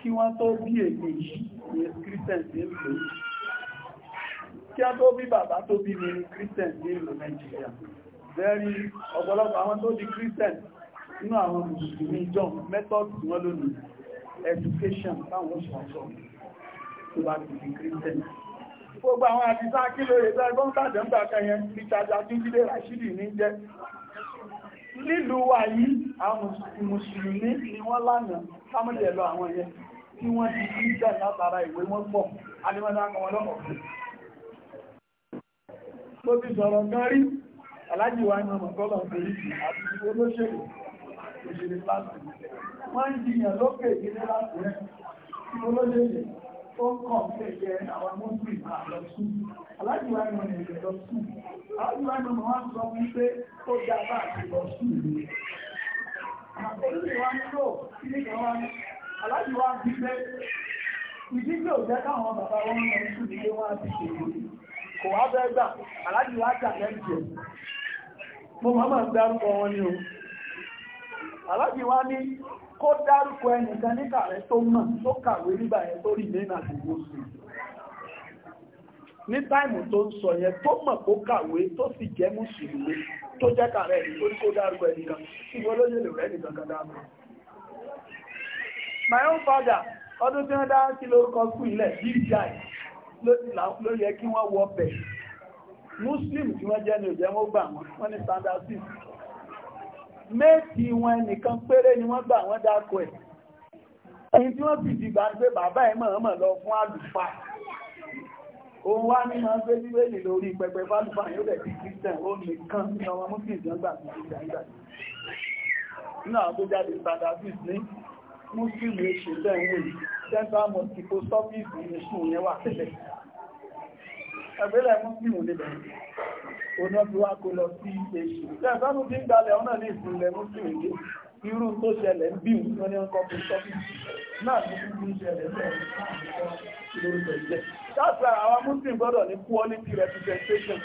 kí wọ́n tó bí èdè yìí Christian ti ń lò kí wọ́n tó bí bàbá tó bí mi Christian ti ń lò Nàìjíríà very ọ̀pọ̀lọpọ̀ àwọn tó di Christian inú àwọn mùsùlùmí john method tí wọ́n lónìí education táwọn ṣàṣọ tó bá ti fi christian gbogbo àwọn àtìsá kí ló yẹ tẹ́ gbọ́n tàbí ń gbàkan yẹn ìtajà tí jíde rashidi ní jẹ́ nílùú wa yìí àwọn mùsùlùmí ni wọ́n lánàá sámúlì ẹ̀lọ àwọn yẹn tí wọ́n ti fi jẹ́ látara ìwé wọn pọ̀ alimọ́dá wọn lọ́pọ̀ tó ti sọ̀rọ̀ gan rí alájíwá ní ọmọ gọ́lọ̀ òṣèré láti wọ́n ń jiyàn lókè ìdílé láti rẹ̀ tí olóṣèlú tó ń kàn pé jẹ́ àwọn mọ́sùn ìgbà lọ sùn alájùwá ìmọ̀ ní ìgbà lọ sùn alájùwá ìmọ̀ mọ̀ wá sọ wípé ó dá bá àti lọ sùn ní olùsèwá ń lò kí ní kan wá ní alájùwá bí pé ìdí tí ò jẹ́ káwọn bàbá wọn lọ sùn ní pé wọ́n á ti ṣèlú kò wá bẹ́ẹ̀ gbà alájì wá ní kó dárúkọ ẹnìkan ní kààrẹ tó mọ̀ tó kàwé nígbà ẹ̀ tó rí mẹ́rin àdúgbò ní táìmù tó ń sọ yẹn tó mọ̀ kó kàwé tó sì jẹ́ mùsùlùmí tó jẹ́ kààrẹ ẹni tó ní kó dárúkọ ẹnìkan tí wọ́n lóye lè rẹ́ nìkan kan my own father ọdún tí wọ́n dá sí lórúkọ ilẹ̀ ló yẹ kí wọ́n bẹ̀ muslim tí wọ́n jẹ́ ní òjẹ́ méjì wọn ẹnìkan péré ni wọ́n gbà wọ́n dákọ ẹ̀ ẹni tí wọ́n sì dìgbà pé bàbá ẹ̀ mọ̀ọ́mọ̀ lọ fún àlùfáà òun wá ní máa ń gbé bíbélì lórí pẹpẹ fálùfáà yóò dẹ̀ di christian ó nìkan ní ọmọ muslim tó ń gbà sí ìjà ìgbà nínú àwọn tó jáde sadafis ní muslim èṣù tẹ̀ ń wèé central mosque post office ìṣù yẹn wà tẹ́lẹ̀ ẹgbẹ́lẹ̀ mú sí ìwò níbẹ̀ oná fi wá kó lọ sí èṣù lẹ́ẹ̀sánú tí ń dalẹ̀ ọ̀nà ní ìsinlẹ̀ mú sí ìwé irú tó ṣẹlẹ̀ ń bí wọn ní ọkọ̀ fi sọ́fí náà ní bí ṣẹlẹ̀ bẹ́ẹ̀ ṣáàtà àwọn muslim gbọ́dọ̀ ní quality representation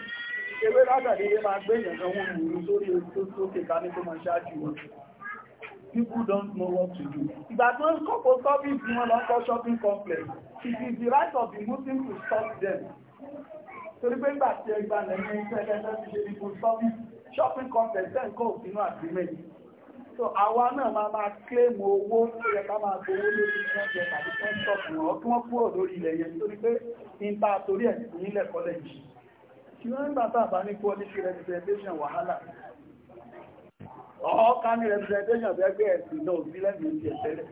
ewé látàdédé máa gbé ìyànkan wọn ìrú lórí oṣù tó kéka ní tó máa ṣáájú wọn people don't know what to do. Ìgbà tó ń kọ́pọ̀ sọ́fíìsì wọn lọ shopping complex. It is the right of the Muslim to stop them torí pé nígbà tí ẹgbà lẹ́yìn iṣẹ́ ẹgbẹ́ ti ṣe ní full service shopping complex ẹ̀ ń kó òfinú agreement so àwa náà máa máa claim owó tó yẹ ká máa gbowó lórí iṣẹ́ ọ̀jẹ̀ tàbí fún ṣọ́ọ̀pù wọn kí wọ́n kúrò lórí ilẹ̀ yẹn torí pé nípa torí ẹ̀ nílẹ̀ kọ́lẹ́jì ṣùgbọ́n nígbà tá a bá ní quality representation wàhálà ọ̀họ́ ká ní representation bẹ́gbẹ́ ẹ̀sìn náà sí lẹ́nu ìdí ẹ̀tẹ́lẹ̀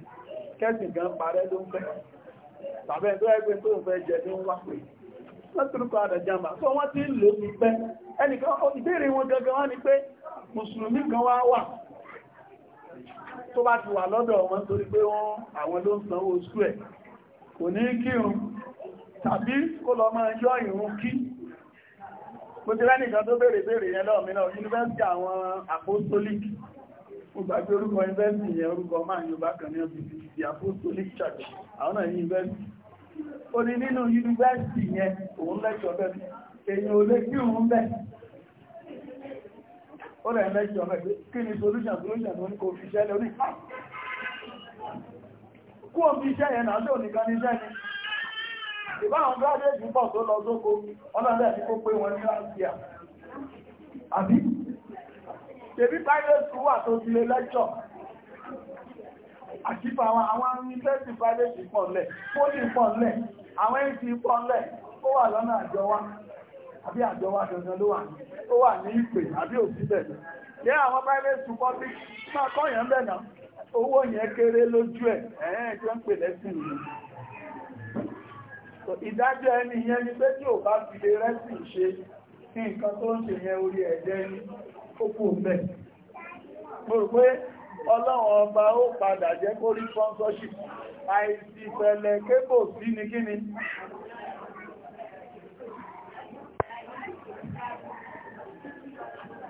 kẹ́sìn gan parẹ́ ló ń bẹ́ tàbẹ́ tó ẹgbẹ́ tó ń fẹ́ jẹ ló ń wá pè é látòrúkọ àdàjàmà tó wọ́n ti ń lò ní pẹ́ ẹnìkan ìbéèrè wọn gangan wá ní pé mùsùlùmí kan wá wà tó bá ti wà lọ́dọ̀ wọn torí pé wọ́n àwọn ló ń sanwó oṣù ẹ̀ kò ní kírun tàbí kó lọ máa yọ ìrun kí mo ti rẹ́nì kan tó béèrè béèrè yẹn lọ́ọ̀ mi náà yúnivẹ́sìtì àwọn apostolic mo gbàgbé orúkọ yúnivẹ́sìtì yẹn orúkọ máa yorùbá kan ní ọ̀sìn ti apostolic church àwọn náà yúnivẹ́sìtì ó ní nínú yunifásitì yẹn òun lẹ́jọ́ bẹ́ẹ̀ èèyàn ò kí òun bẹ́ẹ̀ ó rẹ̀ lẹ́jọ́ bẹ́ẹ̀ kí ni solution solution tó ní kò fi ṣẹ́ lórí kú òun fi ṣẹ́ yẹn náà tó nìkan ní ṣẹ́ ni ìbáwọn graduate pọ̀ tó lọ sóko ọlọ́dẹ̀ ní kó pé wọn ní láti àbí tèbí tó àkífà àwọn àwọn yúnifẹ́sì private pọ̀lẹ̀ pólì pọ̀lẹ̀ àwọn mc pọ̀lẹ̀ ó wà lọ́nà àjọwá àbí àjọwá dandan ló wà ní ó wà ní ìpè àbí òsíbẹ̀ yẹ àwọn private to máa kọ́yàn owó yẹn kéré lójú ẹ̀ ẹ̀ẹ́n tí wọ́n ọlọ́run ọba ó padà jẹ́ kó rí sponsorship àìsí pẹ̀lẹ̀ kébò sí ni kíni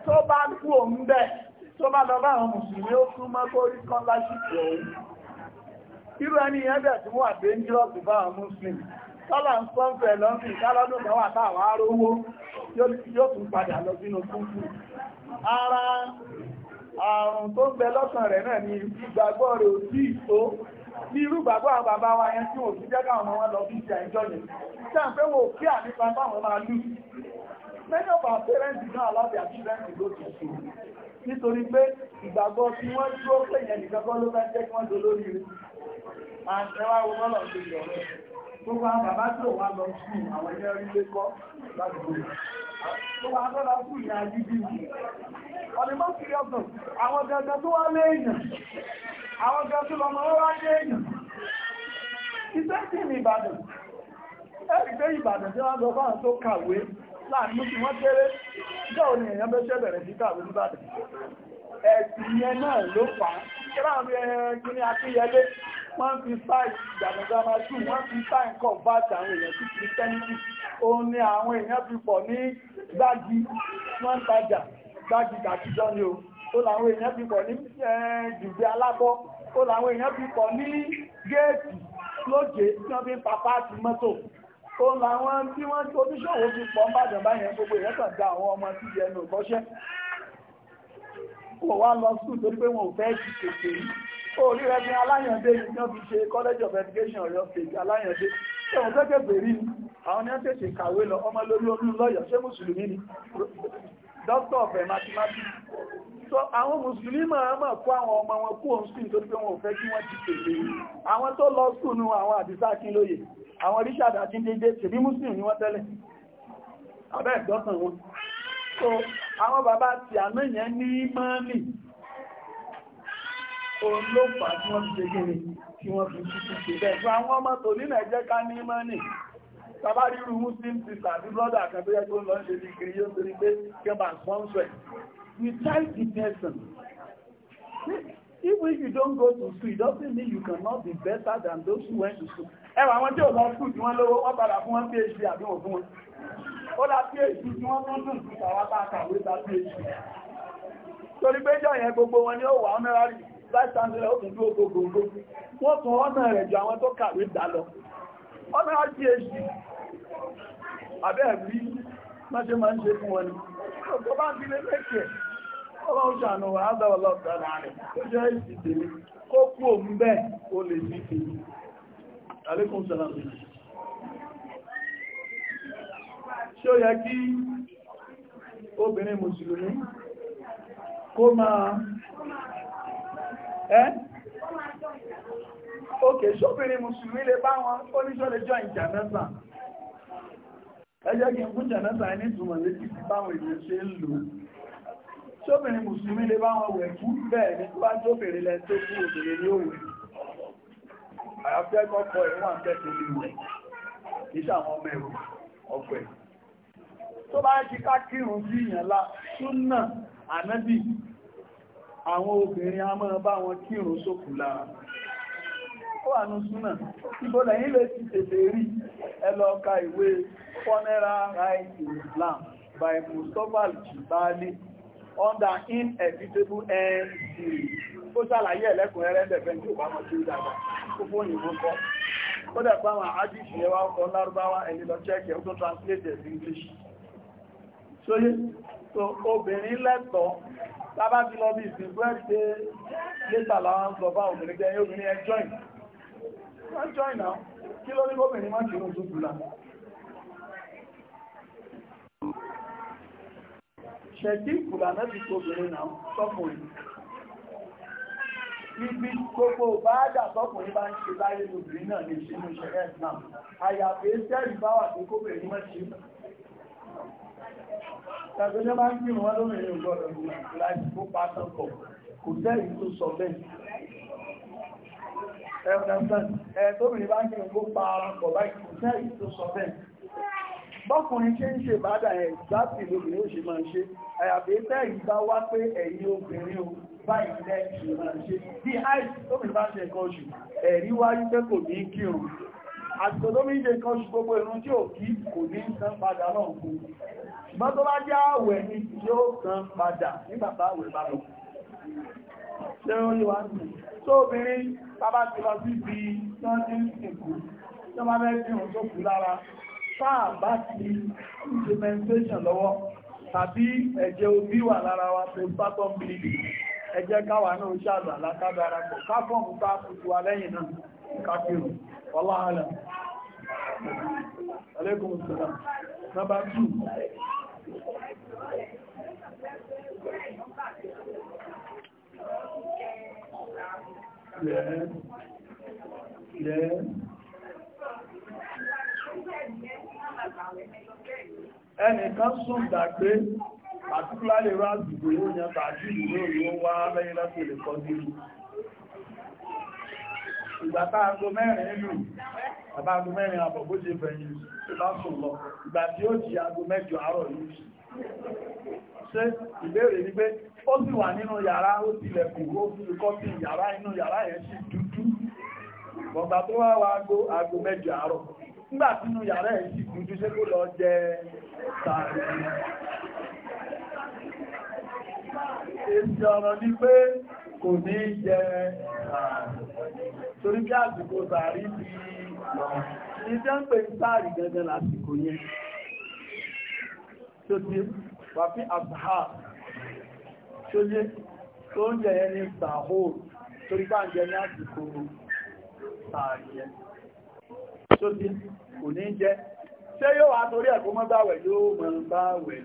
tó bá kú òun bẹ̀ tó bá lọ bá àwọn mùsùlùmí ó tún mọ́ kó rí sponsorship òun irú ẹni yẹn bẹ̀ tí wọ́n àgbé ń jírọ̀pù bá àwọn mùsùlùmí tọ́lá ń pọ́n fẹ̀ lọ́nà ìkálọ́dún kan wà táwọn aróówó yóò tún padà lọ sínú kúkú ara àrùn tó ń bẹ lọ́kàn rẹ̀ náà ni ìgbàgbọ́ rẹ̀ ò sí ìtó ní irú gbàgbọ́ àwọn bàbá wa yẹn tí wọ́n fi jẹ́ káwọn wọn lọ bí ìjà ìjọ yẹn tí à ń fẹ́ wò kí ànípa báwọn máa lù many of our parents did not allow their children to go to school nítorí pé ìgbàgbọ́ tí wọ́n dúró pé yẹn nìkan kọ́ ló fẹ́ jẹ́ kí wọ́n dolórí rẹ̀ àti ẹwà wọn lọ́ọ̀ gbogbo àwọn bàbá tó wà lọ sùn àwọn ilé orí lé kọ́ lọ́dún gbogbo àwọn tó lọ sùn ní agídí ọdún mọ́ sí ọ̀sán àwọn gẹ́gẹ́ tó wá léèyàn àwọn gẹ́gẹ́ tó lọmọ wọ́n wá léèyàn iṣẹ́ sí ní Ìbàdàn ẹ̀rí pé Ìbàdàn tí wọ́n lọ fáwọn tó kàwé láàrin tí wọ́n kéré jẹ́ òní èèyàn bẹ́ bẹ̀rẹ̀ sí kàwé nìbàdàn ẹ̀sìn yẹn náà ló fà kí wọ́n fi sáì ìjàmọ̀dámá jù wọ́n fi sáì kọ̀ bá àwọn èèyàn sí kìrìtẹ́nìtì òun ni àwọn èèyàn fi pọ̀ ní gbági wọ́n ń tajà gbági tàkíjọ́ ni o ó làwọn èèyàn fi pọ̀ ní dùgbé alábọ́ ó làwọn èèyàn fi pọ̀ ní géètì lóje tí wọ́n fi ń papá àti mọ́tò ó làwọn tí wọ́n tó oníṣòwò fi pọ̀ ń bàjọ̀ báyẹn gbogbo èèyàn kàn dá àwọn ọmọ sí ẹnu ìkọ́ṣẹ́ kò wá lọ sùn torí pé wọn ò fẹ́ ṣì kèké yìí orí rẹ̀ ní aláyàndé ìjọ fi ṣe college of education Ọ̀yọ́ state aláyàndé ṣẹ̀wọ̀n tẹ́kẹ̀ bèrí àwọn ní ọ́tẹ̀ ṣe kàwé lọ ọmọ lórí olú lọ́yọ̀ ṣé mùsùlùmí ni doctor of mathematics so àwọn mùsùlùmí máa máa kó àwọn ọmọ wọn kú òun sí nítorí pé wọn ò fẹ́ kí wọ́n ti tèlé àwọn tó lọ sùn nu àwọn àdìsá akínlóye àwọn richard akíndéjé tèbí muslim ni wọ́n tẹ́lẹ̀ abẹ́ ìgbọ́sàn wọn so àwọn bàbá tí àmì yẹn ní mọ́ọ̀nì òun tí wọ́n ti ṣe gíní tí wọ́n fi títí ṣe bẹ́ẹ̀ fún àwọn ọmọ tò ní nàìjẹ́ ní mọ́nì tàbárírù muslim sister àti brother kan tó yẹ tó lọ ṣe ní kiri yóò torí pé kẹba sponsor we try the person even if you don't go to school it doesn't mean you cannot be better than those who went to school ẹwà àwọn tí ò lọ school tí wọ́n lówó wọ́n padà fún wọn phd àbí wọ́n fún wọn ó dá phd tí wọ́n fún dùn sí tàwa bá kàwé dá phd torí pé jọ yẹn gbogbo wọn ni ó wà honorary vice chancellor ó tún dúró gbogbogbò wọ́n tún ọ̀nà rẹ̀ ju àwọn tó kàwé dá lọ ọ̀nà phd abẹ́ rí máa ṣe máa ń ṣe fún wọn ni ọ̀pọ̀ bá ń fi lé mẹ́kẹ̀ẹ́ ọlọ́run ṣàánú àádọ́ ọlọ́pàá láàrin tó jẹ́ ìsìtèlé kó kú òun bẹ́ẹ̀ ó lè ní tèmi alékún sọ́lọ́run ṣé ó yẹ kí obìnrin mùsùlùmí kó máa ókè ṣóbìnrin mùsùlùmí lè bá wọn oníṣọ́ lè jọ ìjànẹ́sà ẹjẹ́ kí n fún jànẹ́sà ní ìtumọ̀ létí sí báwọn èdè ṣe ń lò ṣóbìnrin mùsùlùmí lè bá wọn wẹ̀ kú bẹ́ẹ̀ ní tó bá jóbìnrin lẹ tó kú òbìnrin ní òwe àyàfẹ́ kọ́kọ́ ìwọ̀n akẹ́kọ̀ọ́ ní ìwẹ̀ kìí ṣàwọn àwọn obìnrin a máa bá wọn kírun sókù lára ó wà ní súnà ìbọ̀lẹ̀ yìí lè ti tètè rí ẹ lọ ka ìwé funeral rites in Islam by Mustapha under inevitable end ó ṣàlàyé ẹ̀lẹ́kùn ẹrẹ́ndẹ̀fẹ́ tí ò tí ó fún òyìnbó kọ́ ó dẹ̀ ọkọ̀ ẹni lọ ó tó translate English sóyé tó obìnrin lẹ́tọ̀ọ́ sábà ti lọ bí ìsìnkú ẹ̀ ṣe létà láwọn sọ bá obìnrin jẹ́ yóò ní ẹjọ́ ìn wọ́n jọ́ ìnà kí ló ní gómìnrin má kìí oṣù jùlá ṣẹ̀kí ìkùlà náà ti kó obìnrin náà sọ́kùnrin ibi gbogbo báádà tọ́kùnrin bá ń ṣe láyé lóbìnrin náà lè ṣe ní ìṣẹ̀rẹ́ náà àyàfẹ́ sẹ́rì bá wà tó kóbìnrin mọ́ sí Tàbílẹ́ máa ń kí wọ́n lómìnir gbọ́dọ̀ láti kó pàtàkọ̀, kò jẹ́ ìlú sọ bẹ́ẹ̀. Ẹ̀tọ́bìnrin bá ń kí wọ́n kó pàtàkọ̀ báyìí, kò jẹ́ ìlú sọ bẹ́ẹ̀. Bọ́kùnrin ṣe ń ṣe bádà ẹ̀ láti lóbìnrin ó ṣe máa ń ṣe, àyàbẹ́ tẹ́ ìgbá wá pé ẹ̀yin obìnrin o báyìí lẹ́ ṣe máa ń ṣe. Bí àìsí tóbìnrin bá ṣe nǹkan oṣù, ẹ̀rí wáyé pé kò ní kírun. Àtìkò tóbìnrin ṣe nǹkan oṣù gbogbo ìrun tí ò kí kò ní san padà náà kú ṣùgbọ́n tó bá jẹ́ àwẹ̀ ni yóò kan padà nígbàtà àwẹ̀ bá lọ ṣe ó yíwá sí tó obìnrin bàbá ti lọ sí ibi tán ní ìsìnkú tó bá bẹ́ bí òun tó kù lára sáà bá ti implementation lọ́wọ́ tàbí ẹ̀jẹ̀ omi wà lára wa postpartum bleeding ẹjẹ́ káwà náà ṣàdà lákàbára pọ̀ káfọ́mù bá kùtù alẹ́yìn náà kàkìrù ọláhálà. Alẹ́kùn ìsìnkà. Nọ́bá lẹ́ẹ̀ lẹ́ẹ̀ ẹnìkan sùn dàgbé àtúkúlálẹ̀ rásìkò yóò yẹn tàbí ìlú òyìn wá lẹ́yìn lọ́sẹ̀ lè kọ́ sí ìgbàtà aago mẹ́rin lù bàbá aago mẹ́rin àbọ̀ bó ṣe bẹ̀yìn lọ ìgbà tí ó jí aago mẹ́jọ àárọ̀ yìí ṣe ní pé ó wà nínú yàrá ó tilẹ̀kùn ó fi kọ́pì yàrá inú yàrá yẹn dúdú bọ̀gbà tó wá wá mẹ́jọ àárọ̀ nígbà yàrá ẹ̀ sì dúdú kó lọ jẹ èsì ọ̀rọ̀ ni pé kò jẹ torí bí àsìkò ní jẹ́ ń pè ní sáàrì gẹ́gẹ́ lásìkò yẹn tó ti wàfí àbáhà tó yé tó ń jẹ yẹn ní sàhó torí bá ń jẹ ní àsìkò yẹn tó ti kò ní jẹ ṣé yóò wá torí ẹ̀kọ́ mọ́ báwẹ̀ yóò mọ́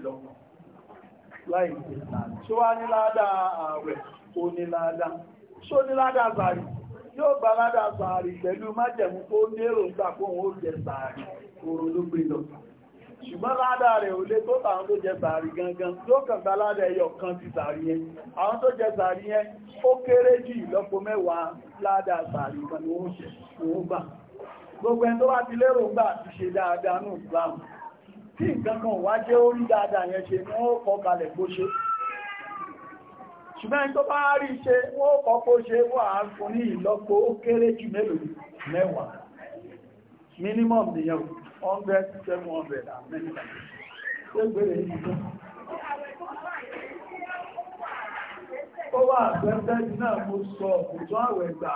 lọ láì yóò bá rádà sàárì pẹ̀lú májẹ̀mú tó lérò gbà kó òun ó jẹ sàárì oòrùn ló gbé lọ ṣùgbọ́n ládà rẹ̀ ò lé tó tàwọn tó jẹ sàárì gangan tó kàn gba ládà ẹyọ kan ti sàárì yẹn àwọn tó jẹ sàárì yẹn ó kéré jù ìlọ́po mẹ́wàá ládà sàárì kan ni wọ́n jẹ òun gbà gbogbo ẹni tó bá ti lérò gbà ti ṣe dáadáa nù gbàmù tí nǹkan kan wá jẹ́ orí dáadáa yẹn ṣe ni wọ́n kọ kalẹ̀ bó ṣe ṣùgbọ́n tó bá rí ṣe wọ́n kọ́kọ́ ṣe wà á fún ní ìlọ́pọ̀ ó kéré jù mélòó mẹ́wàá minimum nìyàn 100 700 amẹ́ríkà tó gbèrè ìjọ ó wà àgbẹ́fẹ́ náà mo sọ òkùtún àwẹ̀ gbà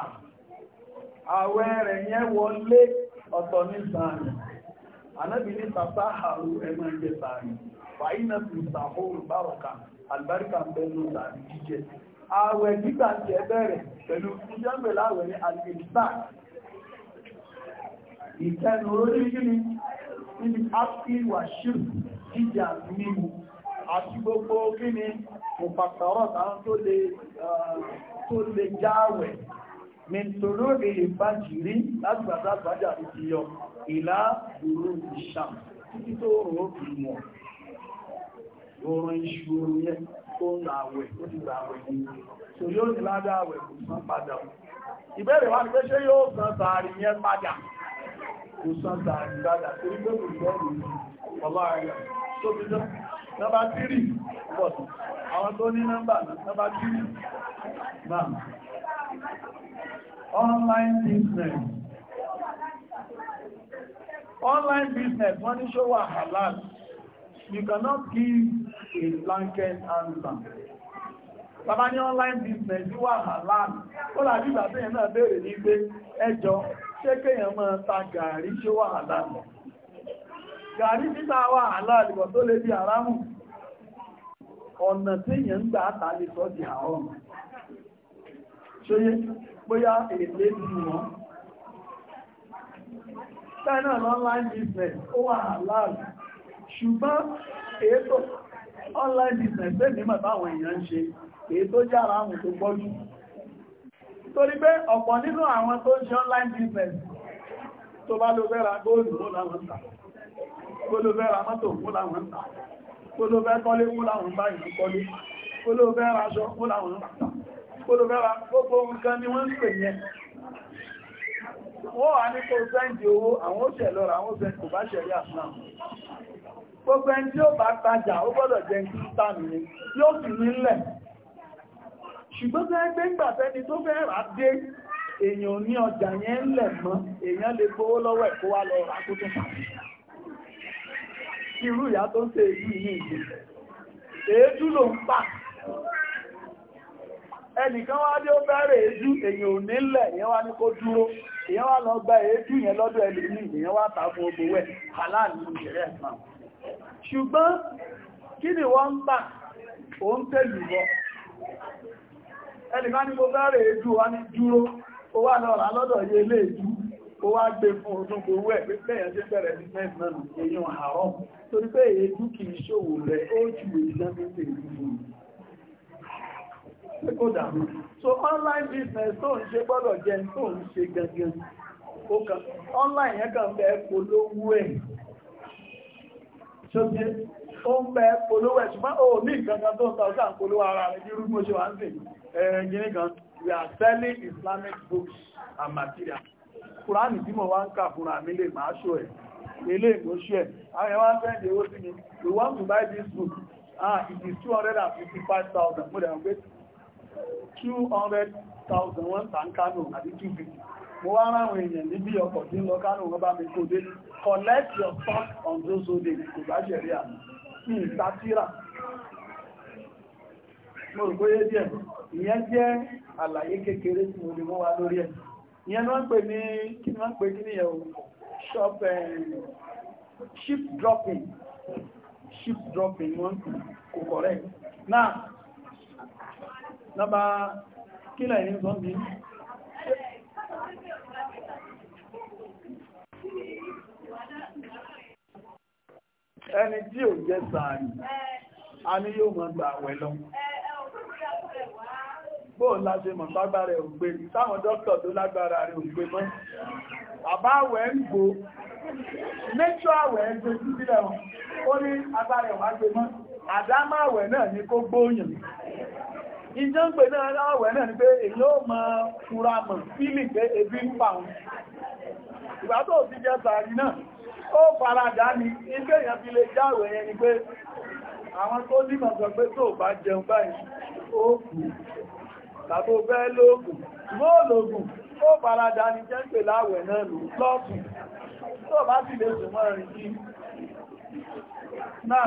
àwẹ̀ rẹ̀ yẹn wọlé ọ̀tọ̀ ní sàárì anábì ní tàbá àrù ẹgbẹ́ ìjẹ sàárì wà ní ìsàkóòrù àlùbáríkà ń bẹ́nu làrí jíjẹ ààwẹ̀ nígbà tí ẹ bẹ̀rẹ̀ pẹ̀lú ìjọ́gbẹ̀ láàwẹ̀ ní alìgbà ìtẹnu orí gíní níbi ápìwà ṣírù jíjà mímu àti gbogbo gíní mùpàtàrọ̀ tàà tó lè jáwẹ̀ mìtòrò rí ìbájìrí láti gbàdá gbàjà ìfìyọ ìlà ìrò ìṣàm títí tó rò ó fi mọ̀ oorun iṣu oorun yẹ ó ń àwẹ̀ ó àwẹ̀ ní so yóò ní ládá àwẹ̀ kò san padà ìbéèrè wá ní pé ṣé yóò san sàárì yẹn padà kò san sàárì padà torí pé kò gbọ́rù online business online business wọ́n ní ṣó wà halal you cannot give a blanket answer. Bàbá ní online business yíwà halal, ó làbí ìgbàtí ẹ̀nà béèrè ní pé ẹjọ́ ṣé kéèyàn máa ta gàrí ṣé wà halal. Gàrí títà wà halal ìwọ̀ tó lè di àrámù. Ọ̀nà tí èèyàn gbà àtàlè sọ di àwọn. Ṣóyé, bóyá èlé bí wọn. Tẹ́nà online business, ó wà halal ṣùgbọ́n ètò online business bẹ́ẹ̀ ní màbá àwọn èèyàn ń ṣe èyí tó jára àwọn tó pọ́jú torí pé ọ̀pọ̀ nínú àwọn tó ń ṣe online business tó bá ló fẹ́ ra góòlù mú láwọn tà kó ló fẹ́ ra mọ́tò mú láwọn tà kó ló fẹ́ kọ́lé mú láwọn bá ìlú kọ́lé kó ló fẹ́ ra aṣọ mú láwọn tà kó ló fẹ́ ra gbogbo nǹkan ni wọ́n ń pè yẹn wọ́n wà ní kó sẹ́ǹdì owó àwọn ó àwọn ó kò bá ṣẹ̀rí àfúnà gbogbo ẹni tí ó bá tajà ó gbọ́dọ̀ jẹ́ kí ń tàmì ní yóò fi nílẹ̀ ṣùgbọ́n tó ẹgbẹ́ ìgbàfẹ́ni tó fẹ́ rà dé èèyàn ní ọjà yẹn ń lẹ̀ mọ́ èèyàn lè gbówó lọ́wọ́ ẹ̀ kó wá lọ rà kó tún pàdé irú ìyá tó ń ṣe èyí ní ìlú èédú ló ń pà ẹnìkan wá dé ó bẹ̀rẹ̀ èédú èèyàn ò nílẹ̀ èèyàn wá ní kó dúró èèyàn wá lọ gba èédú yẹn lọ́dọ̀ ẹlòmíì èèyàn wá tà fún ogbowó ẹ̀ halal ní ìrẹ́ ẹ̀sán ṣùgbọ́n kí ni wọ́n ń tà ó ń tẹ̀lú lọ ni mo bẹ̀rẹ̀ èdú wa ní dúró o wà lọ́rọ̀ alọ́dọ̀ yẹ ilé ìdú ó wá gbé fún ọdún gbogbo ẹ̀ pé pẹ́yàn tí bẹ̀rẹ̀ business náà nù èyàn àárọ̀ so online business je to online ṣoṣe ó ń bẹ polówó ẹ̀ṣùgbọ́n ó ní ìkankan tó ń ta ọ̀sán polówó ara rẹ̀ ní ṣe wà ń sìn kan we are selling Islamic books and material kùránì tí mo wá ń kà fúnra mi máa ṣò ẹ̀ ilé to buy this book ah it is two two hundred mo wá ráwọn èèyàn níbi ọkọ̀ tí ń lọ kánú wọn bá mi kó dé collect your thoughts on those old days kò bá ṣẹ̀rí àmì ní ìsátírà mo rò bóyé díẹ̀ ìyẹn jẹ́ àlàyé kékeré tí mo lè mú wa lórí ẹ̀ ìyẹn ni wọ́n pè ní kí ni wọ́n pè kí nìyẹn o shop eh, ship dropping ship dropping wọ́n kò correct now number kí lẹ́yìn sọ́ndì ẹni tí ò jẹ sàárì a ní yóò mọ̀ gbà àwẹ̀ lọ bóò láṣe mọ̀ lágbára ẹ̀ ògbé táwọn dókítà tó lágbára rẹ̀ ògbé mọ́ bàbá àwẹ̀ ń gbò mẹ́ṣọ́ àwẹ̀ ń gbé sí sílẹ̀ wọn ó ní agbára ẹ̀ wá gbé mọ́ àdámáwẹ̀ náà ní kó gbóòyàn ìjọ ń pè náà láwẹ̀ náà ni pé èyí ó mọ fúra mọ̀ pé ebi ń pa òun ìgbà tó ti o sàárì náà ó ní ilé fi lè jáwẹ̀ yẹn ni pé àwọn tó nímọ̀ sọ pé tó bá jẹun báyìí ó kù tàbí ó fẹ́ lóògùn mọ́ lóògùn ó faradà ní jẹ́ ń pè láwẹ̀ náà lò lọ́ọ̀tù tó bá sì lè sùn mọ́ rìn kí náà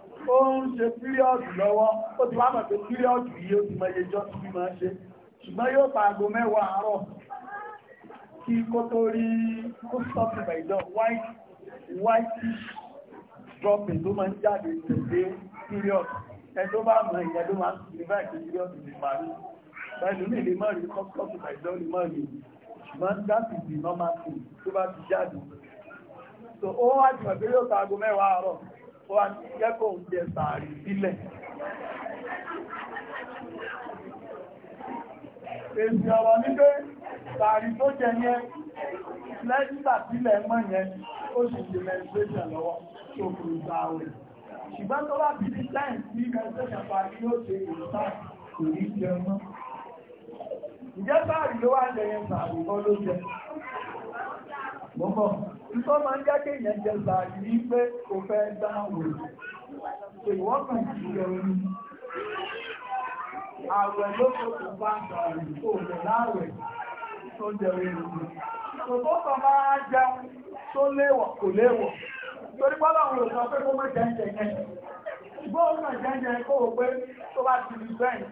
ó ń ṣe píríọ̀dù lọ́wọ́ ó ti wá mọ̀ pé píríọ̀dù yìí ó ti mọ iye jọ́ tí máa ṣe ṣùgbọ́n yóò pa aago mẹ́wàá àárọ̀ kí kó tó rí kó sọ́ọ̀tì bàìdọ̀ white white dropping tó máa ń jáde tẹ̀lé píríọ̀dù ẹ tó bá mọ̀ ìyẹn ló máa ń sì nígbà tí píríọ̀dù ti parí pẹ̀lú ní ilé mọ́rin kọ́ sọ́ọ̀tì bàìdọ̀ ní mọ́rin ṣùgbọ́n dáàbì di normal thing tó bá ti jáde so ó wá jùmọ̀ pé yóò pa aago mẹ́wàá àárọ̀ ó wá jẹ́ kó ń jẹ sàárì sílẹ̀ èsì ọ̀rọ̀ ní pé sàárì tó jẹ yẹn lẹ́gbà sílẹ̀ mọ́ yẹn ó sì jẹ menstruation lọ́wọ́ tó kù ìgbàwẹ̀ ṣùgbọ́n tó bá ti di time sí menstruation parí yóò ṣe ìrìnsà kò ní jẹ mọ́ ìjẹ́ sàárì ló wá jẹ yẹn sàárì kọ́ ló jẹ Mọ́mọ́, ìtọ́ máa ń jákè yẹn jẹ bàrí ní pé kò fẹ́ dáhùn. Ìwọ́n kàn sí ẹ̀rùn. Ààrẹ ló tó kò bá bàrí tó lọ láàrẹ̀ tó jẹ ẹ̀rùn. Tòbó kan máa jẹun tó léwọ̀ kò léwọ̀. Torí bọ́lá òun lò sọ pé kó mọ́ jẹ́jẹ yẹn. Ṣùgbọ́n ó kàn jẹ́jẹ kó o pé tó bá ti rí bẹ́ẹ̀.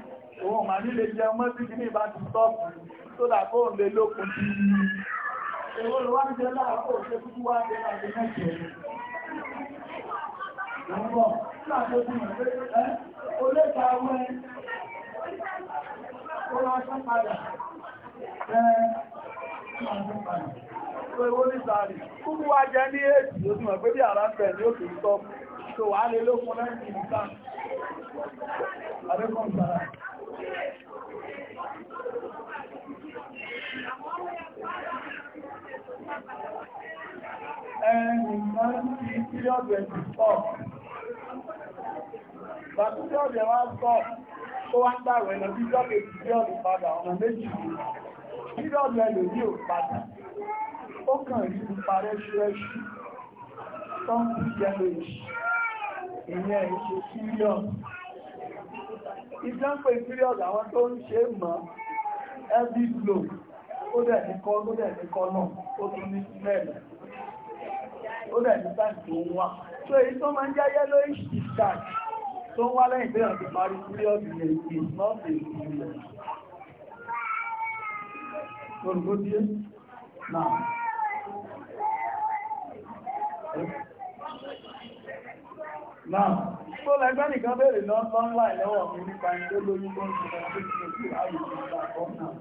Òun màá nílé jẹun mọ́ sí kí ní ìbá ti sọ́ọ̀pù Èwo ló wá ń jẹ láàpọ̀ ṣe kúkú wá jẹ láti mẹ́jẹ. Àbọ̀, láti ojú ìgbé, oléka wẹ́, ó wá sán padà, ẹ́ Ìwé wo ní sàárì? Kúkú wá jẹ ní èdè, ó ti mọ̀ pé bí àrá ń bẹ̀ òkè ìtọ́, tó wà lè lókun lẹ́yìn ìgbà. Àdékùn sàárà. ẹnìyàn ní píríọ̀dù ẹ̀sìn pọ̀. Bàtú píríọ̀dù ẹ̀wà sọ tó wá ń gbàwẹ̀ lọ sí ìjọ́ kejì píríọ̀dù padà ọ̀nà méjì. Píríọ̀dù ẹ̀lò ní ò padà. Ó kàn rí ní parẹ́ ṣúrẹ́ṣú. Tọ́ǹkì yẹlò ìṣì. Ìyẹn ìṣe píríọ̀dù. Ìjọ́ ń pè píríọ̀dù àwọn tó ń ṣe mọ́ every blow ó dẹ̀ ní kọ́ ló dẹ̀ ní kọ́ náà ó tún ní mẹ́rin ó dẹ̀ ní táìmù tó ń wá tó èyí tó máa ń jẹ́ yẹ́lò ìṣìṣàì tó ń wá lẹ́yìn bẹ́ẹ̀ ti parí píríọ̀dù yẹn kì í náà fi ìrìnlẹ̀ lórúkọ díẹ̀ náà náà tó lẹ́gbẹ́ nìkan bèèrè lọ́nà láìlọ́wọ́ mi nípa ìgbélórí tó ń ṣe ọdún tó ń ṣe àyè ìgbà kan náà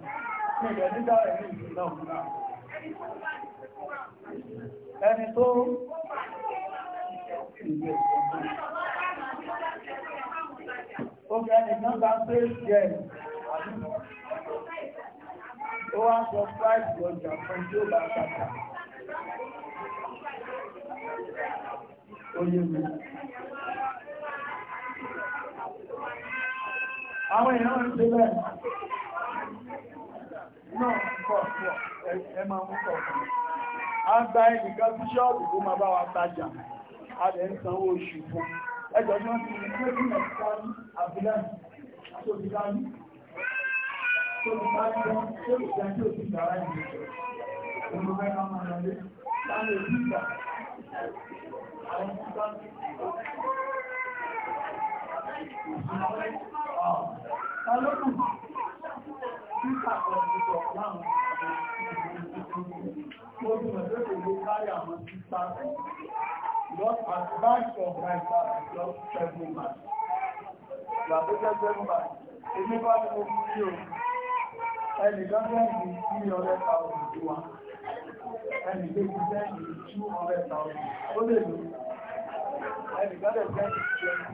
Ẹni tó Oge ẹni náà bá pé jẹ ó wá sọ fáìsì ọjà fún tí ó bá kàkà. Oye mi. Àwọn èèyàn ń ṣe bẹ́ẹ̀ náà pọ̀ pọ̀ ẹ máa mú pọ̀ pọ̀ a ń gba ẹnìkan sí ṣọ́ọ̀bù kó máa bá wa tajà a lè ń sanwó oṣù fún ẹjọ́ tí wọ́n ti rí pé kí ẹ̀ sọ ní àbúlẹ̀ àtòbíkání tó ti bá ní wọn tó ti jẹ́ tí ó ti dára ìgbésẹ̀ òun fẹ́ ká máa lọlé láti ojú ìgbà àwọn tí bá ní ìgbà Not advice of my father, just seven months. You are taking seven months. Èmi bá ní mo fún sí o, ẹnì kan sẹ́yìn sí ọ̀rẹ́ ta òdùdú wa, ẹnì kejì sẹ́yìn sí ọ̀rẹ́ ta òdùdú, ó lè lò ó ẹnìkan lè jẹ́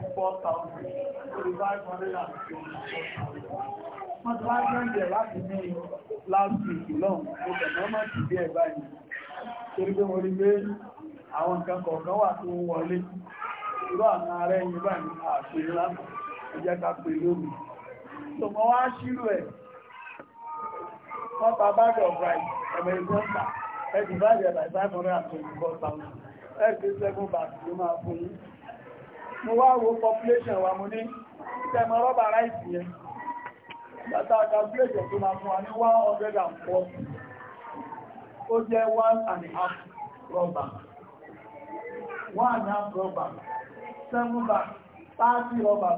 to four thousand To five hundred and twenty four thousand. wọ́n ti wá gbẹ̀ǹdẹ̀ láti ní last week lọ́n mo bẹ̀rẹ̀ má ti bí ẹ̀ báyìí torí pé mo rí pé àwọn nǹkan kọ̀ọ̀kan wà tó ń wọlé irú àmà ara ẹni báyìí àpè lánàá ẹjẹ́ ká pè lómi. tó mọ wá ṣírò ẹ̀ wọ́n pa bag of rice ẹ̀mẹ̀ ìgbọ́ta ẹ̀dùn I ẹ̀ by five hundred and twenty four thousand ẹgbẹ́ sẹ́gun bàtí ló máa fún yí mo wá wo population wa mo ní ìtẹ́mọ̀ rọ́bà ráìsì yẹn bàtà calculation tó máa fún wa ní 104 ó jẹ́ 1 and a half rọ́bà 1 and a half rọ́bà 7 bàtí 30 rọ́bà